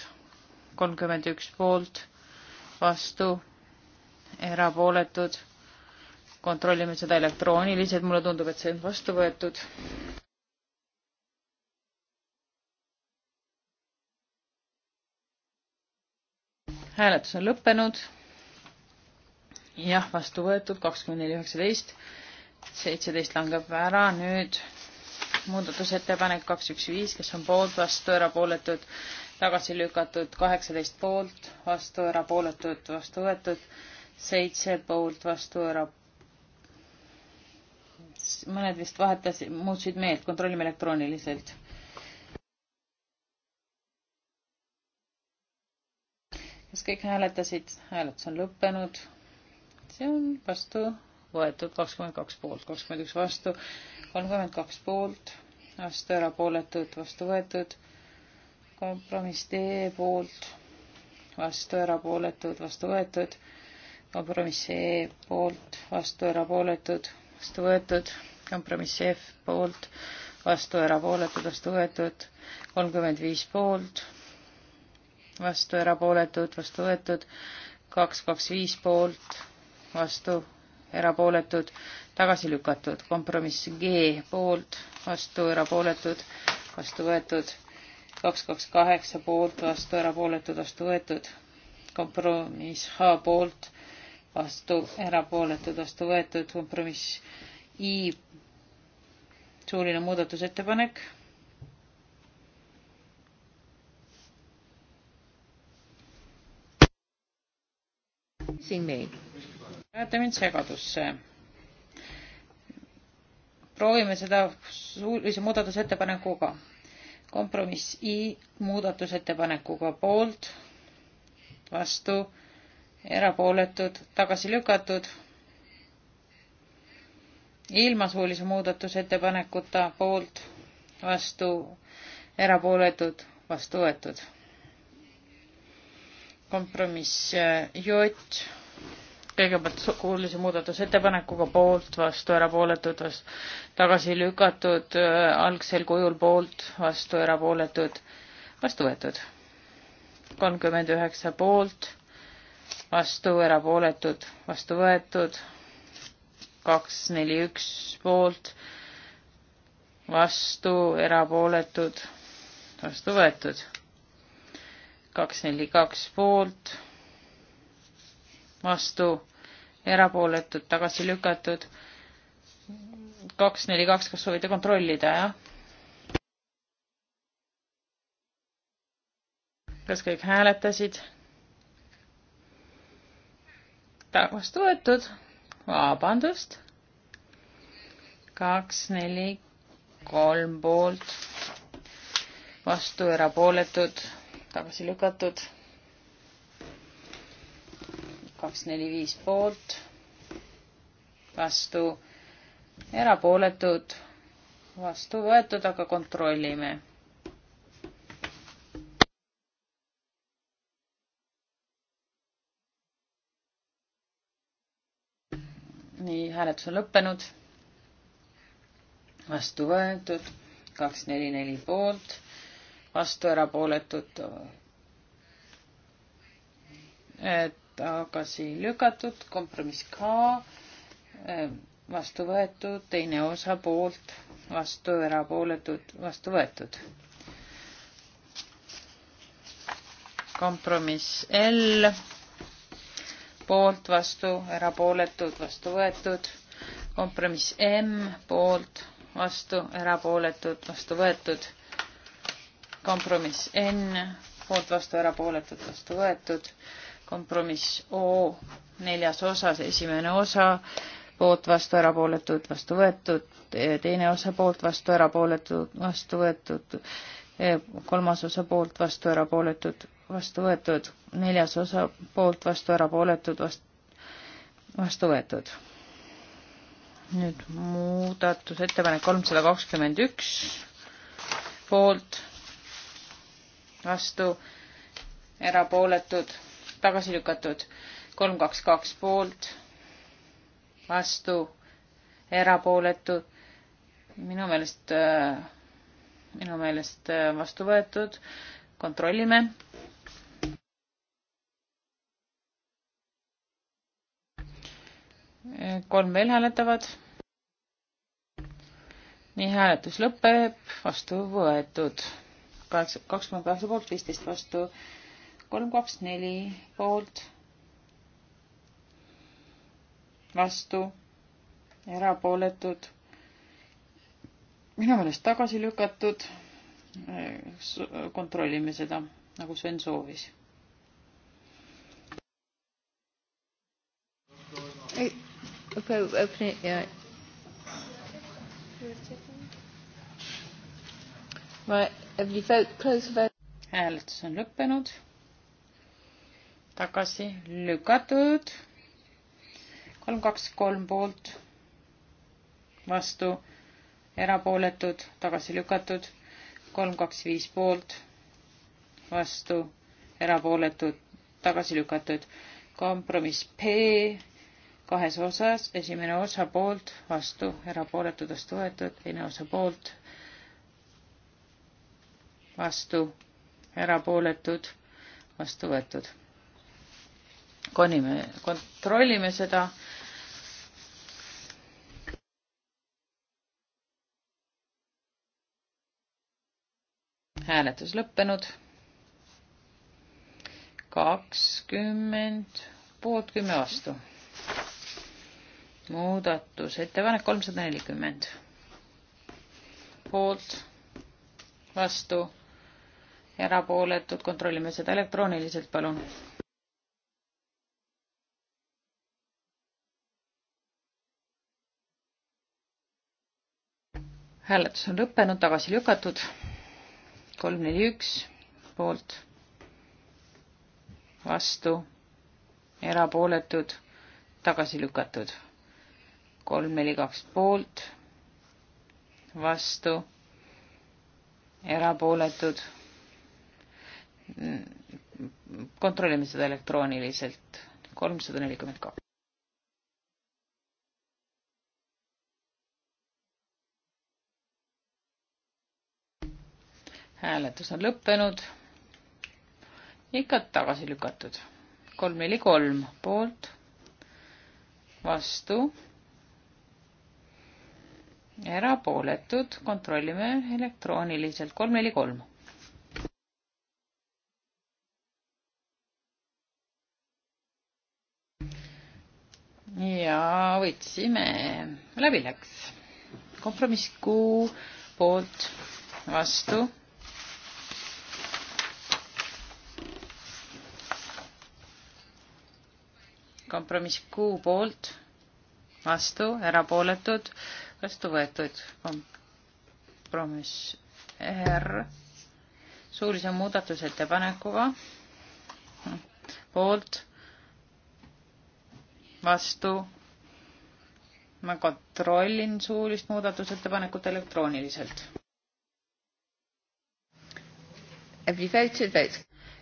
kolmkümmend üks poolt, vastu, erapooletud, kontrollime seda elektrooniliselt, mulle tundub, et see on vastu võetud. hääletus on lõppenud. jah, vastu võetud kakskümmend neli, üheksateist, seitseteist langeb ära, nüüd muudatusettepanek kaks, üks, viis, kes on poolt, vastu, erapooletud, tagasi lükatud, kaheksateist poolt, vastu, erapooletud, vastu võetud, seitse poolt, vastu, erapooletud mõned vist vahetasid, muutsid meelt, kontrollime elektrooniliselt kas kõik hääletasid? hääletus on lõppenud. see on vastu võetud kakskümmend kaks poolt, kakskümmend üks vastu, kolmkümmend kaks poolt, vastu erapooletud, vastu võetud, kompromiss D poolt, vastu erapooletud, vastu võetud, kompromiss E poolt, vastu erapooletud, vastu võetud, kompromiss F poolt, vastu erapooletud, vastu võetud, kolmkümmend viis poolt vastu erapooletud, vastu võetud, kaks, kaks, viis poolt, vastu erapooletud, tagasi lükatud, kompromiss G poolt, vastu erapooletud, vastu võetud, kaks, kaks, kaheksa poolt, vastu erapooletud, vastu võetud, kompromiss H poolt, vastu erapooletud, vastu võetud, kompromiss I suuline muudatusettepanek confusing me. Ajate mind segadusse. proovime seda suulise muudatusettepanekuga. kompromiss I muudatusettepanekuga poolt, vastu, erapooletud, tagasi lükatud. ilma suulise muudatusettepanekuta poolt, vastu, erapooletud, vastu võetud kompromiss J kõigepealt kuulise muudatusettepanekuga poolt, vastu, erapooletud, vastu, tagasi lükatud, äh, algsel kujul poolt, vastu, erapooletud, vastu võetud. kolmkümmend üheksa poolt, vastu, erapooletud, vastu võetud, kaks, neli, üks poolt, vastu, erapooletud, vastu võetud, kaks, neli, kaks poolt vastu, erapooletud, tagasi lükatud. kaks, neli, kaks, kas soovite kontrollida, jah? kas kõik hääletasid? vastu võetud, vabandust. kaks, neli, kolm poolt, vastu erapooletud, tagasi lükatud kaks, neli, viis poolt, vastu, erapooletud, vastu võetud, aga kontrollime. nii, hääletus on lõppenud. vastu võetud, kaks, neli, neli poolt, vastu erapooletud. et tagasi lükatud, kompromiss K ehm, vastu võetud, teine osa poolt vastu, erapooletud vastu võetud. kompromiss L poolt vastu, erapooletud vastu võetud. kompromiss M poolt vastu, erapooletud vastu võetud. kompromiss N poolt vastu, erapooletud vastu võetud kompromiss O neljas osas, esimene osa poolt vastu erapooletud, vastu võetud, teine osa poolt vastu erapooletud, vastu võetud, e, kolmas osa poolt vastu erapooletud, vastu võetud, neljas osa poolt vastu erapooletud, vastu võetud. nüüd muudatusettepanek kolmsada kakskümmend üks, poolt, vastu, erapooletud tagasi lükatud. kolm, kaks, kaks poolt, vastu, erapooletu. minu meelest, minu meelest vastu võetud. kontrollime. kolm veel hääletavad nii hääletus lõpeb, vastu võetud. kaheksa, kakskümmend kaheksa poolt, viisteist vastu, kolm, kaks, neli poolt, vastu, erapooletud, minu meelest tagasi lükatud. kontrollime seda, nagu Sven soovis. Open it, yeah. Right, every vote, close vote. hääletus on lõppenud tagasi lükatud. kolm, kaks, kolm poolt, vastu, erapooletud, tagasi lükatud. kolm, kaks, viis poolt, vastu, erapooletud, tagasi lükatud. kompromiss P kahes osas, esimene osa poolt, vastu, erapooletud, vastu võetud, teine osa poolt, vastu, erapooletud, vastu võetud konime, kontrollime seda. hääletus lõppenud. kakskümmend poolt, kümme vastu. muudatusettepanek kolmsada nelikümmend. poolt, vastu, erapooletud, kontrollime seda elektrooniliselt, palun hääletus on lõppenud, tagasi lükatud. kolm, neli, üks poolt, vastu, erapooletud, tagasi lükatud. kolm, neli, kaks poolt, vastu, erapooletud. kontrollime seda elektrooniliselt. kolmsada nelikümmend kaks. hääletus on lõppenud. ikka tagasi lükatud. kolm, neli, kolm poolt, vastu, erapooletud, kontrollime elektrooniliselt, kolm, neli, kolm. ja võtsime, läbi läks. kompromiss kuu poolt, vastu kompromiss Q poolt, vastu, erapooletud, vastu võetud. kompromiss R suulise muudatusettepanekuga poolt, vastu. ma kontrollin suulist muudatusettepanekut elektrooniliselt.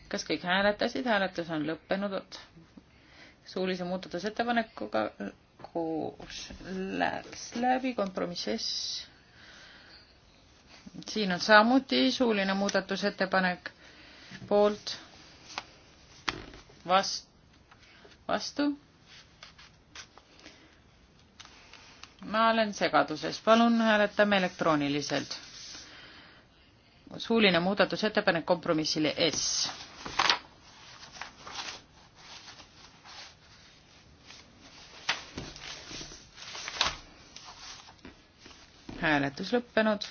kas kõik hääletasid, hääletus on lõppenud? suulise muudatusettepanekuga koos läks läbi kompromiss. siin on samuti suuline muudatusettepanek poolt, vast-, vastu. ma olen segaduses, palun hääletame elektrooniliselt. suuline muudatusettepanek kompromissile S hääletus lõppenud.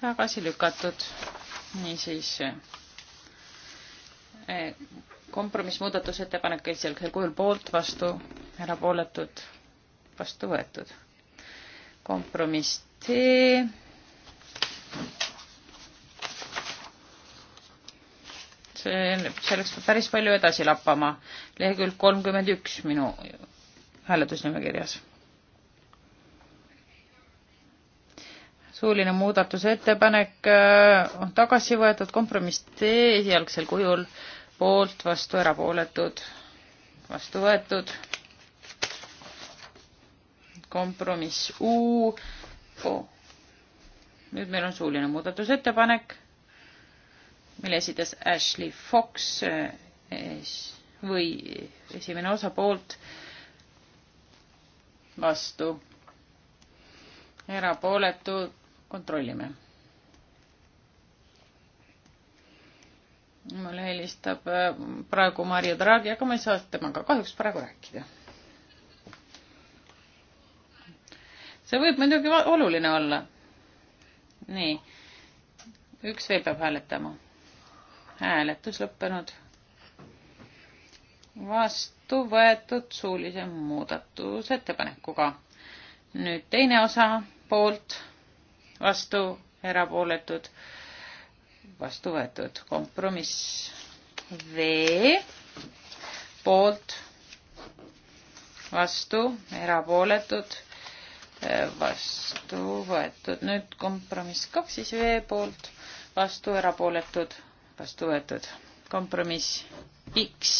tagasi lükatud. niisiis eh, kompromissmuudatusettepanek esialgsel kujul poolt, vastu, erapooletud, vastu võetud. kompromiss D. see, selleks peab päris palju edasi lappama. lehekülg kolmkümmend üks minu hääletusnimekirjas suuline muudatusettepanek äh, on tagasi võetud kompromiss D esialgsel kujul poolt vastu erapooletud vastu võetud kompromiss U oh. nüüd meil on suuline muudatusettepanek mille esitas Ashley Fox äh, või esimene osa poolt vastu erapooletud kontrollime. mulle helistab äh, praegu Mario Draghi, aga ma ei saa temaga kahjuks praegu rääkida. see võib muidugi oluline olla. nii, üks veel peab hääletama. hääletus lõppenud. vastu võetud suulise muudatusettepanekuga. nüüd teine osa poolt vastu, erapooletud, vastu võetud. kompromiss V poolt, vastu, erapooletud, vastu võetud. nüüd kompromiss kaks siis V poolt, vastu, erapooletud, vastu võetud. kompromiss X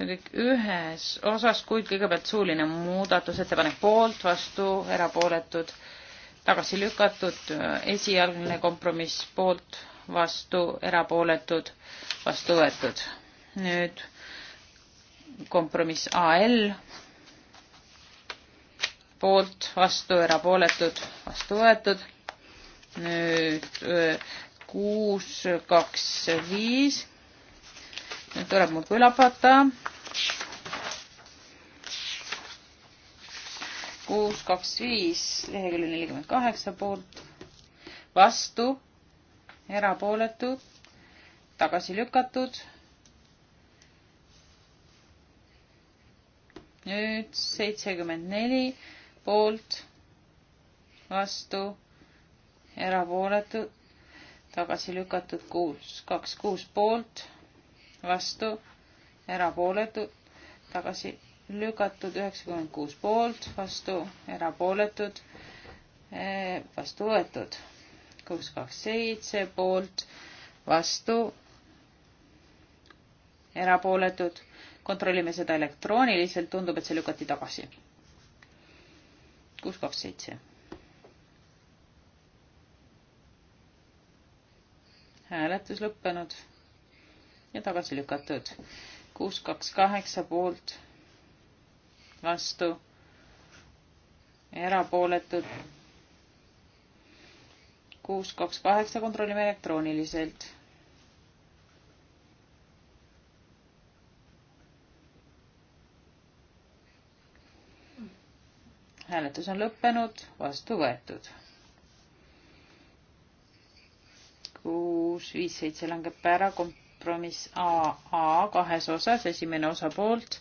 see on kõik ühes osas, kuid kõigepealt suuline muudatusettepanek poolt, vastu, erapooletud, tagasi lükatud, esialgne kompromiss poolt, vastu, erapooletud, vastu võetud. nüüd kompromiss AL, poolt, vastu, erapooletud, vastu võetud. nüüd kuus, kaks, viis nüüd tuleb mul kõlapata. kuus, kaks, viis, lehekülg nelikümmend kaheksa poolt, vastu, erapooletud, tagasi lükatud. nüüd seitsekümmend neli poolt, vastu, erapooletud, tagasi lükatud kuus, kaks, kuus poolt vastu, erapooletud, tagasi lükatud, üheksakümmend kuus poolt, vastu, erapooletud, eh, vastu võetud, kuus, kaks, seitse poolt, vastu, erapooletud. kontrollime seda elektrooniliselt, tundub, et see lükati tagasi. kuus, kaks, seitse. hääletus lõppenud ja tagasi lükatud. kuus, kaks, kaheksa poolt, vastu, erapooletud. kuus, kaks, kaheksa kontrollime elektrooniliselt. hääletus on lõppenud, vastu võetud. kuus, viis, seitse langeb ära, komp-, kompromiss AA kahes osas, esimene osa poolt,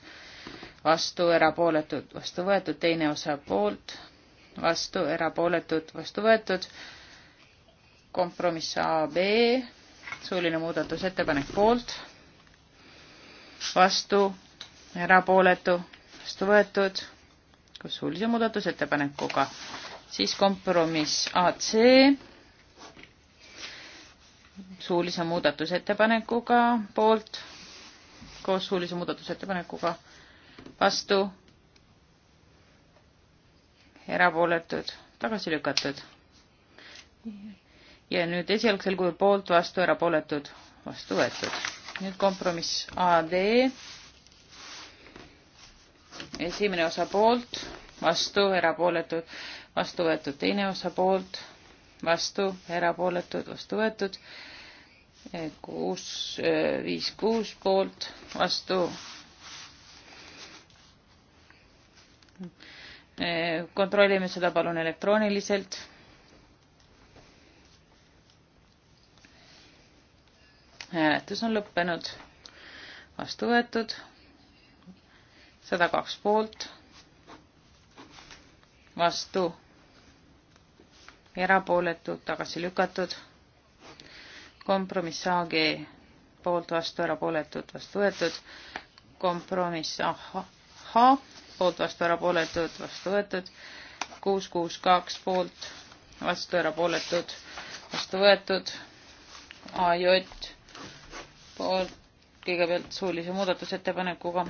vastu erapooletud, vastu võetud, teine osa poolt, vastu erapooletud, vastu võetud, kompromiss AB, suuline muudatusettepanek poolt, vastu erapooletu, vastu võetud, koos suulise muudatusettepanekuga, siis kompromiss AC suulise muudatusettepanekuga poolt, koos suulise muudatusettepanekuga vastu, erapooletud, tagasi lükatud. ja nüüd esialgsel kujul poolt, vastu, erapooletud, vastu võetud. nüüd kompromiss AD. esimene osa poolt, vastu, erapooletud, vastu võetud, teine osa poolt, vastu, erapooletud, vastu võetud kuus, viis, kuus poolt, vastu. kontrollime seda palun elektrooniliselt. hääletus on lõppenud, vastu võetud, sada kaks poolt, vastu, erapooletud, tagasi lükatud kompromiss AG poolt vastu erapooletud, vastu võetud, kompromiss H poolt vastu erapooletud, vastu võetud, kuus, kuus, kaks poolt vastu erapooletud, vastu võetud, AJ poolt kõigepealt suulise muudatusettepanekuga.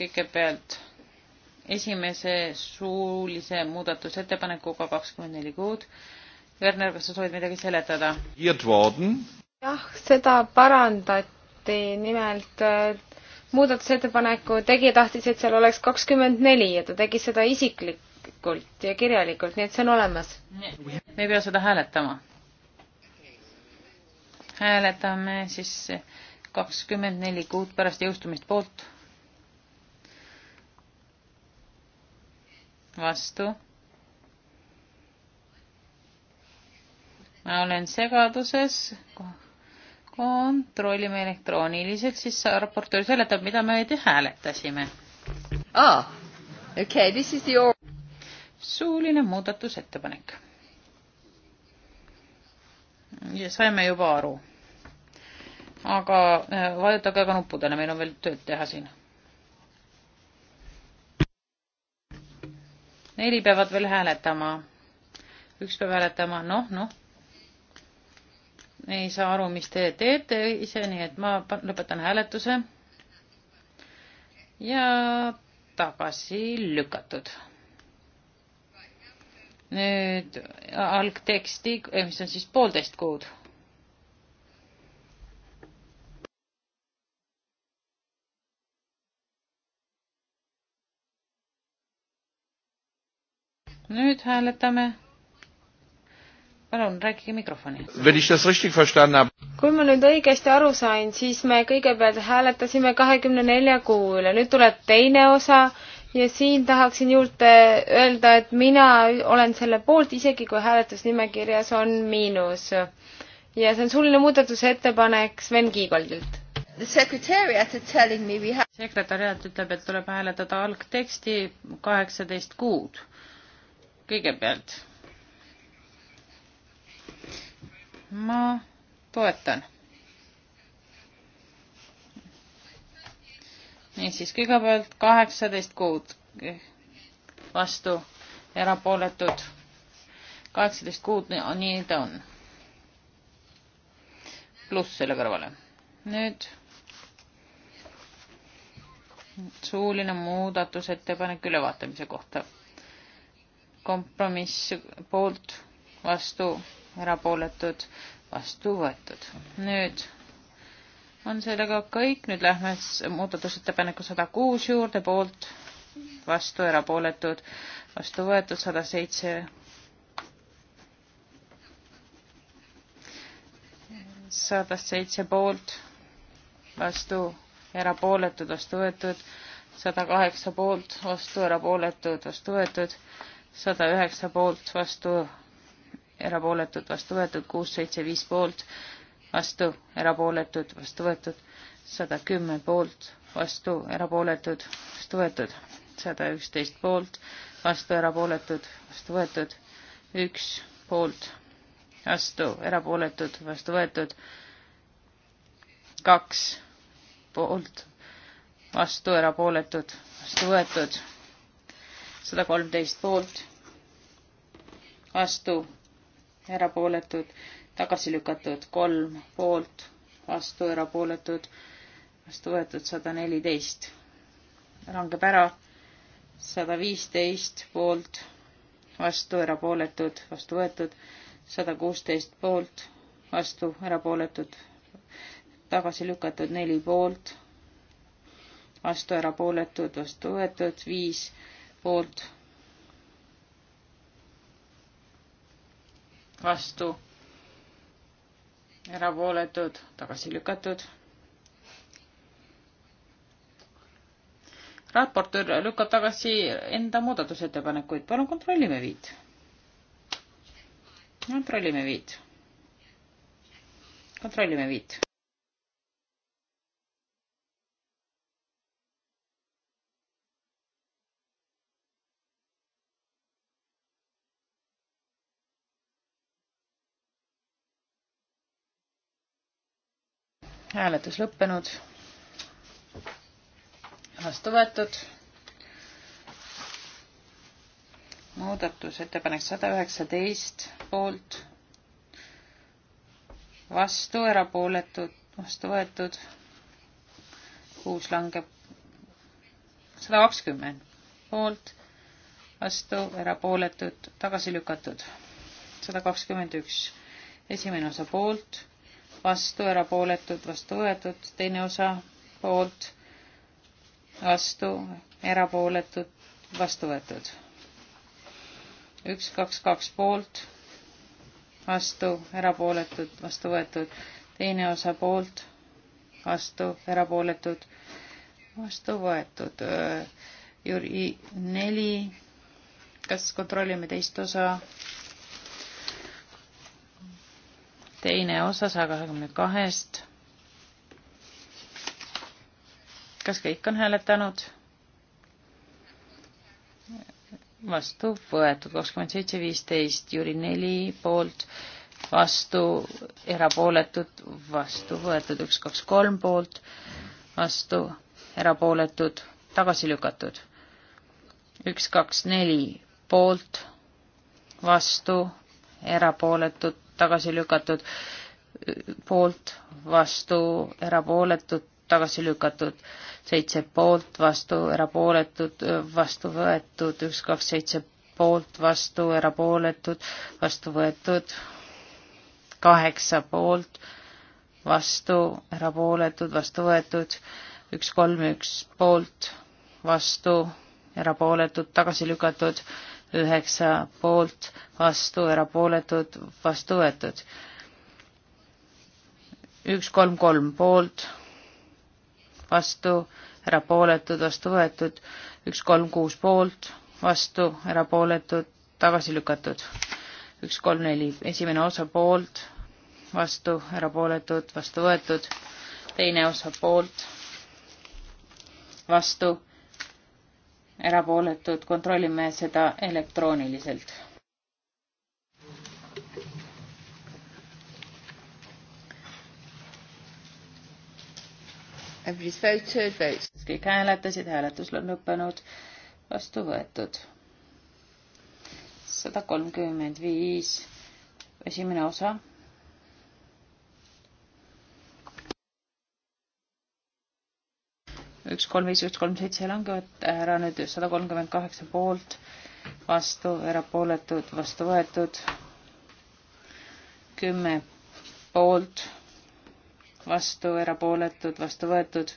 kõigepealt esimese suulise muudatusettepanekuga kakskümmend neli kuud. Werner, kas sa soovid midagi seletada? jah, seda parandati nimelt äh, muudatusettepaneku tegija tahtis, et seal oleks kakskümmend neli ja ta tegi seda isiklikult ja kirjalikult, nii et see on olemas. me ei pea seda hääletama. hääletame siis kakskümmend neli kuud pärast jõustumist poolt vastu. ma olen segaduses. kontrollime elektrooniliselt, siis raportöör seletab, mida me nüüd hääletasime. aa, ah, okei, this is your suuline muudatusettepanek. ja saime juba aru. aga äh, vajutage aga nuppudele, meil on veel tööd teha siin neli peavad veel hääletama. üks peab hääletama, noh, noh. ei saa aru, mis te teete ise, nii et ma lõpetan hääletuse. ja tagasi lükatud. nüüd algteksti, mis on siis poolteist kuud nüüd hääletame. palun rääkige mikrofoni. kui ma nüüd õigesti aru sain, siis me kõigepealt hääletasime kahekümne nelja kuu üle, nüüd tuleb teine osa ja siin tahaksin juurde öelda, et mina olen selle poolt, isegi kui hääletusnimekirjas on miinus. ja see on suuline muudatusettepanek Sven Kiigoldilt sekretariaat ütleb, et tuleb hääletada algteksti kaheksateist kuud kõigepealt ma toetan. niisiis, kõigepealt kaheksateist kuud vastu erapooletud, kaheksateist kuud, nii ta on. pluss selle kõrvale. nüüd suuline muudatusettepanek ülevaatamise kohta kompromiss poolt, vastu, erapooletud, vastu võetud. nüüd on sellega kõik, nüüd lähme muudatusettepaneku sada kuus juurde, poolt, vastu, erapooletud, vastu võetud, sada seitse. sada seitse poolt, vastu, erapooletud, vastu võetud, sada kaheksa poolt, vastu, erapooletud, vastu võetud sada üheksa poolt vastu, erapooletud, vastu võetud, kuus, seitse, viis poolt vastu, erapooletud, vastu võetud, sada kümme poolt vastu, erapooletud, vastu võetud, sada üksteist poolt vastu, erapooletud, vastu võetud, üks poolt vastu, erapooletud, vastu võetud, kaks poolt vastu, erapooletud, vastu võetud sada kolmteist poolt, vastu, erapooletud, tagasi lükatud, kolm poolt, vastu, erapooletud, vastu võetud sada neliteist. langeb ära sada viisteist poolt, vastu, erapooletud, vastu võetud, sada kuusteist poolt, vastu, erapooletud, tagasi lükatud neli poolt, vastu, erapooletud, vastu võetud, viis poolt, vastu, erapooletud, tagasi lükatud. raportöör lükkab tagasi enda muudatusettepanekuid, palun kontrollime viit. kontrollime viit kontrollime viit. hääletus lõppenud. vastu võetud. muudatusettepanek sada üheksateist poolt, vastu, erapooletud, vastu võetud. kuus langeb sada kakskümmend poolt, vastu, erapooletud, tagasi lükatud. sada kakskümmend üks, esimene osa poolt vastu, erapooletud, vastu võetud, teine osa poolt, vastu, erapooletud, vastu võetud. üks, kaks, kaks poolt, vastu, erapooletud, vastu võetud, teine osa poolt, vastu, erapooletud, vastu võetud. Jüri neli, kas kontrollime teist osa? teine osa saja kahekümne kahest. kas kõik on hääletanud? vastu võetud kakskümmend seitse, viisteist, juuli neli poolt, vastu erapooletud, vastu võetud üks, kaks, kolm poolt, vastu erapooletud, tagasi lükatud. üks, kaks, neli poolt, vastu erapooletud, tagasi lükatud, poolt, vastu, erapooletud, tagasi lükatud, seitse poolt, vastu, erapooletud, vastu võetud, üks, kaks, seitse poolt, vastu, erapooletud, vastu võetud, kaheksa poolt, vastu, erapooletud, vastu võetud, üks, kolm, üks poolt, vastu, erapooletud, tagasi lükatud, üheksa poolt, vastu, erapooletud, vastu võetud. üks, kolm, kolm poolt, vastu, erapooletud, vastu võetud, üks, kolm, kuus poolt, vastu, erapooletud, tagasi lükatud. üks, kolm, neli, esimene osa poolt, vastu, erapooletud, vastu võetud, teine osa poolt, vastu erapooletud, kontrollime seda elektrooniliselt. kõik hääletasid, hääletus on lõppenud, vastu võetud. sada kolmkümmend viis, esimene osa üks, kolm, viis, üks, kolm, seitse langevad ära nüüd sada kolmkümmend kaheksa poolt, vastu, erapooletud, vastu võetud, kümme poolt, vastu, erapooletud, vastu võetud,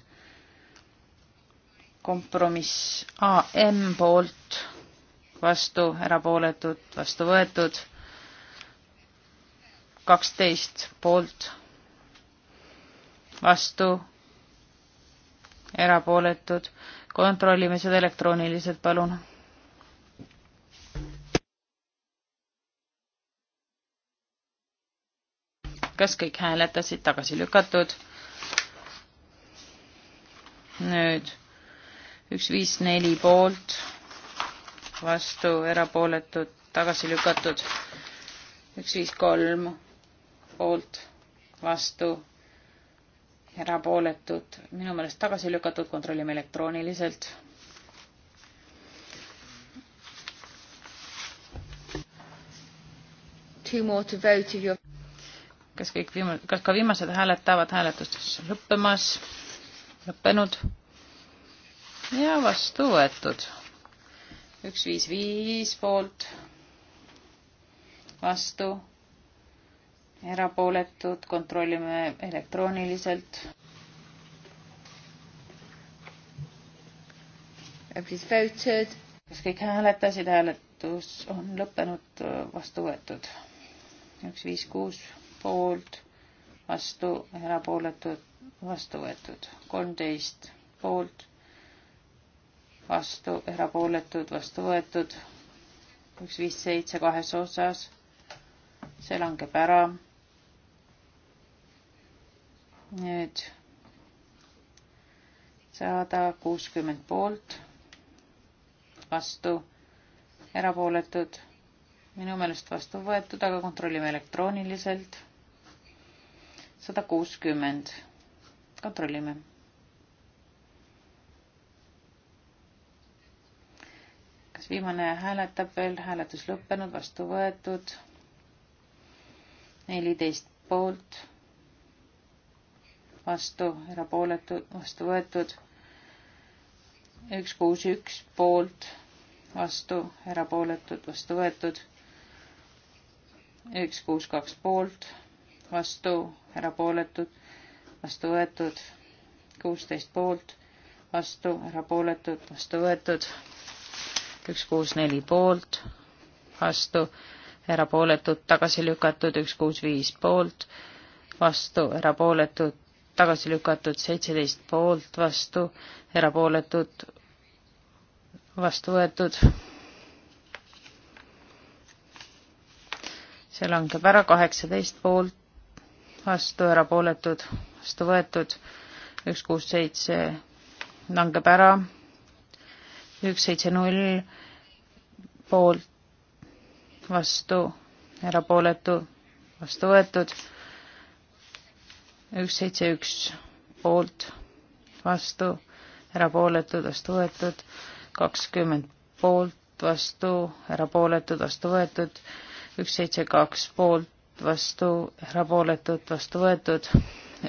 kompromiss AM poolt, vastu, erapooletud, vastu võetud, kaksteist poolt, vastu erapooletud, kontrollime seda elektrooniliselt, palun. kas kõik hääletasid, tagasi lükatud? nüüd üks, viis, neli poolt, vastu, erapooletud, tagasi lükatud, üks, viis, kolm poolt, vastu erapooletud, minu meelest tagasi lükatud, kontrollime elektrooniliselt. kas kõik viim-, kas ka viimased hääletavad, hääletus lõppemas, lõppenud ja vastu võetud. üks, viis, viis poolt, vastu erapooletud, kontrollime elektrooniliselt. kas kõik hääletasid, hääletus on lõppenud, vastu võetud. üks, viis, kuus poolt, vastu, erapooletud, vastu võetud. kolmteist poolt, vastu, erapooletud, vastu võetud. üks, viis, seitse kahes osas. see langeb ära nüüd sada kuuskümmend poolt, vastu, erapooletud, minu meelest vastu võetud, aga kontrollime elektrooniliselt. sada kuuskümmend, kontrollime. kas viimane hääletab veel, hääletus lõppenud, vastu võetud, neliteist poolt vastu, erapooletud, vastu võetud. üks, kuus, üks poolt, vastu, erapooletud, vastu võetud. üks, kuus, kaks poolt, vastu, erapooletud, vastu võetud. kuusteist poolt, vastu, erapooletud, vastu võetud. üks, kuus, neli poolt, vastu, erapooletud, tagasi lükatud, üks, kuus, viis poolt, vastu, erapooletud, tagasi lükatud seitseteist poolt vastu, erapooletud vastu võetud. see langeb ära, kaheksateist poolt vastu, erapooletud vastu võetud, üks kuus seitse langeb ära, üks seitse null poolt vastu, erapooletu vastu võetud üks, seitse, üks poolt, vastu, erapooletud, vastu võetud, kakskümmend poolt, vastu, erapooletud, vastu võetud, üks, seitse, kaks poolt, vastu, erapooletud, vastu võetud,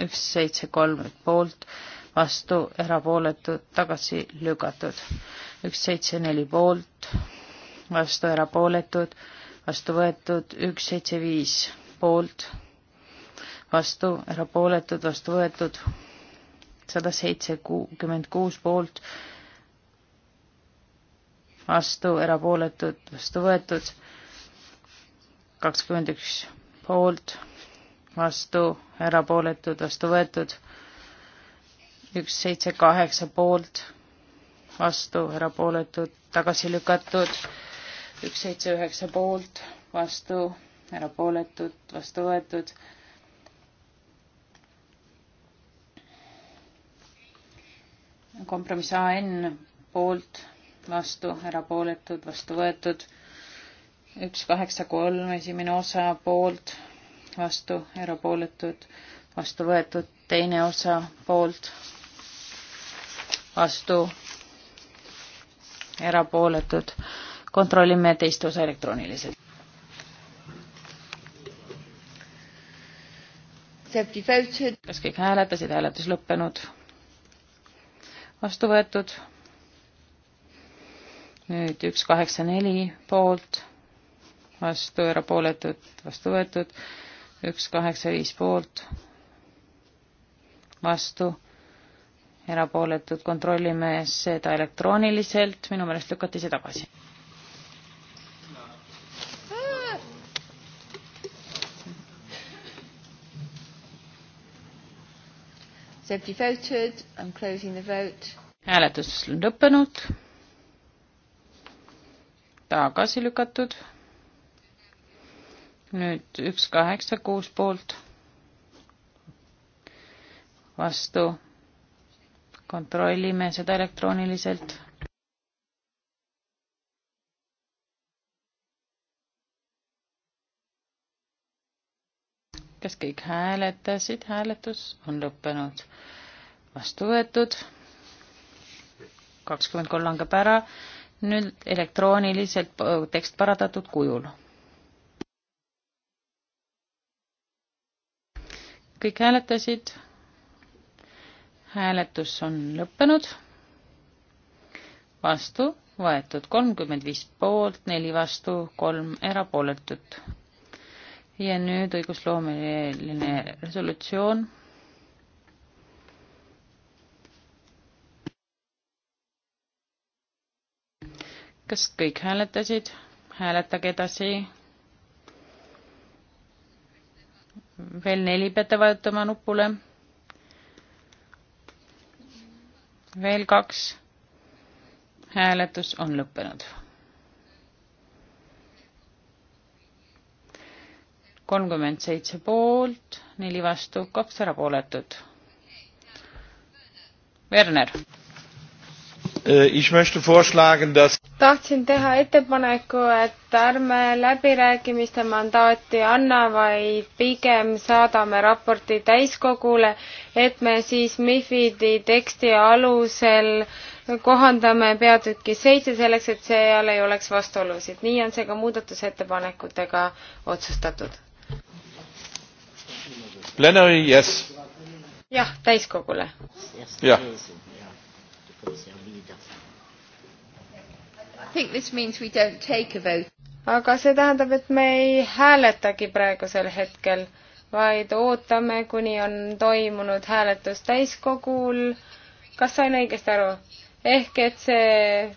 üks, seitse, kolm poolt, vastu, erapooletud, tagasi lükatud, üks, seitse, neli poolt, vastu, erapooletud, vastu võetud, üks, seitse, viis poolt vastu, erapooletud, vastu võetud, sada seitsekümmend kuus poolt, vastu, erapooletud, vastu võetud, kakskümmend üks poolt, vastu, erapooletud, vastu võetud, üks seitse kaheksa poolt, vastu, erapooletud, tagasi lükatud, üks seitse üheksa poolt, vastu, erapooletud, vastu võetud, kompromiss AN poolt, vastu, erapooletud, vastu võetud. üks, kaheksa, kolm, esimene osa poolt, vastu, erapooletud, vastu võetud, teine osa poolt, vastu, erapooletud. kontrollime teist osa elektrooniliselt. kas kõik hääletasid, hääletus lõppenud? vastu võetud. nüüd üks kaheksa neli poolt, vastu erapooletud, vastu võetud, üks kaheksa viis poolt, vastu erapooletud, kontrollime seda elektrooniliselt, minu meelest lükati see tagasi. hääletus on lõppenud, tagasi lükatud, nüüd üks kaheksa kuus poolt, vastu, kontrollime seda elektrooniliselt kas kõik hääletasid, hääletus on lõppenud, vastu võetud, kakskümmend kolm langeb ära, nüüd elektrooniliselt tekst parandatud kujul. kõik hääletasid, hääletus on lõppenud, vastu võetud kolmkümmend viis poolt, neli vastu, kolm erapooletut ja nüüd õigusloomeline resolutsioon. kas kõik hääletasid? hääletage edasi. veel neli peate vajutama nupule. veel kaks. hääletus on lõppenud kolmkümmend seitse poolt, neli vastu, kaks erapooletut. Werner. Äh, tahtsin teha ettepaneku, et ärme läbirääkimiste mandaati anna, vaid pigem saadame raporti täiskogule, et me siis MIFID-i teksti alusel kohandame peatüki seitse selleks, et seal ei oleks vastuolusid. nii on see ka muudatusettepanekutega otsustatud Plenary, yes. jah, täiskogule. jah. aga see tähendab, et me ei hääletagi praegusel hetkel, vaid ootame, kuni on toimunud hääletus täiskogul. kas sain õigesti aru? ehk et see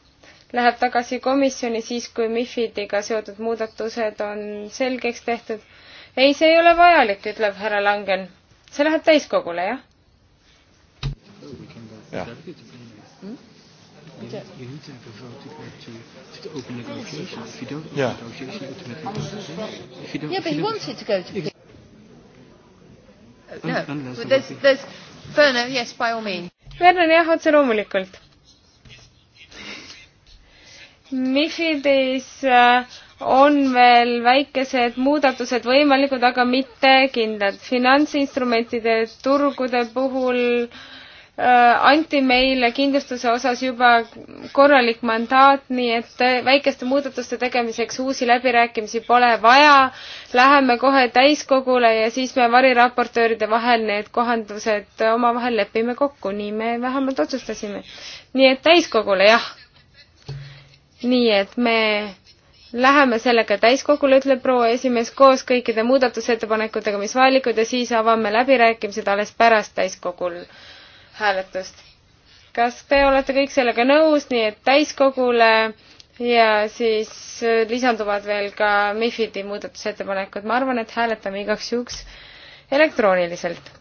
läheb tagasi komisjoni siis, kui MIFIDiga seotud muudatused on selgeks tehtud ei, see ei ole vajalik, ütleb härra Langen. see läheb täiskogule, jah? jah. Yeah, but he wants it to go to. No, but there's, there's Verno, yes, by all means. Vernon jah, otse loomulikult. Mifidis äh, on veel väikesed muudatused võimalikud, aga mitte kindlad. finantsinstrumentide turgude puhul äh, anti meile kindlustuse osas juba korralik mandaat, nii et äh, väikeste muudatuste tegemiseks uusi läbirääkimisi pole vaja. Läheme kohe täiskogule ja siis me variraportööride vahel need kohandused omavahel lepime kokku, nii me vähemalt otsustasime. nii et täiskogule, jah. nii et me Läheme sellega täiskogule, ütleb proua esimees, koos kõikide muudatusettepanekutega, mis vajalikud ja siis avame läbirääkimised alles pärast täiskogul hääletust. kas te olete kõik sellega nõus, nii et täiskogule ja siis lisanduvad veel ka MIFID-i muudatusettepanekud, ma arvan, et hääletame igaks juhuks elektrooniliselt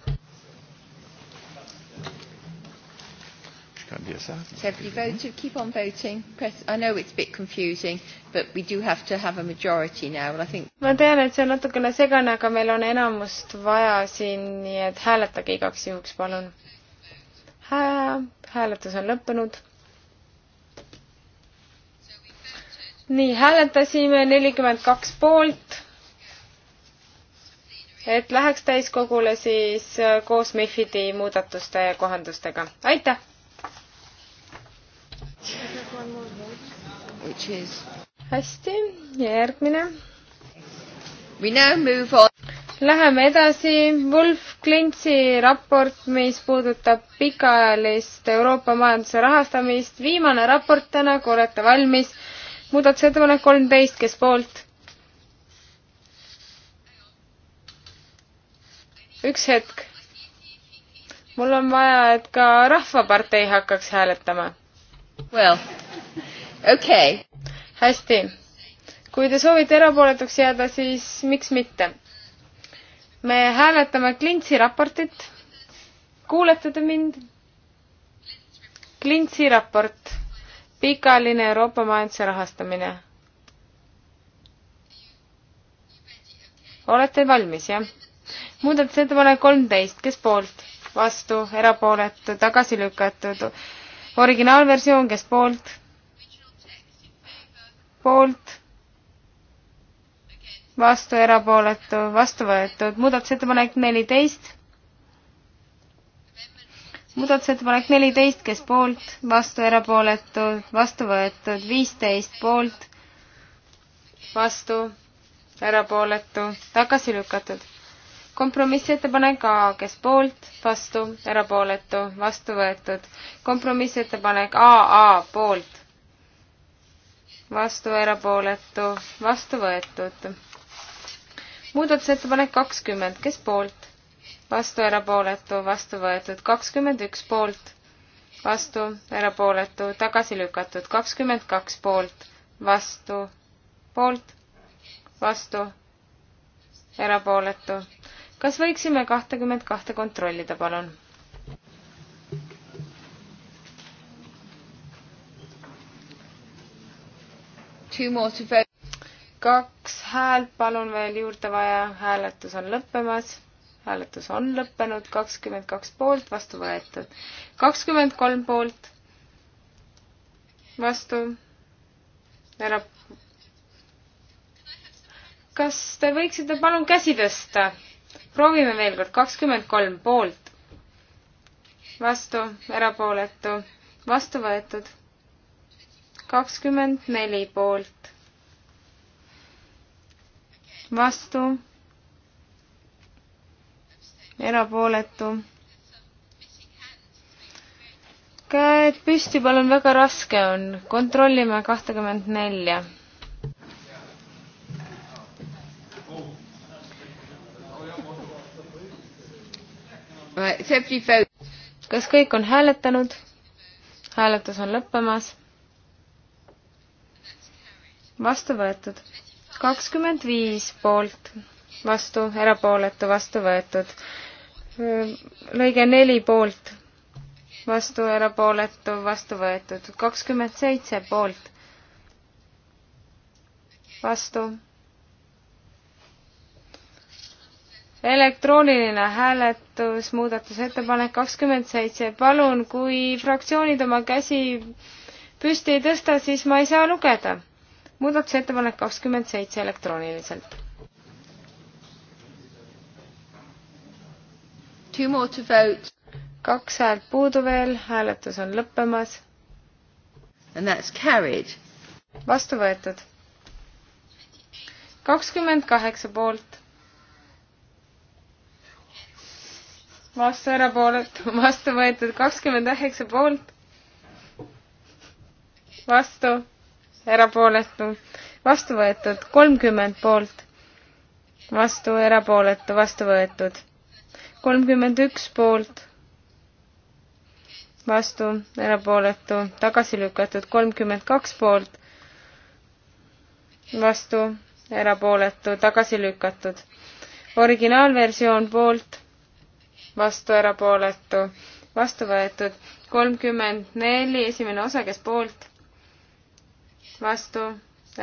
So if you voted, keep on voting. Press, I know it's a bit confusing, but we do have to have a majority now, and I think. ma tean, et see on natukene segane, aga meil on enamust vaja siin, nii et hääletage igaks juhuks, palun. hääletus on lõppenud. nii, hääletasime nelikümmend kaks poolt et läheks täiskogule siis koos MIFID-i muudatuste ja kohandustega. aitäh! hästi ja järgmine. Läheme edasi, Wolf Klintsi raport, mis puudutab pikaajalist Euroopa majanduse rahastamist. viimane raport täna, kui olete valmis. muudatusettepanek kolmteist, kes poolt? üks hetk. mul on vaja, et ka Rahvapartei hakkaks hääletama Well, okei okay.. hästi. kui te soovite erapooletuks jääda, siis miks mitte? me hääletame Klintsi raportit. kuulete te mind? Klintsi raport, pikaajaline Euroopa majanduse rahastamine. olete valmis, jah? muudatusettepanek kolmteist, kes poolt? vastu, erapooletu, tagasi lükatud originaalversioon, kes poolt? poolt? vastu, erapooletu, vastu võetud. muudatusettepanek neliteist. muudatusettepanek neliteist, kes poolt, vastu, erapooletu, vastu võetud. viisteist poolt, vastu, erapooletu, tagasi lükatud kompromissettepanek A, kes poolt, vastu, erapooletu, vastu võetud. kompromissettepanek AA poolt, vastu, erapooletu, vastu võetud. muudatusettepanek kakskümmend, kes poolt, vastu, erapooletu, vastu võetud. kakskümmend üks poolt, vastu, erapooletu, tagasi lükatud. kakskümmend kaks poolt, vastu, poolt, vastu, erapooletu kas võiksime kahtekümmet kahte kontrollida, palun? kaks häält palun veel juurde vaja, hääletus on lõppemas. hääletus on lõppenud, kakskümmend kaks poolt, vastu võetud. kakskümmend kolm poolt, vastu, ära. kas te võiksite palun käsi tõsta? proovime veel kord, kakskümmend kolm poolt, vastu, erapooletu, vastu võetud. kakskümmend neli poolt, vastu, erapooletu. käed püsti, palun, väga raske on, kontrollime kahtekümmend nelja kas kõik on hääletanud? hääletus on lõppemas. vastu võetud. kakskümmend viis poolt, vastu, erapooletu, vastu võetud. lõige neli poolt, vastu, erapooletu, vastu võetud. kakskümmend seitse poolt, vastu elektrooniline hääletus, muudatusettepanek kakskümmend seitse. palun, kui fraktsioonid oma käsi püsti ei tõsta, siis ma ei saa lugeda. muudatusettepanek kakskümmend seitse elektrooniliselt. kaks häält puudu veel, hääletus on lõppemas. vastu võetud. kakskümmend kaheksa poolt vastu erapooletu, vastu võetud kakskümmend üheksa poolt, vastu erapooletu, vastu võetud kolmkümmend poolt, vastu erapooletu, vastu võetud kolmkümmend üks poolt, vastu erapooletu, tagasi lükatud kolmkümmend kaks poolt, vastu erapooletu, tagasi lükatud. originaalversioon poolt vastu erapooletu, vastu võetud kolmkümmend neli, esimene osa, kes poolt, vastu,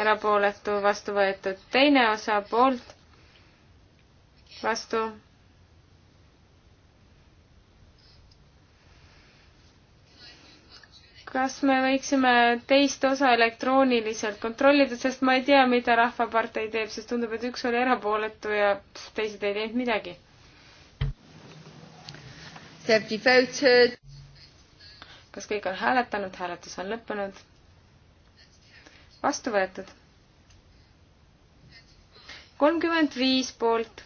erapooletu, vastu võetud, teine osa poolt, vastu. kas me võiksime teist osa elektrooniliselt kontrollida, sest ma ei tea, mida Rahvapartei teeb, sest tundub, et üks oli erapooletu ja pff, teised ei teinud midagi kas kõik on hääletanud, hääletus on lõppenud? vastu võetud. kolmkümmend viis poolt.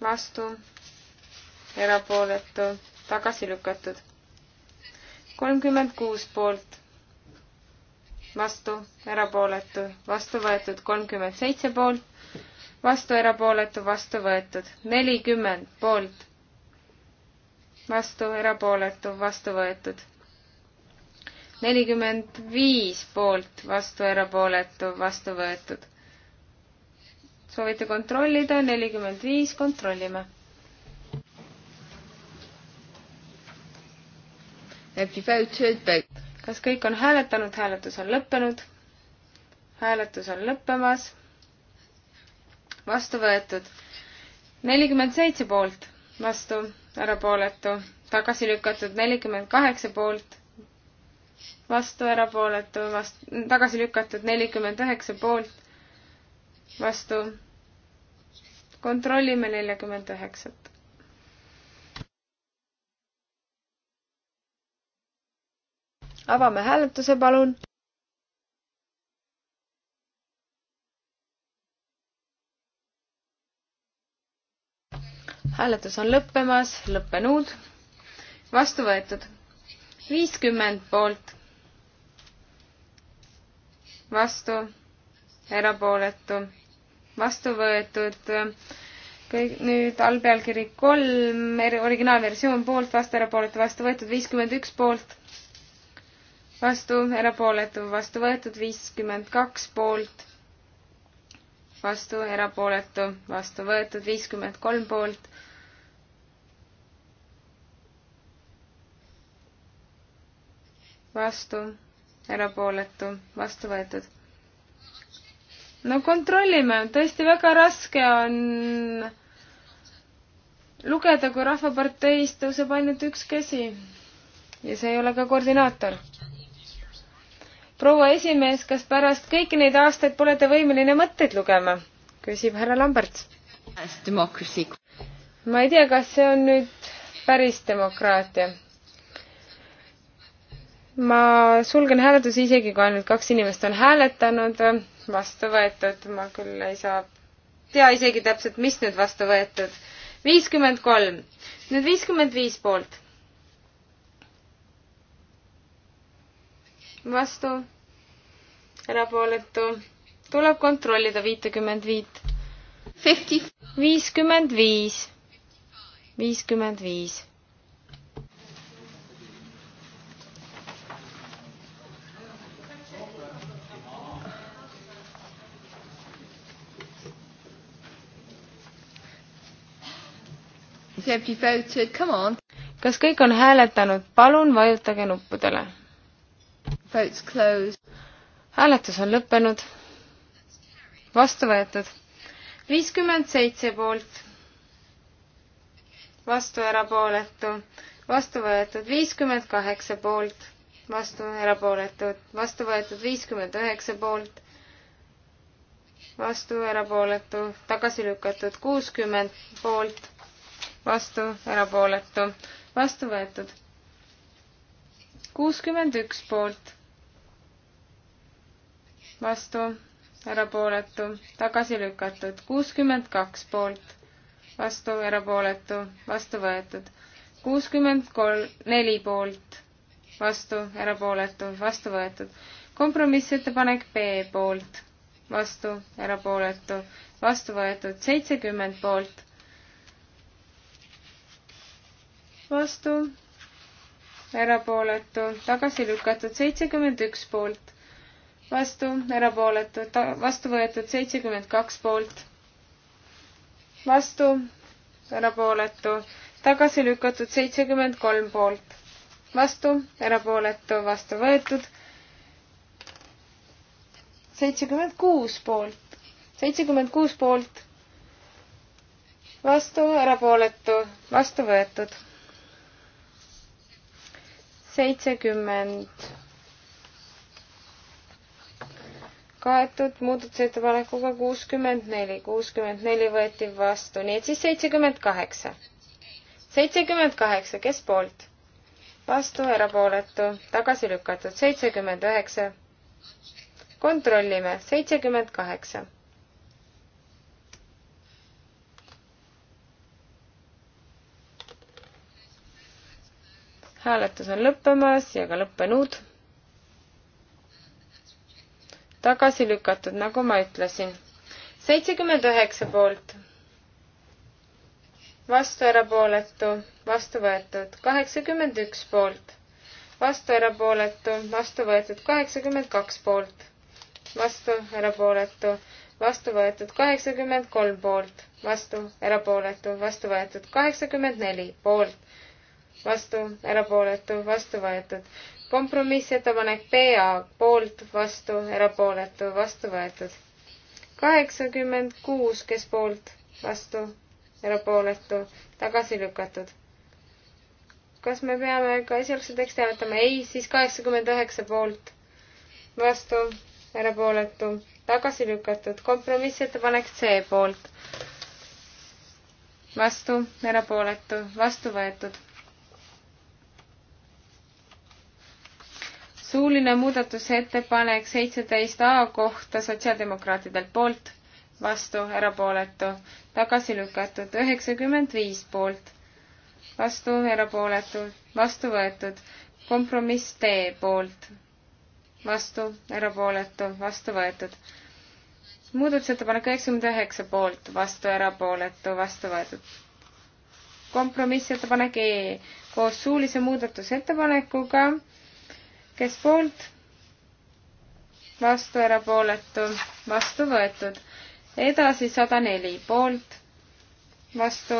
vastu, erapooletu, tagasi lükatud. kolmkümmend kuus poolt vastu, erapooletu, vastu võetud kolmkümmend seitse poolt, vastu erapooletu, vastu võetud. nelikümmend poolt, vastu erapooletu, vastu võetud. nelikümmend viis poolt, vastu erapooletu, vastu võetud. soovite kontrollida, nelikümmend viis, kontrollime. kas kõik on hääletanud, hääletus on lõppenud? hääletus on lõppemas vastu võetud. nelikümmend seitse poolt, vastu, erapooletu, tagasi lükatud, nelikümmend kaheksa poolt, vastu, erapooletu, vastu, tagasi lükatud, nelikümmend üheksa poolt, vastu. kontrollime neljakümmend üheksat. avame hääletuse, palun hääletus on lõppemas, lõppenud, vastu võetud. viiskümmend poolt, vastu, erapooletu, vastu võetud. kõik nüüd allpealkiri kolm, originaalversioon poolt, vastu, erapooletu, vastu võetud, viiskümmend üks poolt, vastu, erapooletu, vastu võetud, viiskümmend kaks poolt vastu, erapooletu, vastu võetud viiskümmend kolm poolt, vastu, erapooletu, vastu võetud. no kontrollime, tõesti väga raske on lugeda, kui Rahvaparteis tõuseb ainult üks käsi. ja see ei ole ka koordinaator. proua esimees, kas pärast kõiki neid aastaid pole te võimeline mõtteid lugema? küsib härra Lambert. ma ei tea, kas see on nüüd päris demokraatia ma sulgen hääletuse isegi, kui ainult kaks inimest on hääletanud, vastu võetud, ma küll ei saa, tea isegi täpselt, mis nüüd vastu võetud. viiskümmend kolm, nüüd viiskümmend viis poolt. vastu, erapooletu, tuleb kontrollida viitekümmend viit. viiskümmend viis, viiskümmend viis Every voted, come on. kas kõik on hääletanud, palun vajutage nuppudele. Votes closed. hääletus on lõppenud. vastu võetud. viiskümmend seitse poolt. vastu erapooletu. vastu võetud viiskümmend kaheksa poolt. vastu erapooletud. vastu võetud viiskümmend üheksa poolt vastu, erapooletu, tagasi lükatud kuuskümmend poolt, vastu, erapooletu, vastu võetud. kuuskümmend üks poolt, vastu, erapooletu, tagasi lükatud. kuuskümmend kaks poolt, vastu, erapooletu, vastu võetud. kuuskümmend kolm, neli poolt, vastu, erapooletu, vastu võetud. kompromissettepanek B poolt, vastu, erapooletu, vastu võetud. seitsekümmend poolt vastu, erapooletu, tagasi lükatud, seitsekümmend üks poolt, vastu, erapooletu, vastu võetud, seitsekümmend kaks poolt, vastu, erapooletu, tagasi lükatud, seitsekümmend kolm poolt, vastu, erapooletu, vastu võetud, seitsekümmend kuus poolt, seitsekümmend kuus poolt, vastu, erapooletu, vastu võetud seitsekümmend kaetud muudatusettepanekuga kuuskümmend neli, kuuskümmend neli võeti vastu, nii et siis seitsekümmend kaheksa. seitsekümmend kaheksa, kes poolt? vastu, erapooletu, tagasi lükatud, seitsekümmend üheksa. kontrollime, seitsekümmend kaheksa hääletus on lõppemas ja ka lõppenud. tagasi lükatud, nagu ma ütlesin. seitsekümmend üheksa poolt. vastu erapooletu, vastu võetud. kaheksakümmend üks poolt. vastu erapooletu, vastu võetud. kaheksakümmend kaks poolt. vastu erapooletu, vastu võetud. kaheksakümmend kolm poolt. vastu erapooletu, vastu võetud. kaheksakümmend neli poolt vastu, erapooletu, vastu võetud. kompromissettepanek PA poolt, vastu, erapooletu, vastu võetud. kaheksakümmend kuus, kes poolt, vastu, erapooletu, tagasi lükatud. kas me peame ka esialgse teksti hääletama? ei, siis kaheksakümmend üheksa poolt, vastu, erapooletu, tagasi lükatud. kompromissettepanek C poolt, vastu, erapooletu, vastu võetud suuline muudatusettepanek seitseteist A kohta sotsiaaldemokraatidelt poolt, vastu, erapooletu, tagasi lükatud, üheksakümmend viis poolt, vastu, erapooletu, vastu võetud, kompromiss D poolt, vastu, erapooletu, vastu võetud. muudatusettepanek üheksakümmend üheksa poolt, vastu, erapooletu, vastu võetud. kompromissettepanek E koos suulise muudatusettepanekuga kes poolt, vastu, erapooletu, vastu võetud. edasi sada neli poolt, vastu,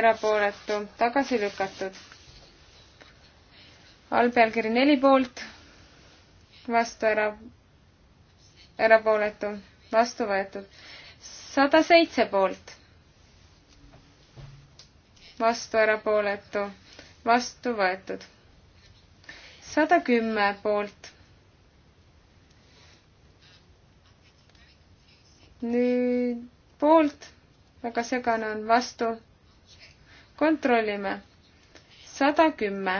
erapooletu, tagasi lükatud. allpealkiri neli poolt, vastu, era, erapooletu, vastu võetud. sada seitse poolt, vastu, erapooletu, vastu võetud sada kümme poolt. nüüd poolt, väga segane on, vastu. kontrollime. sada kümme.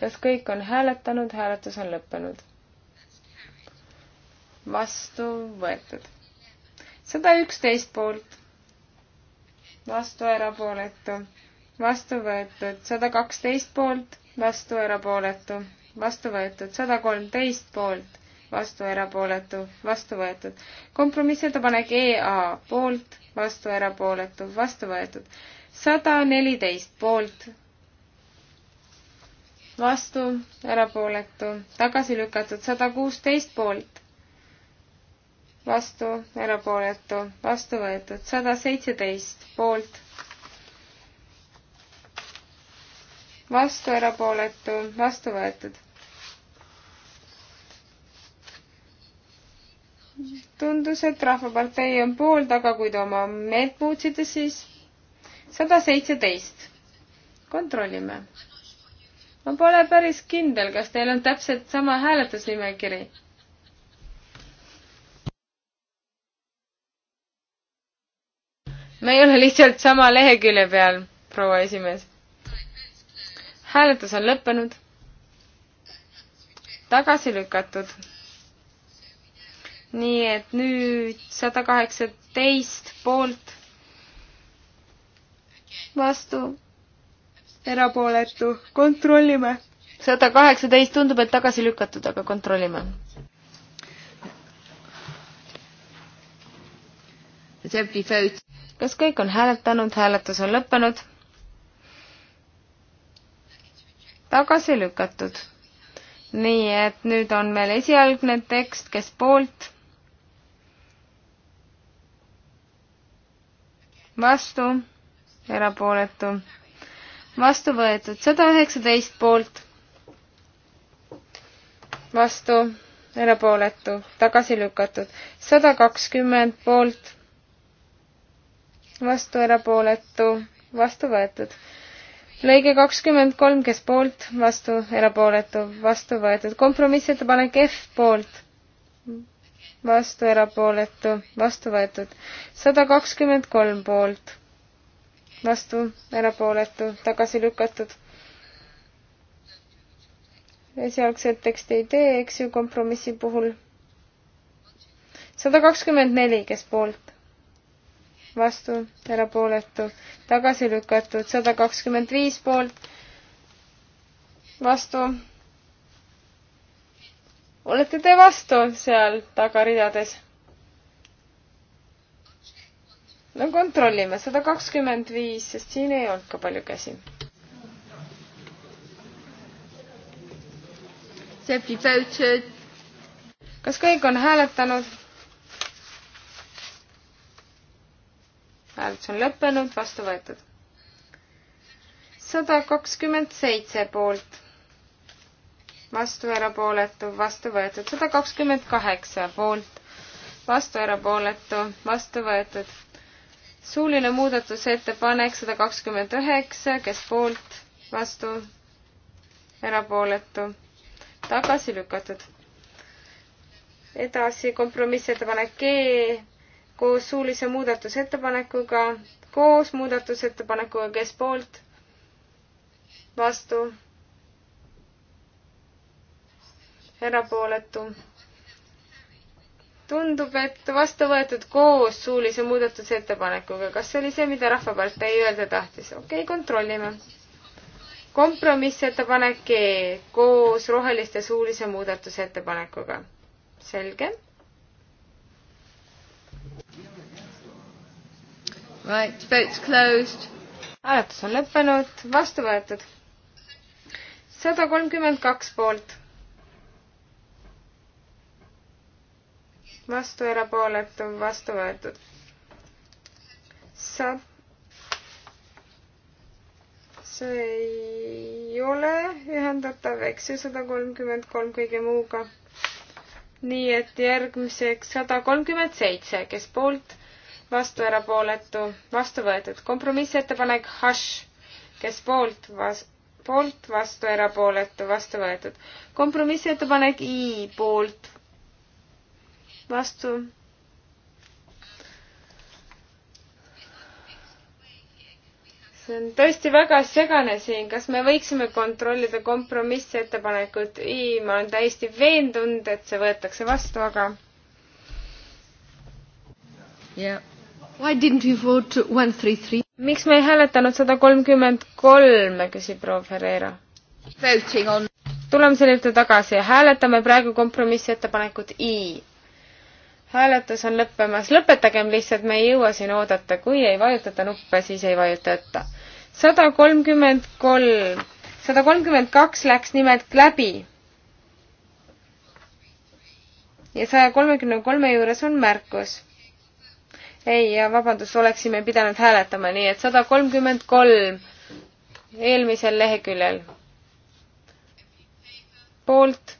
kas kõik on hääletanud, hääletus on lõppenud? vastu võetud. sada üksteist poolt vastu, erapooletu, vastu võetud, sada kaksteist poolt, vastu, erapooletu, vastu võetud, sada kolmteist poolt, vastu, erapooletu, vastu võetud. kompromissettepanek EA poolt, vastu, erapooletu, vastu võetud, sada neliteist poolt, vastu, erapooletu, tagasi lükatud, sada kuusteist poolt, vastu, erapooletu, vastu võetud, sada seitseteist poolt, vastu, erapooletu, vastu võetud. tundus, et Rahvapartei on poolt, aga kui te oma meelt muutsite, siis sada seitseteist. kontrollime. ma pole päris kindel, kas teil on täpselt sama hääletusnimekiri ma ei ole lihtsalt sama lehekülje peal, proua esimees. hääletus on lõppenud. tagasi lükatud. nii et nüüd sada kaheksateist poolt, vastu, erapooletu, kontrollime. sada kaheksateist tundub, et tagasi lükatud, aga kontrollime kas kõik on hääletanud, hääletus on lõppenud? tagasi lükatud. nii et nüüd on meil esialgne tekst, kes poolt? vastu, erapooletu. vastu võetud sada üheksateist poolt. vastu, erapooletu, tagasi lükatud. sada kakskümmend poolt vastu erapooletu, vastu võetud. lõige kakskümmend kolm, kes poolt, vastu erapooletu, vastu võetud. kompromissettepanek F poolt, vastu erapooletu, vastu võetud. sada kakskümmend kolm poolt, vastu erapooletu, tagasi lükatud esialgset teksti ei tee, eks ju, kompromissi puhul. sada kakskümmend neli, kes poolt, vastu, erapooletu, tagasi lükatud, sada kakskümmend viis poolt, vastu. olete te vastu seal tagaridades? no kontrollime, sada kakskümmend viis, sest siin ei olnud ka palju käsi. kas kõik on hääletanud? hääletus on lõppenud, vastu võetud. sada kakskümmend seitse poolt, vastu erapooletu, vastu võetud. sada kakskümmend kaheksa poolt, vastu erapooletu, vastu võetud. suuline muudatusettepanek sada kakskümmend üheksa, kes poolt, vastu, erapooletu, tagasi lükatud edasi kompromissettepanek G koos suulise muudatusettepanekuga, koos muudatusettepanekuga, kes poolt, vastu, erapooletu. tundub, et vastu võetud koos suulise muudatusettepanekuga. kas see oli see, mida Rahvapartei öelda tahtis? okei okay,, kontrollime. kompromissettepanek E koos roheliste suulise muudatusettepanekuga. selge Right, vote's closed. hääletus on lõppenud, vastu võetud. sada kolmkümmend kaks poolt. vastu erapooletu, vastu võetud. sa-, see ei ole ühendatav, eks ju, sada kolmkümmend kolm kõige muuga. nii et järgmiseks sada kolmkümmend seitse, kes poolt vastu, erapooletu, vastu võetud. kompromissettepanek Hush, kes poolt, vas-, poolt, vastu, erapooletu, vastu võetud. kompromissettepanek I poolt, vastu. see on tõesti väga segane siin, kas me võiksime kontrollida kompromissettepanekut I, ma olen täiesti veendunud, et see võetakse vastu, aga. jah yeah miks me ei hääletanud sada kolmkümmend kolme, küsib proua Ferreira. tuleme selle juurde tagasi ja hääletame praegu kompromissettepanekut I. hääletus on lõppemas, lõpetagem lihtsalt, me ei jõua siin oodata, kui ei vajutata nuppe, siis ei vajutata. sada kolmkümmend kolm, sada kolmkümmend kaks läks nimelt läbi. ja saja kolmekümne kolme juures on märkus ei, vabandust, oleksime pidanud hääletama, nii et sada kolmkümmend kolm eelmisel leheküljel. poolt,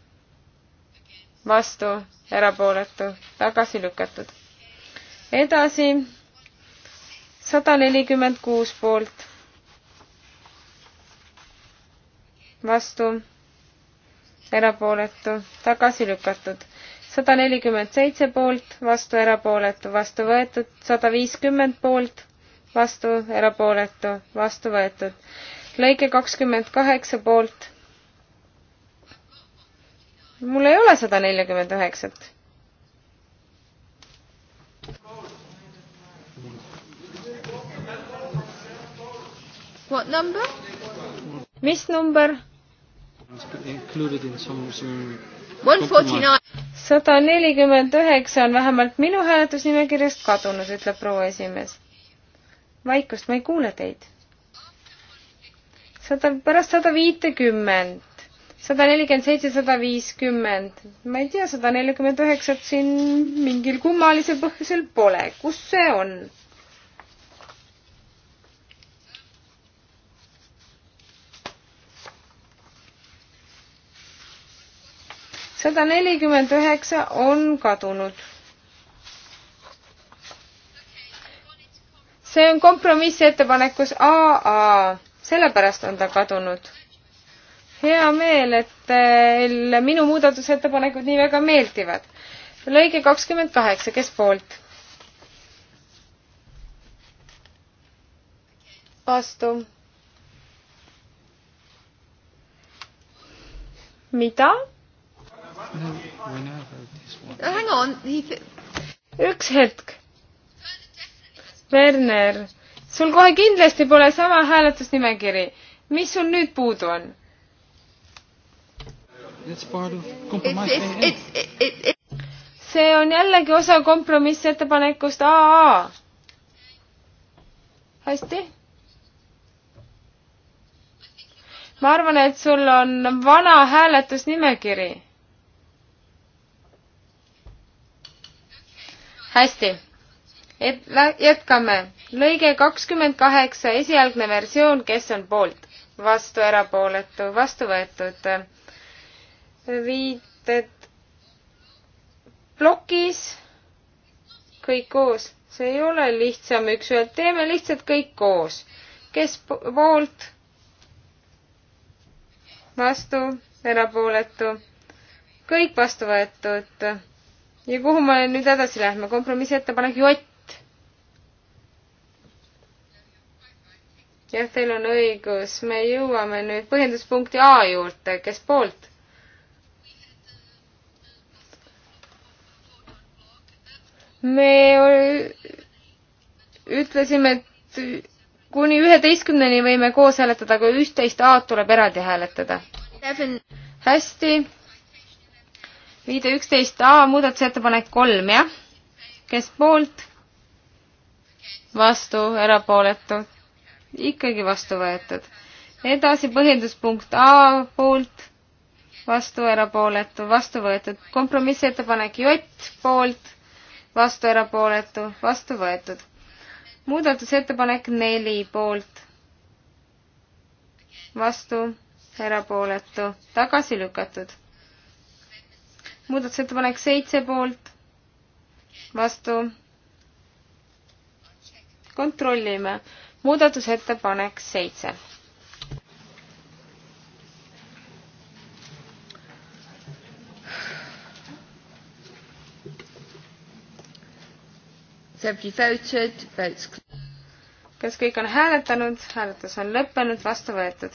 vastu, erapooletu, tagasi lükatud. edasi, sada nelikümmend kuus poolt, vastu, erapooletu, tagasi lükatud sada nelikümmend seitse poolt, vastu erapooletu, vastu võetud, sada viiskümmend poolt, vastu erapooletu, vastu võetud. lõige kakskümmend kaheksa poolt. mul ei ole sada nelikümmend üheksat. What number? mis number? Included in some, some sada nelikümmend üheksa on vähemalt minu hääletusnimekirjast kadunud, ütleb proua esimees. vaikust, ma ei kuule teid. sada, pärast sada viitekümmend, sada nelikümmend seitse, sada viiskümmend, ma ei tea, sada nelikümmend üheksat siin mingil kummalisel põhjusel pole, kus see on? sada nelikümmend üheksa on kadunud. see on kompromissettepanekus AA, sellepärast on ta kadunud. hea meel, et teil minu muudatusettepanekud nii väga meeldivad. lõige kakskümmend kaheksa, kes poolt? vastu. mida? Uh, hang on. üks hetk. Werner, sul kohe kindlasti pole sama hääletusnimekiri. mis sul nüüd puudu on? see on jällegi osa kompromissettepanekust AA. hästi ma arvan, et sul on vana hääletusnimekiri. hästi, et jätkame. lõige kakskümmend kaheksa, esialgne versioon, kes on poolt? vastu, erapooletu, vastu võetud. viited plokis, kõik koos. see ei ole lihtsam üks-ühelt, teeme lihtsalt kõik koos. kes poolt? vastu, erapooletu, kõik vastu võetud ja kuhu me nüüd edasi lähme, kompromissettepanek Jott. jah, teil on õigus, me jõuame nüüd põhjenduspunkti A juurde, kes poolt? me ütlesime, et kuni üheteistkümneni võime koos hääletada, aga üht-teist A-d tuleb eraldi hääletada. hästi, viide üksteist A muudatusettepanek kolm, jah? kes poolt? vastu, erapooletu. ikkagi vastu võetud. edasi põhjenduspunkt A poolt, vastu, erapooletu, vastu võetud. kompromissettepanek J poolt, vastu, erapooletu, vastu võetud. muudatusettepanek neli poolt, vastu, erapooletu, tagasi lükatud muudatusettepanek seitse poolt, vastu. kontrollime, muudatusettepanek seitse. kas kõik on hääletanud, hääletus on lõppenud, vastu võetud.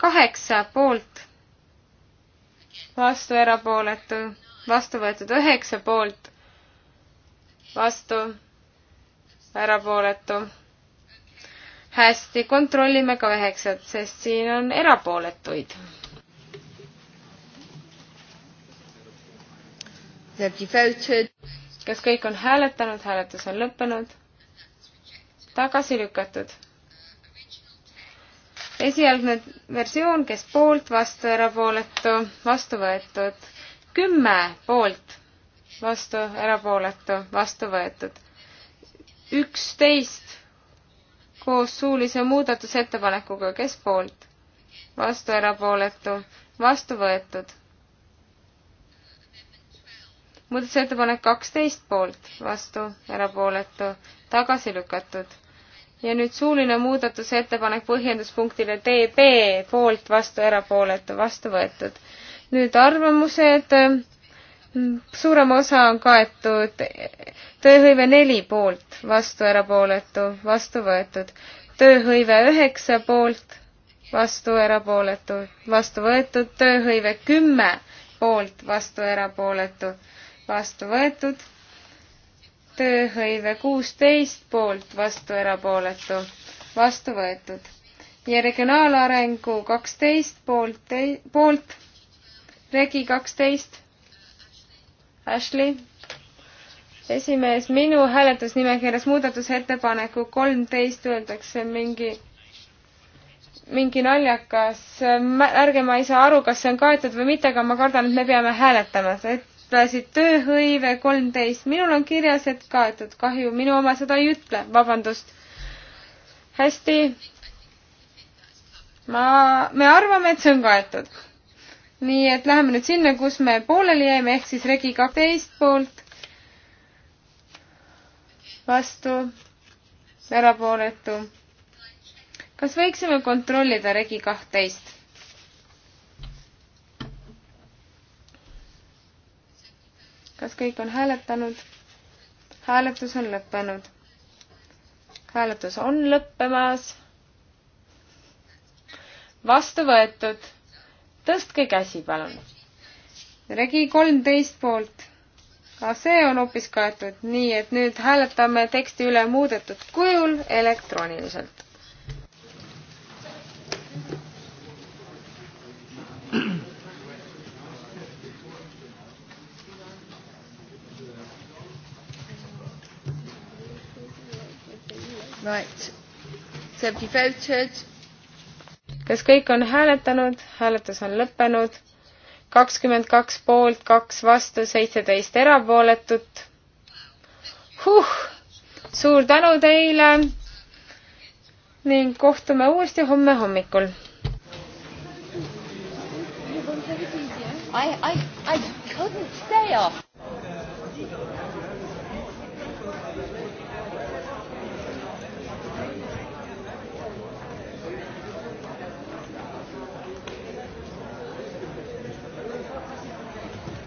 kaheksa poolt, vastu erapooletu, vastu võetud üheksa poolt, vastu erapooletu. hästi, kontrollime ka üheksat, sest siin on erapooletuid. kas kõik on hääletanud, hääletus on lõppenud? tagasi lükatud esialgne versioon, kes poolt, vastu, erapooletu, vastu võetud. kümme poolt, vastu, erapooletu, vastu võetud. üksteist koos suulise muudatusettepanekuga, kes poolt, vastu, erapooletu, vastu võetud. muudatusettepanek kaksteist poolt, vastu, erapooletu, tagasi lükatud ja nüüd suuline muudatusettepanek põhjenduspunktile DB poolt vastu erapooletu vastu võetud. nüüd arvamused, suurem osa on kaetud tööhõive neli poolt vastu erapooletu vastu võetud, tööhõive üheksa poolt vastu erapooletu vastu võetud, tööhõive kümme poolt vastu erapooletu vastu võetud tööhõive kuusteist poolt vastu erapooletu, vastu võetud. ja regionaalarengu kaksteist poolt, poolt, regi kaksteist, Ashley esimees, minu hääletusnimekirjas muudatusettepaneku kolmteist öeldakse mingi, mingi naljakas, ärge, ma ei saa aru, kas see on kaetud või mitte, aga ma kardan, et me peame hääletama, et ütlesid tööhõive kolmteist. minul on kirjas, et kaetud kahju, minu oma seda ei ütle, vabandust. hästi. ma, me arvame, et see on kaetud. nii et läheme nüüd sinna, kus me pooleli jäime, ehk siis regi kaksteist poolt. vastu, erapooletu. kas võiksime kontrollida regi kahtteist? kas kõik on hääletanud? hääletus on lõppenud. hääletus on lõppemas. vastu võetud. tõstke käsi, palun. regi kolmteist poolt. ka see on hoopis kaetud, nii et nüüd hääletame teksti üle muudetud kujul elektrooniliselt Right. kas kõik on hääletanud? hääletus on lõppenud. kakskümmend kaks poolt, kaks vastu, seitseteist erapooletut huh,. suur tänu teile ning kohtume uuesti homme hommikul. I, I, I couldn't stay off.